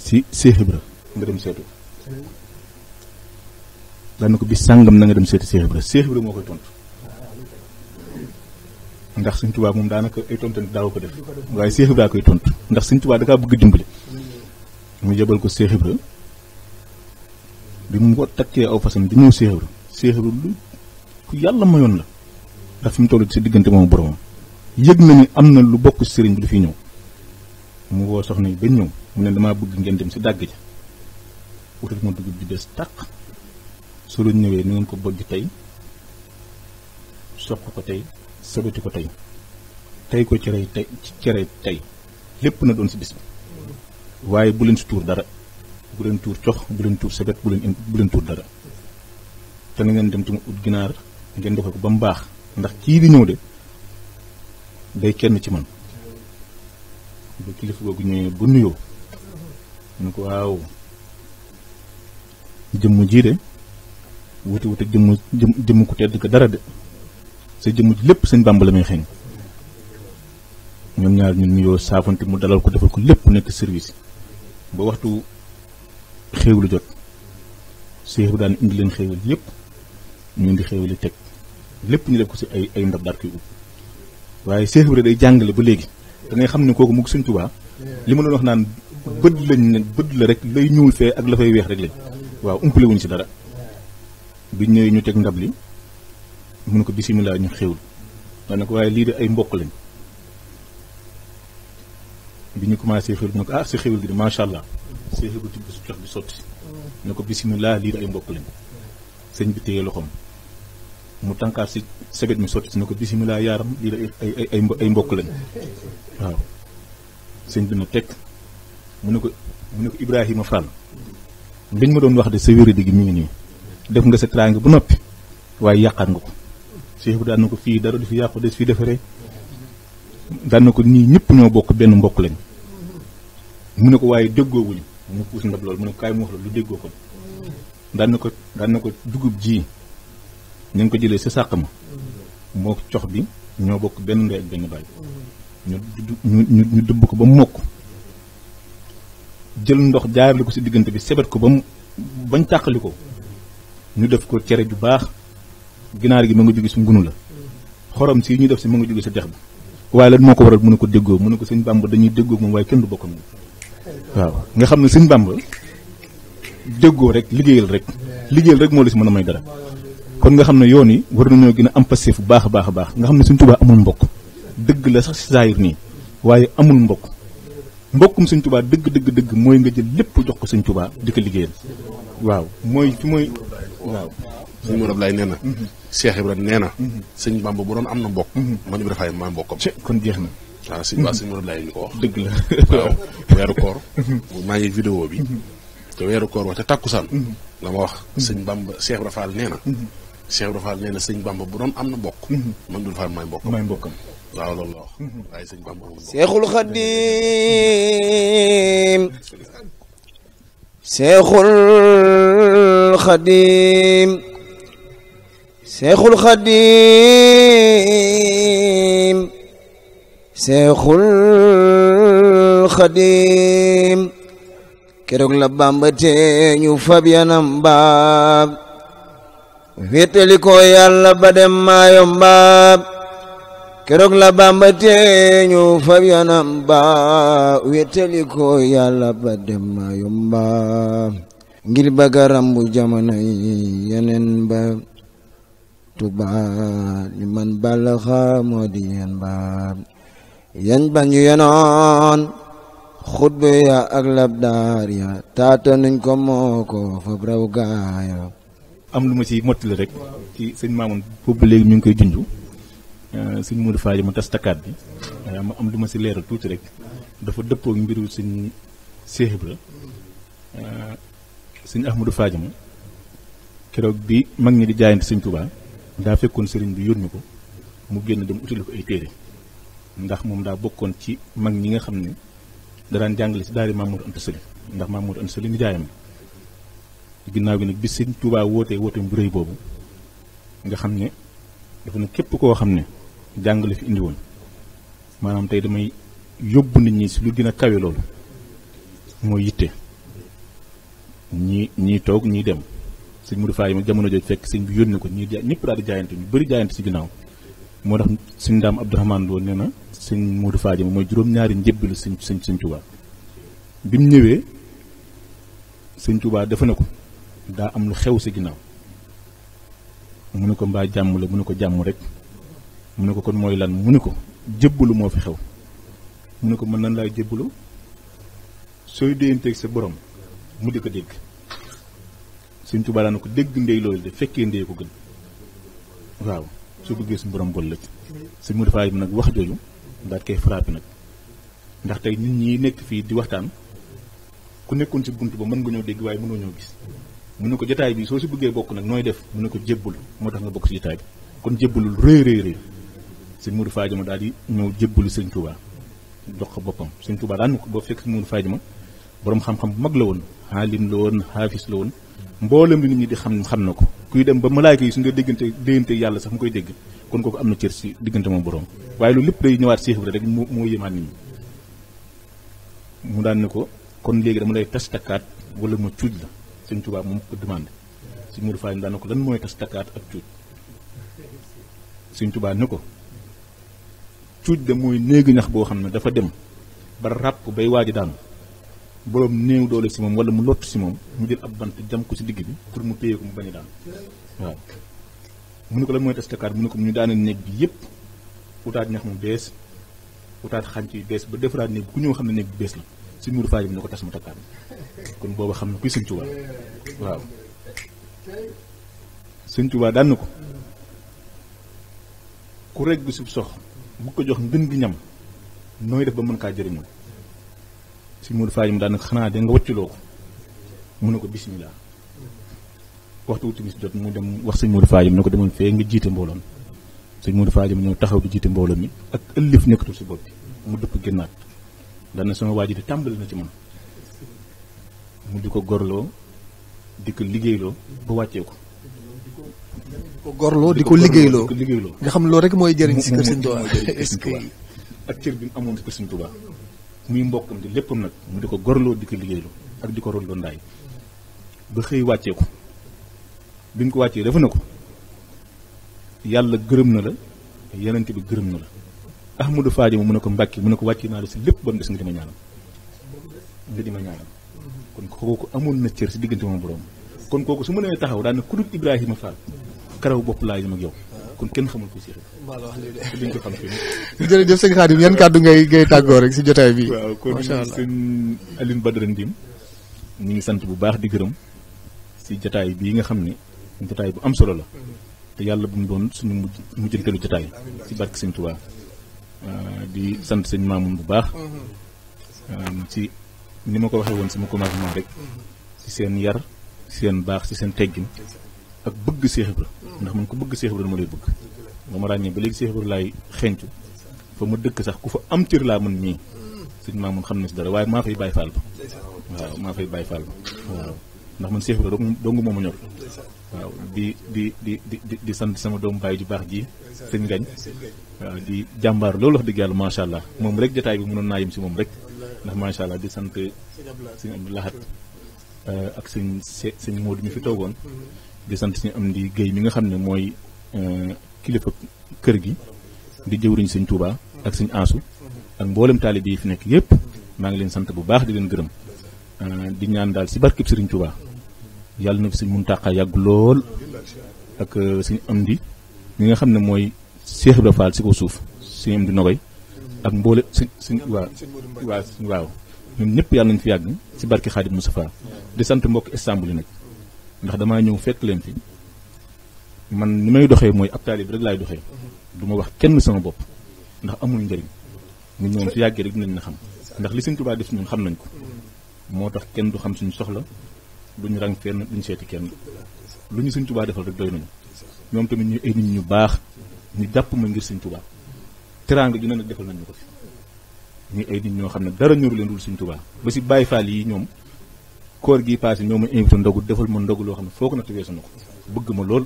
D: si Seex Ibra nga dem seetu daan ko bi sàngam na nga dem seeti Cheikh Ibra Cheikh Ibra moo koy tontu ndax Sëñ Tuubaa moom daanaka ay tont daaw ko def waaye Cheikh Ibra koy tontu ndax Sëñ Tuubaa da kaa bëgg dimbali mu jëbal ko Cheikh Ibra bi mu ko takkee aw fasam di ñëw Cheikh Ibra Cheikh Ibra lu ku yàlla mayoon la ndax fi mu toll si diggante moom boromam yëg na ni am na lu bokk sëriñ bi du fi ñëw mu woo soxna yi ba ñëw mu ne damaa bëgg ngeen dem si dàgg ja wutal ma dugub bi des tàq su lu ñëwee ni ngeen ko bëgg tey soq ko tey sabati ko tey tey ko cere tey cere tey lépp na doon si bis bi waaye bu leen si tuur dara bu leen tuur cox bu leen tuur sabet bu bu leen tuur dara te na ngeen dem ci ut ginaar ngeen defal ko ba mu baax ndax kii di ñëw de day kenn ci man bu kilifa googu ñëwee bu nuyoo ñu ko waaw jëmm jii de wuti wuti jëmm jëmm ku tedd ko dara de sa jëmm lépp sëñ Bàmba la may xeeñ ñoom ñaar ñun nuyoo saafante mu dalal ko defal ko lépp nekk service ba waxtu xéewlu jot Seex bi daan indi leen xéewal yëpp ñu ngi xéewal yi teg lépp ñu def ko si ay ay ndab daal koy ub waaye Seex day jàngale ba léegi da xam ne kooku mu ngi Sëñ li ma doon wax naan bët lañ ne bët la rek lay ñëwul fee ak la fay weex rek lañ waaw umpale wuñ si dara biñ ñëwee ñu teg ndab li mun ko bisimilah ñu xewul ma waaye lii de ay mbokk lañ bi ñu commencé xéwlu ne ko ah si xéwlu gi de macha allah si xéwlu ci bisu jox bi sotti ne ko bisimilah lii de ay mu tànkaat si sebet ne ko bisimilah yaaram lii de ay ay mbokk lañ waaw sëñ bi na teg mu ne ko mu ne ko Ibrahima Fall liñ ma doon wax de sa wér gi mi nii. def nga si teraanga bu noppi waaye yàqaat nga ko Cheikh bi daan na ko fii dara du fi yàqu des fii defaree daan na ko nii ñëpp ñoo bokk benn mbokk lañ mu ne ko waaye déggoowuñu mu puus ndab loolu mu ne ko kaay mu wax la lu déggoo ko daan na ko daan na ko dugub ji ñu ko jëlee sa sàq ma moo bi ñoo bokk benn ndey benn baay ñu ñu ñu dubb ko ba mu mokk jël ndox jaarale ko si diggante bi sebet ko ba mu bañ tàqali ko ñu def ko cere ju baax ginaar gi ma nga jóge si ngunu la xorom si ñu def si ma nga jóge si dex bi waaye lan moo ko waral mënu ko déggoo mënu ko sëñ bàmba dañuy déggoo moom waaye kenn du bokk moom waaw nga xam ne sëñ bàmba déggoo rek liggéeyal rek liggéeyal rek moo la si mën a may dara kon nga xam ne yoon yi war nañoo gën a am passé fu baax a baax a baax nga xam ne suñ Tuubaa amul mbokk dëgg la sax si saayir nii waaye amul mbokk mbokkum sëñ tubaa dëgg dëgg dëgg mooy nga jël lépp jox ko sëñ tubaa di ko liggéeyal
C: waaw mooy ci mooy waaw
A: sëñ Mourad Ablaye nee na mhm.
C: Cheikh Ibrahima nee na mhm. sëñ Bamba bu doon am na mbokk mhm. man Ibrahima Faye maa kon jeex na waaw ah, sëñ waa sëñ wax dëgg la waaw maa ngi vidéo bi te weeru koor wax wax sëñ Bamba Cheikh Ibrahima Fall nee na Cheikh Ibrahima Fall nee na sëñ Bamba bu doon am na mbokk man Ibrahima Faye maay mbokkam waaw loolu waaye sëñ Bamba
H: la Bamba tee ñu baab wéetali ko yàlla ba dem baab keroog la bamba teeñu fab yanam ba wéttali ko yàlla ba dem ma yomba ngir bëgga rambu jamono yi yeneen ba tuba li man balla xa moo di yeen ba yan bañu yenoon xutbe ya ak labdaar ya taata nuñ ko moo ko
D: fab raw gaaya am lu ma ci mottali rek ci sëñ Maamoun boobu léegi ñu ngi koy junju sëñ Modou Faye ma tas takkaat bi ma am lu ma si leeral tuuti rek dafa dëppoog mbiru sëñ Cheikh Ibra sëñ Ahmadou Faye ma bi mag ñi di jaayante sëñ Touba daa fekkoon sëriñ bi yónni ko mu génn dem utali ko ay téere ndax moom daa bokkoon ci mag ñi nga xam ne da daan jàngale si daari Mamour Anta Sali ndax Mamour Anta Sali nijaayam la gi bi Touba bu rëy boobu nga xam dafa ne képp koo xam ne jàng la fi indi maanaam tey damay yóbbu nit ñi si lu gën a kawe loolu mooy yitte ñii ñii toog ñii dem sëñ Modou Faye jamono jooju fekk sëñ bi yónni ko ñii ñëpp daal di jaayante ñu bari jaayante si ginnaaw moo tax suñ ndaam Abdourahmane loolu nee na sëñ Modou Faye mooy juróom-ñaari njëbbalu sëñ sëñ sëñ Touba bi mu ñëwee sëñ Touba dafa ne ko daa am lu xew si ginnaaw mu ne ko mbaa jàmm la mu ne ko jàmm rek mu ne ko kon mooy lan mu ne ko jëbbalu moo fi xew mu ne ko mën nan laay jébbalu sooy déyanteeg sa borom mu di ko dégg Sëñ Tuubaa na ko dégg ndey loolu de fekkee ndey ko gën waaw soo bëggee suñu borom bol la ci sëñ mu dafa nag wax jooju daal koy frappé nag ndax tey nit ñi nekk fii di waxtaan ku nekkoon ci bunt ba mën nga ñëw dégg waaye mënoo ñëw gis mu ne ko jotaay bi soo si bëggee bokk nag nooy def mu ne ko jébbalu moo tax nga bokk si jotaay kon jébbalul rëy sëñ Modou Fadiama daal di ñëw jébbalu sëñ Touba jox ko boppam sëñ Touba daan na ko boo fekk sëñ Modou Fadiama borom xam-xam bu mag la woon xaalim la woon xaafis la woon mboolem bi nit ñi di xam xam na ko kuy dem ba malaayka yi suñu dee déggante déggante yàlla sax mu koy dégg kon kooku am na cër si diggante moom borom waaye loolu lépp day ñëwaat Cheikh Ibra rek moo moo yëmaat nit mu daan ne ko kon léegi dama lay tas takkaat wala ma cuuj la sëñ Touba moom ko demandé sëñ Modou Fadiama ko lan mooy tas ak cuuj ne ko cuuj de mooy néegu ñax boo xam ne dafa dem ba ràpp bay waaj daanu boroom néew doole si moom wala mu lott si moom mu jël ab bant jam ko si digg bi pour mu téye ko mu bañ a daanu waaw mu ne ko la mooy testakaar mu ne ko mu ñu daane néeg bi yépp utaat ñax mu bees utaat xànc yu bees ba defaraat néeg ku ñëw xam ne néeg bu bees la si muur faaji bi ne ko tas ma takkaat kon boobu xam ne kuy sëñ Tuubaa waaw sëñ Tuubaa daan ko ku regg sub sox bu ko jox ngën gi ñam nooy def ba mën kaa jëriñoo si Modou Faye mu daanaka xanaa de nga wëcciloo ko mu ne ko bisimilah waxtu wu timis jot mu dem wax sëñ Modou Faye mu ne ko demoon fee nga jiite mbooloon sëñ Modou Faye ñëw taxaw di jiite mbooloo mi ak ëllëf nekkatul si bopp bi mu dëpp génnaat daanaka sama waa ji di tàmbali na ci man mu di ko gorloo di ko liggéeyloo ba wàccee ko.
B: ko gorloo di ko liggéeyloo nga xam loolu rek mooy jëriñ si kër sëñ Tuubaa
D: est-ce que ak cër bi mu amoon si kër sëñ Tuubaa muy mbokkam di léppam nag mu di ko gorloo di ko liggéeyloo ak di ko rondoo ndaay ba xëy wàccee ko bi mu ko wàccee dafa ne ko yàlla gërëm na la yenente bi gërëm na la ahmadou faajo mu ne ko mbàkki mu ne ko wàccee naa la si lépp ba mu des nga di ma ñaanal nga di ma ñaanal kon kooku amoon na cër si diggante moom borom kon kooku su ma nee taxaw daal ne ku karaw bopp laa jëm ak yow kon kenn xamul ko si rek duñ ko xam fii
B: jërëjëf sëñ Khadim yan kàddu ngay ngay tàggoo rek si jatai bi waaw kon
D: sëñ Aline Badara Ndim ñu ngi sant bu baax di gërëm si jotaay bii nga xam ne jotaay bu am solo la mm-hmm. te yàlla bu mu doon suñu mujj mujjanteelu jotaay si barke sëñ Tuubaa ah, di sant sëñ Maamun bu baax mm-hmm. ah, ci ni ma ko waxee woon sama commencement rek ci mm-hmm. seen yar ci seen baax ci seen teggin ak bëgg Seex Ibra ndax man ko bëgg Seex Ibra ma lay bëgg nga ma ràññee ba léegi Seex Ibra laay xencu fa ma dëkk sax ku fa am cër laa mën mii sëñ maa mun xam na si dara waaye maa fay bàyyi faal ba waaw maa fay bàyyi faal ba waaw ndax man Seex Ibra dong moom a ñor waaw di di di di di sant sama doomu baay ju baax ji sëñ gañ waaw di jàmbaar loolu wax dëgg yàlla macha allah moom rek jotaay bi mënoon naa yem si moom rek ndax macha allah di sant sëñ Abdou Lahat euh, ak sëñ sëñ Modou mi fi toogoon di sant si am di géey mi nga xam ne mooy euh, kilifa kër gi di jëw jëwriñ sëñ Touba ak sëñ Ansu ak mboolem taalibe yi fi nekk yépp maa ngi leen sant bu baax di leen gërëm euh, di ñaan daal si barkeb sëriñ Touba yàlla na fi sëñ Muntaxa yàggu lool ak euh, sëñ am di mi nga xam ne mooy Cheikh Ibra Fall si ko suuf sëñ am di nogoy ak mboole sëñ sëñ waaw waaw waaw ñoom ñëpp yàlla nañ fi yàgg si barke Xaadim Moustapha di sant mbokk Istanbul yi nag ndax damaa ñëw fekk leen fi man ni may doxee mooy ab taalib rek laay doxee mhm. du ma wax kenn sama bopp ndax amul njëriñ ñu ñoom su yàggee rek dinañ na xam ndax li Sëñ Tuubaa def ñun xam nañ ko mhm. moo tax kenn du xam suñu soxla duñu rang fenn duñu seeti kenn lu ñu suñ tubaa defal rek doy nañu ñoom tamit ñu ay nit ñu baax ñu jàpp ma ngir Sëñ Tuubaa teraanga ju ne nag defal nañ ñu ko fi ñu ay nit ñoo xam ne dara ñoru leen dul Sëñ ba si Baay Faal yi ñoom koor gi passé ñoo ma invité ndogu defal ma ndogu loo xam ne foo ko natt weesu na bëgg ma lool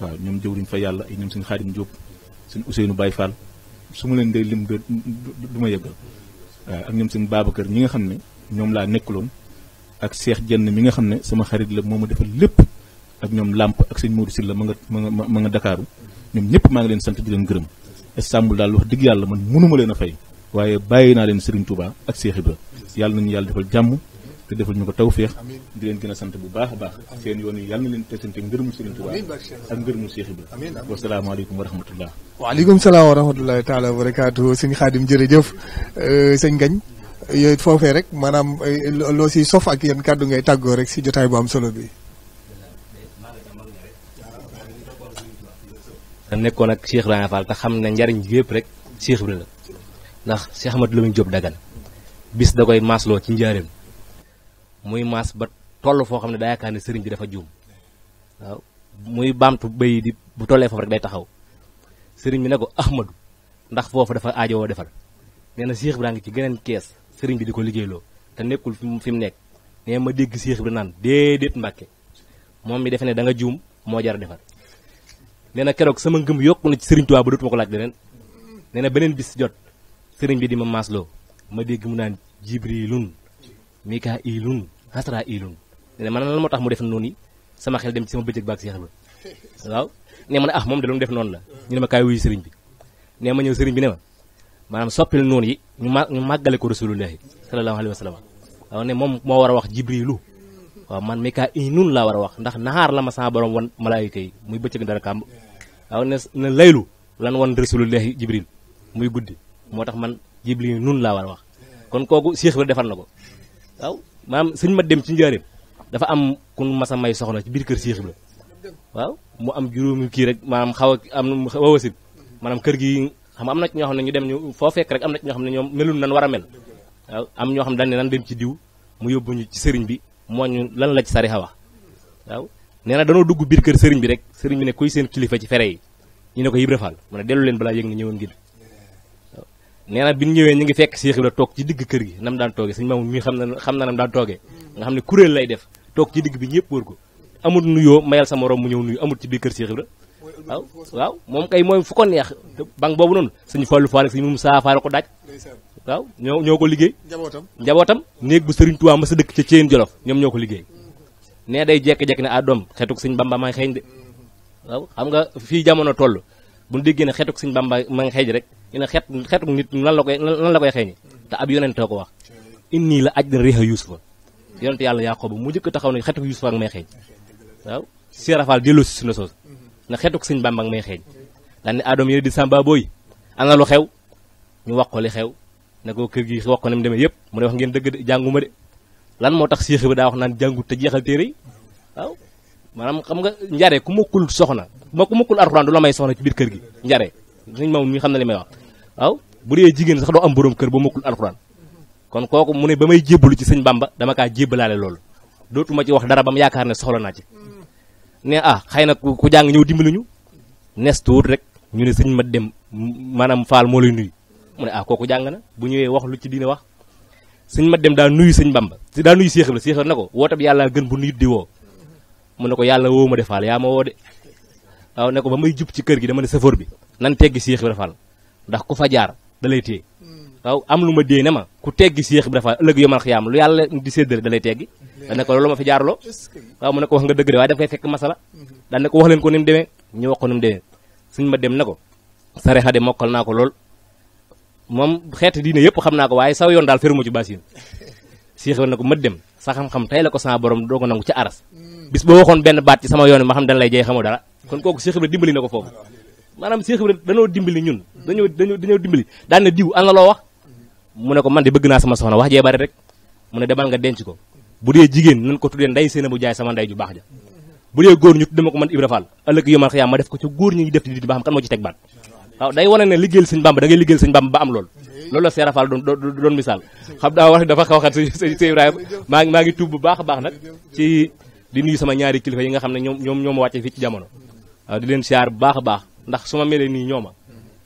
D: waaw ñoom jëwriñ fa yàlla ay ñoom suñu xaadim Diop suñu Ousseynou Baye Fall su ma leen dee lim du ma yëggal waaw ak ñoom suñu Babacar ñi nga xam ne ñoom laa nekk loon ak Cheikh Jenn mi nga xam ne sama xarit la moo ma defal lépp ak ñoom làmp ak sëñ si la ma nga ma nga Dakaaru ñoom ñëpp maa ngi leen sant di leen gërëm Istanbul daal wax dëgg yàlla man mënuma leen a fay waaye bàyyi naa leen Serigne Touba ak Cheikh Ibra yàlla nañu yàlla te defal ñuko ko tawfiq di leen gëna a sant bu baax baax seen yoon yi yalla na leen tesante ngërëmu Serigne Touba ak ngërëmu Cheikh Ibra wasalaamaaleykum wa rahmatullah
B: wa alaykum salaam wa rahmatullahi taala wa barakatuh khadim jere jeuf euh sëñ Gañ yoy fofé rek manam euh, lo ci sof ak yeen kaddu ngay taggo rek ci jotay bu am solo bi
E: nekkoon ak Cheikh rana Fall te xam ne njariñ bi rek Cheikh Ibrahima la ndax Cheikh Amadou Lamine job dagan bis da koy maasloo ci njaareem muy mas ba tollu fo xamne da yakane serigne bi dafa joom waw muy bamtu di bu tolle foofu rek day taxaw serigne bi ne ko ahmadu ndax fofu dafa aajo defar nee na Cheikh Ibra ngi ci geneen kees serigne bi di liggeelo te nekkul fim nek fi mu ma dégg Cheikh Ibra nan dedet mbacke mom mi defene da nga joom mo jar defal neena na sama ngeum yokku na ci serigne Tuubaa ba dootuma laaj denen neena na bis jot serigne bi di ma maslo ma deg mu nan jibrilun mikailun xasra ilun ne man lan moo tax mu def noonu sama xel dem ci sama bëccëg baak Seex Ibra waaw ne ma ne ah moom de lu mu def noonu la ñu ne ma kaay wuyu sëriñ bi ne ma ñëw sëriñ bi ne ma maanaam soppil noonu yi ñu ma ñu ko rasulullahi sallallahu alayhi wa sallam waaw ne moom moo war a wax jibrilu waaw man mi kaa i nun laa war a wax ndax naxaar la ma sama borom wan malaayika yi muy bëccëg dara kàmb waaw ne ne laylu lan wan rasulullahi jibril muy guddi moo tax man jibril nun laa war a wax kon kooku Seex Ibra defal ko maam sëñ ma dem ci njaareem dafa am ku masa may soxna ci biir kër Seex Ibra waaw mu am juróomi kii rek maanaam xaw a am xaw a wasit maanaam kër gi xam am na ci ñoo xam ne dem ñu foo fekk am na ci ñoo ñoom melul nan war a mel waaw am ñoo xam ne dañ ne nan dem ci diw mu yóbbuñu ci sëriñ bi moo ñu lan la ci sarixa wax waaw nee na danoo dugg biir kër sëriñ bi rek sëriñ bi ne kuy seen kilifa ci fere yi ñu ne ko Ibra Fall mu ne dellu leen balaa yëg ni ñëwoon ngir nee biñ ñëwé ñi ngi fekk Cheikh Ibra tok ci digg kër gi nam daan toogee señ Mamoune mi xam na xam na nam daan toogee nga xamni kurel lay def tok ci digg bi ñepp wër ko amul nuyo mayal sama rom mu ñëw nuyo amul ci bi kër Cheikh Ibra waaw waaw moom kay moy fu ko neex bang bobu non señ fallu Fall señ sëñ Moussa Fall ko daaj waaw ñoo ñoo ko liggéey njabotam neeg bu señ Touba ah, ma sa dëkk ci Thiène Jolof ñom ñoko liggéey ne day jek jek ne adom xetuk señ Bamba may ngi de mhm. waaw xam nga fi jamono tollu bu ñu ne xetuk señ Bamba may ngi rek ñu ne xeet xeetu nit lan la koy lan la koy xeeñi te ab yonentoo ko wax inni la aj na réex a yusufa yonent yàlla yaqooba mu njëkk taxaw ne xeetu yusufa ak may xeeñ waaw sierafal delloo si suñu na xeetu sëñ bàmba ak may xeeñ lan ne adoom yéen di samba booy ana lu xew ñu wax ko li xew ne ko kër gi wax ko ne mu demee yëpp mu ne wax ngeen dëgg de ma de lan moo tax séex bi daa wax naan jàngut te jeexal téere yi waaw maanaam xam nga njare ku mokkul soxna ma ku mokkul arxuraan du la may soxna ci biir kër gi njare suñ maam mi xam na li may wax waaw bu dee jigéen sax doo am borom kër ba mokkul alxuraan kon kooku mu ba may jébbalu ci sëñ bamba dama kaa jébbalaale loolu dootuma ci wax dara ba mu yaakaar ne soxla naa ci hmm. ne ah xëy na ku jàng ñëw dimbali ñu nes rek ñu ne sëñ ma dem maanaam faal moo lay nuyu mu ne ah kooku jàng na bu ñëwee wax lu ci diine wax sëñ ma dem daa nuyu sëñ bamba daa nuyu séexab la séexal na ko wootab yàlla gën bu nuyut di woo hmm. mu ne ko yàlla woo ma de faal yaa ma woo de waaw ne ko ba may jub ci kër gi dama ne safoor bi nan teggi Seex Ibra Faal ndax ku fa jaar da lay téye waaw am lu ma dee ne ma ku teggi Seex Ibra Faal ëllëg yomal xiyaam lu yàlla di séddale dalay lay teggi daan ko loolu ma fi jaar loo waaw mu ne ko wax nga dëgg de waaye daf koy fekk masala daan ne ko wax leen ko ni mu demee ñu wax ko ni mu suñ ma dem na ko sa xade mokkal naa ko lool moom xeet diine yëpp xam naa ko waaye saw yoon daal feruma ci basin siixewal na ko mëddem sa xam-xam tay la ko sama borom do ko nangu ci aras hmm. bis bo waxoon ben bat ci sama yoon ma xam dañ lay jey xamou dara kon koku Cheikh ibrahim dimbali nako fofu manam Cheikh ibrahim dañoo dimbali ñun dañu dañu dañu dimbali dan na diw ana loo wax mu ne ko man di bëgg na sama soxna wax jey bari rek mu ne demal nga denc ko bu dee jigéen nañ ko tudé nday seen jaay sama nday ju bax ja bu dee góor ñu tuddee ko man ibrahim Fall yomal xiyam ma def ko ci goor ñi def di di ba xam kan mo ci tek baat waaw day wone ne liggéel seigne Bamba da ngay liggéel seigne Bamba ba am lool loolu la Seera Fall doon doon misaal xam daa wax dafa xaw a xat sëñ Ibrahima maa ngi a yi nga xam ne ñoom ñoom ñoo ma wàcce fii ci jamono waaw di leen siyaar baax a baax ndax su ma melee nii ñoo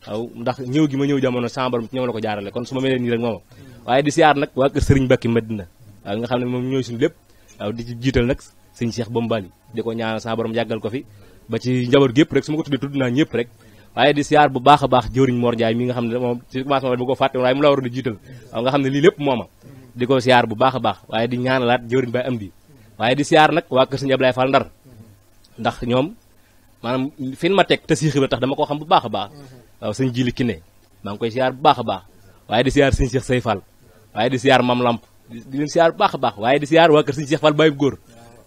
E: waaw ndax ñëw gi ma ñëw jamono sama borom ñoom la ko jaarale kon su ma melee nii rek mooma waaye di siyaar nag waa kër Sëriñ Bakki Madina waaw nga xam ne moom ñooy suñu lépp waaw di ci jiital nag sëñ Cheikh Bombali di ko ñaanal sama borom yàggal ko fi ba ci njaboot gi rek su ma ko tuddee tudd naa ñëpp rek waye di siar bu baakha baax jëriñ Mor Ndiaye mi nga xamne mom moom ci commencement bu ko fàtte waaye mu la waroon di jital nga xamne li lepp moma diko di ko bu baakha baax waye di ñaanalat jëriñ bay am bi waye di siar nak wa keur seigne Ablaye Fall Ndar ndax ñom manam fiñ ma tek te bi tax dama ko xam bu baakha baax waaw seigne Jili Kiné mang ngi koy siar bu baakha baax waye di siar seigne Cheikh Sey Fall waye di siar Mam Lamp di len siar bu baakha baax waye di siar wa keur seigne Cheikh Fall Baye Góor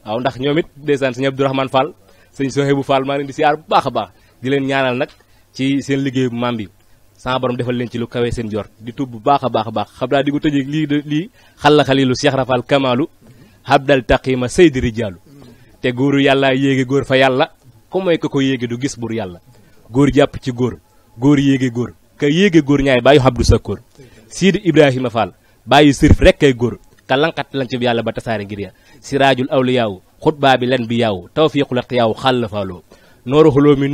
E: waaw ndax ñomit desane seigne sëñ Abdourahmane Fall seigne Sohebou Fall ma ngi di siar bu baakha baax di len ñaanal nak ci seen liggéey bu maam bi sama borom defal leen ci lu kawee seen joor di tub bu baax a baax a baax xam naa di ko tëjee lii de lii xalla xalilu Cheikh Rafal Kamalu Habdal Taqima Seydi Rijaalu te góoru yàlla yéege góor fa yàlla ku mooy ko ko yéegi du gis buur yàlla góor jàpp ci góor góor yéegi góor ka yéegi góor ñaay bàyyi Abdou Sakkoor Sidi Ibrahima Fall bàyyi sirf rek ay góor ka lankat lan ci yàlla ba tasaare ngir ya siraajul awliyaawu xutbaa bi len bi yaaw tawfiiqul axtiyaaw xàll faaloo nooru xuloo mi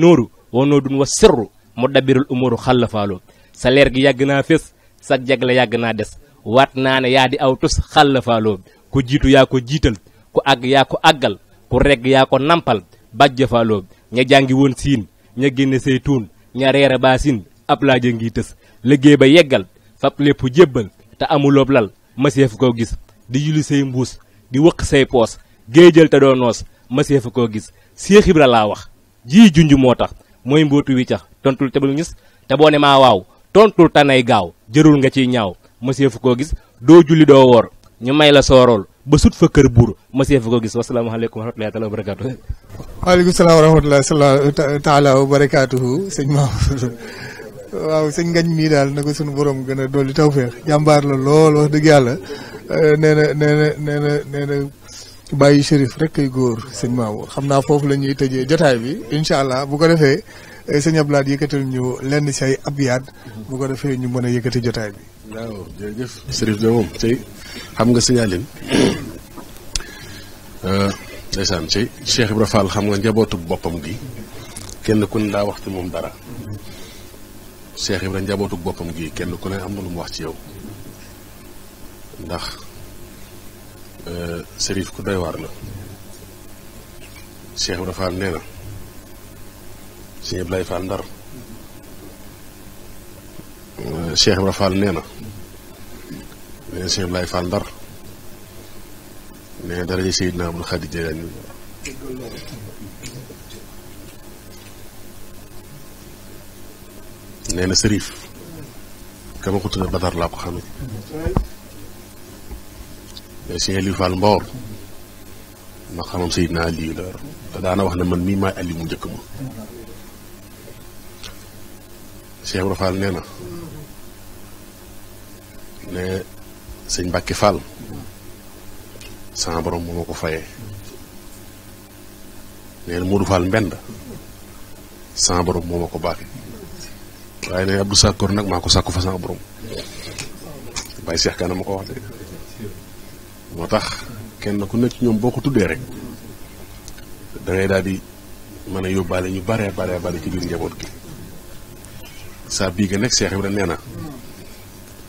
E: wanoo dun wa sirru mu dabirul umuru xallafaaloo sa leer gi yàgg naa fés sa jagle yàgg naa des waat naa ne yaa di aw tus xallafaaloo ku jiitu yaa ko jiital ku àgg yaa ko àggal ku regg yaa ko nampal bàjjafaaloo ña jàngi woon siin ña génne say tuun ña reere baa siin ab laaja ngi tës liggéey ba yeggal fab lépp jébbal te amuloob lal maseefu koo gis di yuli say mbuus di wëq say poos géejal te doo noos maseefu koo gis Seex Ibra laa wax jii junj moo tax mooy mbootu wiccax tontul te bul gis te boo ne maa waaw tontul tanay gaaw jërul nga ciy ñaaw monsieur fu koo gis doo julli doo woor ñu may la soorool ba sut fa kër buur monsieur fu koo gis wasalaamaaleykum wa rahmatullahi taala wa
B: barakaatu. waaleykum salaam wa rahmatullahi taala wa barakaatuhu sëñ Maodo waaw sëñ ngañ mii daal na ko suñu borom gën a dolli tawféex jàmbaar la lool wax dëgg yàlla nee na nee na bàyyi shérif rek kay góor sëñ Mamour xam naa foofu la ñuy tëjee jotaay bi incha allah bu ko defee eh, sëñ Ablaat yëkkatal ñu lenn say abyaat bu ko defee ñu mën a yëkkati jotaay bi.
A: waaw
C: jërëjëf moom tey xam nga signalé euh, ndeysaan tey Cheikh Ibra Fall xam nga njabootu boppam gi kenn ku ne daa wax ci moom dara Cheikh Ibra njabootu boppam gi kenn ku ne am na lu mu wax ci yow ndax. سريف كو داي وارلا شيخ رفال نينا شيخ بلاي فاندر شيخ رفال نينا شيخ بلاي فاندر نينا درجة سيدنا أبو الخديجة يعني نينا سريف كما قلت بدر لا Sëñ Aliou Fall Mbawor ma xamam Seydina Aliou la
A: te daana wax ne man mii maay Aliou mu njëkk ma
C: Cheikh Ibra Fall nee na ne sëñ Mbàkke Fall sama borom moo ko fayee nee na Modou Fall mbend sama borom moo ma ko baaxee waaye nee na Abdou Sakkoor nag maa ko sàkku fa sama borom bàyyi Cheikh Kana ma ko wax de motax ken kenn ku nekk ñoom boko tuddé rek da ngay daldi mëna mën ñu bare bare bare ci biir njaboot gi sa bi ga nek cheikh ibrahim neena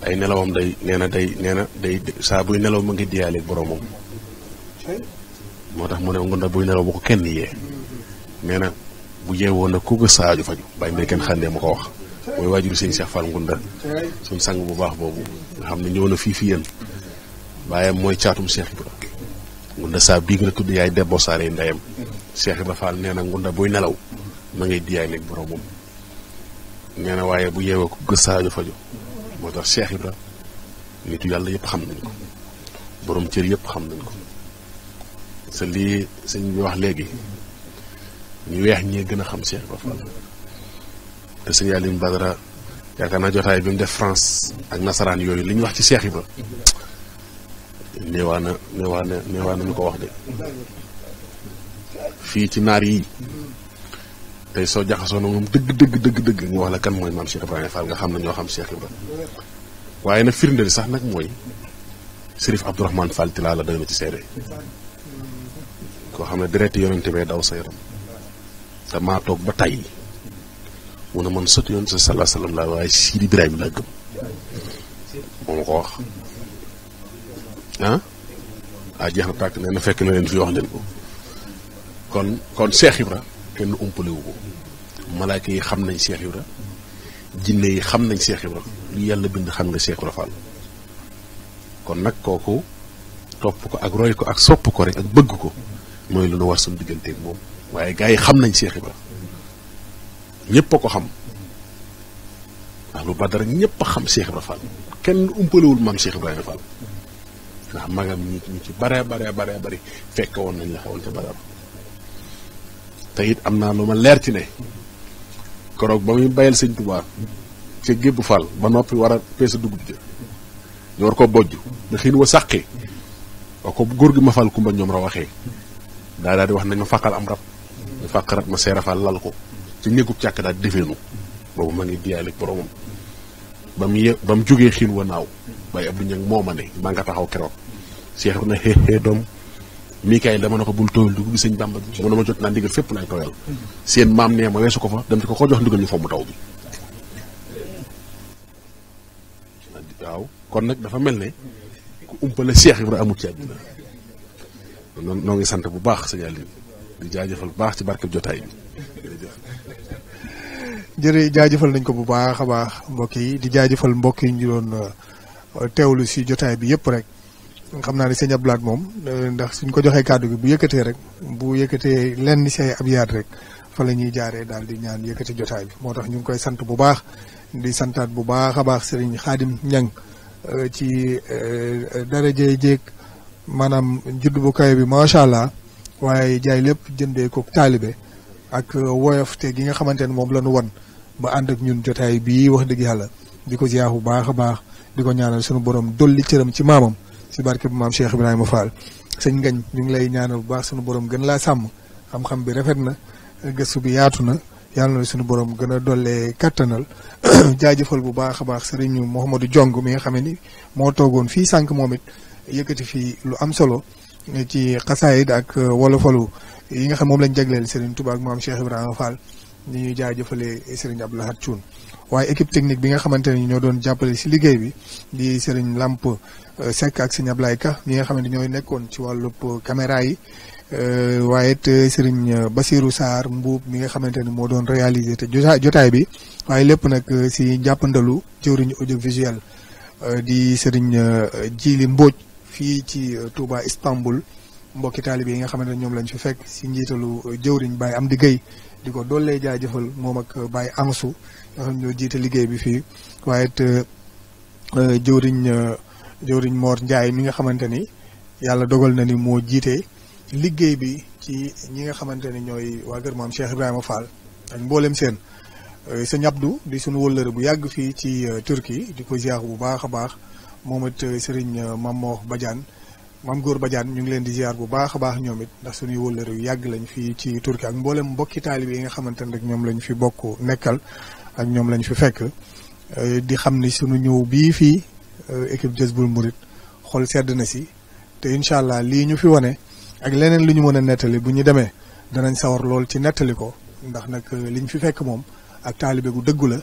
C: ay nelawam day neena day neena day sa buy nelaw mo ngi diyaaleeg boromam motax mu ne ngunda buy nelaw bu ko kenn yee neena na bu yeewoo nag ku ko saaju faju bay me ken xande ma ko wax moy wajuru seigne cheikh fall ngunda sun sang bu baax bobu xamni fi yeen baayam mooy caatum Cheikh Ibra ngunda saa bii nga tudd yaay debbo saaree ndeyam Cheikh Ibra Fall nee na ngunda buy nelaw ma ngay diyaay nekk boromam nee na waaye bu yeewee ko gës saajo fajo moo tax Cheikh Ibra nitu yàlla yëpp xam nañ ko borom cër yëpp xam nañ ko sa lii sëñ bi wax léegi ñu weex ñee gën a xam Cheikh Ibra Fall te sëñ Aliou Badara yaakaar naa jotaay bi mu def France ak nasaraan yooyu li wax ci Cheikh Ibra néewaa na néewaa na néewaa na ñu ko wax de fii ci naar yii tey soo jaxasoo na moom dëgg dëgg dëgg dëgg nga wax la kan mooy maam Cheikh Ibrahima Fall nga xam ne ñoo xam Cheikh Ibrahima waaye nag firnde li sax nag mooy Sërif Abdourahmane Fall Tilala la ci seede koo xam ne direct yonente bee daw sa yaram te maa ba tey mu ne man sot yoon sa salaa salaam laa waaye Sidi ko wax ah ah jeex na tàkk nee na fekk na leen fi wax leen ko kon kon Cheikh ra kenn umpale ko malaaka yi xam nañ Cheikh ra jinne yi xam nañ Cheikh Ibra lu yàlla bind xam nga Cheikh Ibra Fall kon nag kooku topp ko ak roy ko ak sopp ko rek ak bëgg ko mooy lu nu war suñu digganteeg moom waaye gars yi xam nañ Cheikh Ibra ñëpp a ko xam ahlu Badar ñëpp a xam Cheikh Ibra Fall kenn umpalewul maam Cheikh Ibrahima Fall ndax magam ñu ñu ci baree baree baree bari fekke woon nañ la xewoon ca badar te it am naa lu ma leer ci ne koroog ba muy bayal sëñ Tuubaa ca gébb fal ba noppi war a peese dugub ja ñu ko bojj na xiin wa sàqi wa ko góor gi ma fal kumba ñoom ra waxee daa daal wax nañ ma fàqal am rab ñu fàq rab ma seerafal lal ko ci néegub càkk daal defeenu boobu ma ngi diyaalik boromam ba mu ye ba mu jógee xiin wa naaw waaye Abdou Niang moo ma ne maa nga taxaw keroog seexu na xeexee doom Mikaay dama ne ko bul tooyal dugub bi sëñ Bàmba bi mun ma jot naa ndigal fépp laay tooyal seen maam nee ma weesu ko fa dem ci ko ko jox ndigal ñu fomm taw bi waaw kon nag dafa mel ne ku umpale Seex Ibra amut ci àddina noo ngi sant bu baax sëñ Aliou di jaajëfal bu baax ci barkeb jotaay bi
B: jëre jërë jaajëfal nañ ko bu baax a baax mbokk yi di jaajëfal mbokk yi ñu doon euh, teewlu si jotaay bi yëpp rek xam naa ne sëñ Ablaat moom euh, ndax suñ ko joxee kàddu gi bu yëkkatee rek bu yëkkatee lenn si ay ab rek fa la ñuy jaaree daal di ñaan yëkkati jotaay bi moo tax ñu ngi koy sant bu baax di santaat bu baax a baax sëriñ Xaadim Ñang euh, ci daraje jéeg maanaam judd bu kawe bi macha allah waaye jaay lépp jëndee ko taalibe ak euh, te gi nga xamante ne moom la ñu wan ba ànd ak ñun jotaay bii wax dëgg yàlla di ko ziar bu baax a baax di ko ñaanal sunu borom dolli cëram ci maamam si barke bu maam Cheikh Ibrahima Fall. sëñ Ngañ ñu ngi lay ñaanal bu baax suñu boroom gën laa sàmm xam-xam bi rafet na gëstu bi yaatu na yàlla na suñu borom gën a dollee kàttanal jaajëfal bu baax a baax sëriñu Mouhamadou Diong mi nga xam ni moo toogoon fii sànq moom it yëkkati fii lu am solo ci xasaayid ak euh, wolofalu yi nga xam moom lañ jagleel Serigne Touba ak maam Cheikh faal Fall ni ñuy jaajëfalee Serigne Abdou Lahad Thioune waaye équipe technique bi nga xamante ne ñoo doon jàppale si liggéey bi di Serigne làmp euh, Seck ak Serigne Ablaye Ka ñi nga xamante ñooy nekkoon ci wàllub euh, caméra yi euh, waaye it Serigne Basirou Sarr Mbuub mi nga xamante ne moo doon réaliser te jotaay bi waaye lépp nag si jàppandalu jëwriñu audiovisuel di Serigne Jili Mbóoj fii ci Touba Istanbul mbokki taalibe yi nga xamante ne ñoom lañ fi fekk si njiitalu jëwriñ Baye Amdi Gueye di ko doole jëfal moom ak Baye Ansu nga xam liggéey bi fii waaye it euh, jëwriñ euh, jëwriñ Mor Ndiaye mi nga xamante ni yàlla dogal na ni moo jiite liggéey bi ci ñi nga xamante ni ñooy waa kër maam Cheikh Ibrahima Fall ak mboolem seen euh, sëñ Abdou di suñu wëllëre bu yàgg fii ci Turquie di ko ziar bu baax a baax moom it sëriñ Mamor Badiane maam góor Badiane ñu ngi leen di ziar bu baax a baax ñoom it ndax suñuy wëllëre yu yàgg lañ fi ci turki ak mboolem mbokki taalibe yi nga xamante ne rek ñoom lañ fi bokk nekkal ak ñoom lañ fi fekk eh, di xam ni suñu ñëw bii fii eh, équipe bul Mouride xol sedd na si te incha allah lii ñu fi wane ak leneen li ñu mën a nettali bu ñu demee danañ sawar lool ci nettali ko ndax nag eh, li ñu fi fekk moom ak taalibe gu dëggu la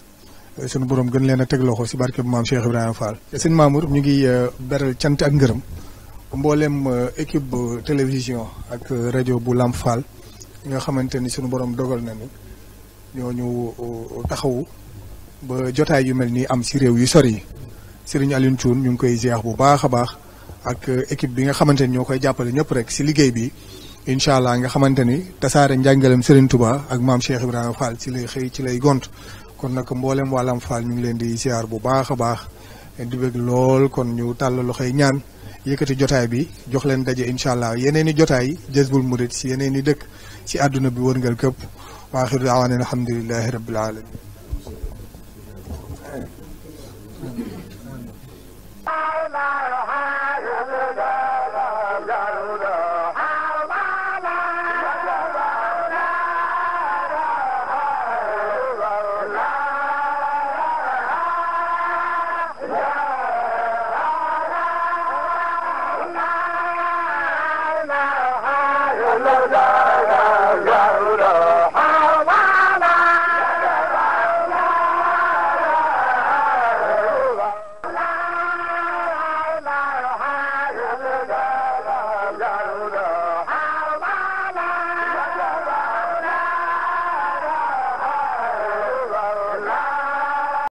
B: sunu borom gën leen a teg loxo si barke bu maam Cheikh Ibrahima Fall. sëñ ñu ngi beral cant ak ngërëm. mboolem euh, équipe bu télévision ak euh, rajo bu Lamp Fall nga xamante ni sunu borom dogal na ni ñooñu euh, taxawu ba jotaay yu mel ni am si réew yu sor yi Serigne Alioune Thioune ñu ngi koy jeex bu baax a baax ak équipe bi nga xamante ni ñoo koy jàppale ñëpp rek si liggéey bi incha allah nga xamante ni tasaare njàngalem Serigne Touba ak maam Cheikh Ibrahima Fall ci lay xëy ci lay gont kon nag mboolem waa Lamp Fall ñu ngi leen di ziar bu baax a baax di bëgg lool kon ñu tàll loxoy ñaan. yëkkati jotaay bi jox leen daje incha allah yeneen jotaay Jazboul Mouride si yeneen i dëkk ci àdduna bi wërngal këpp wa axiru daawaana alhamdulilahi rabbil
A: alamin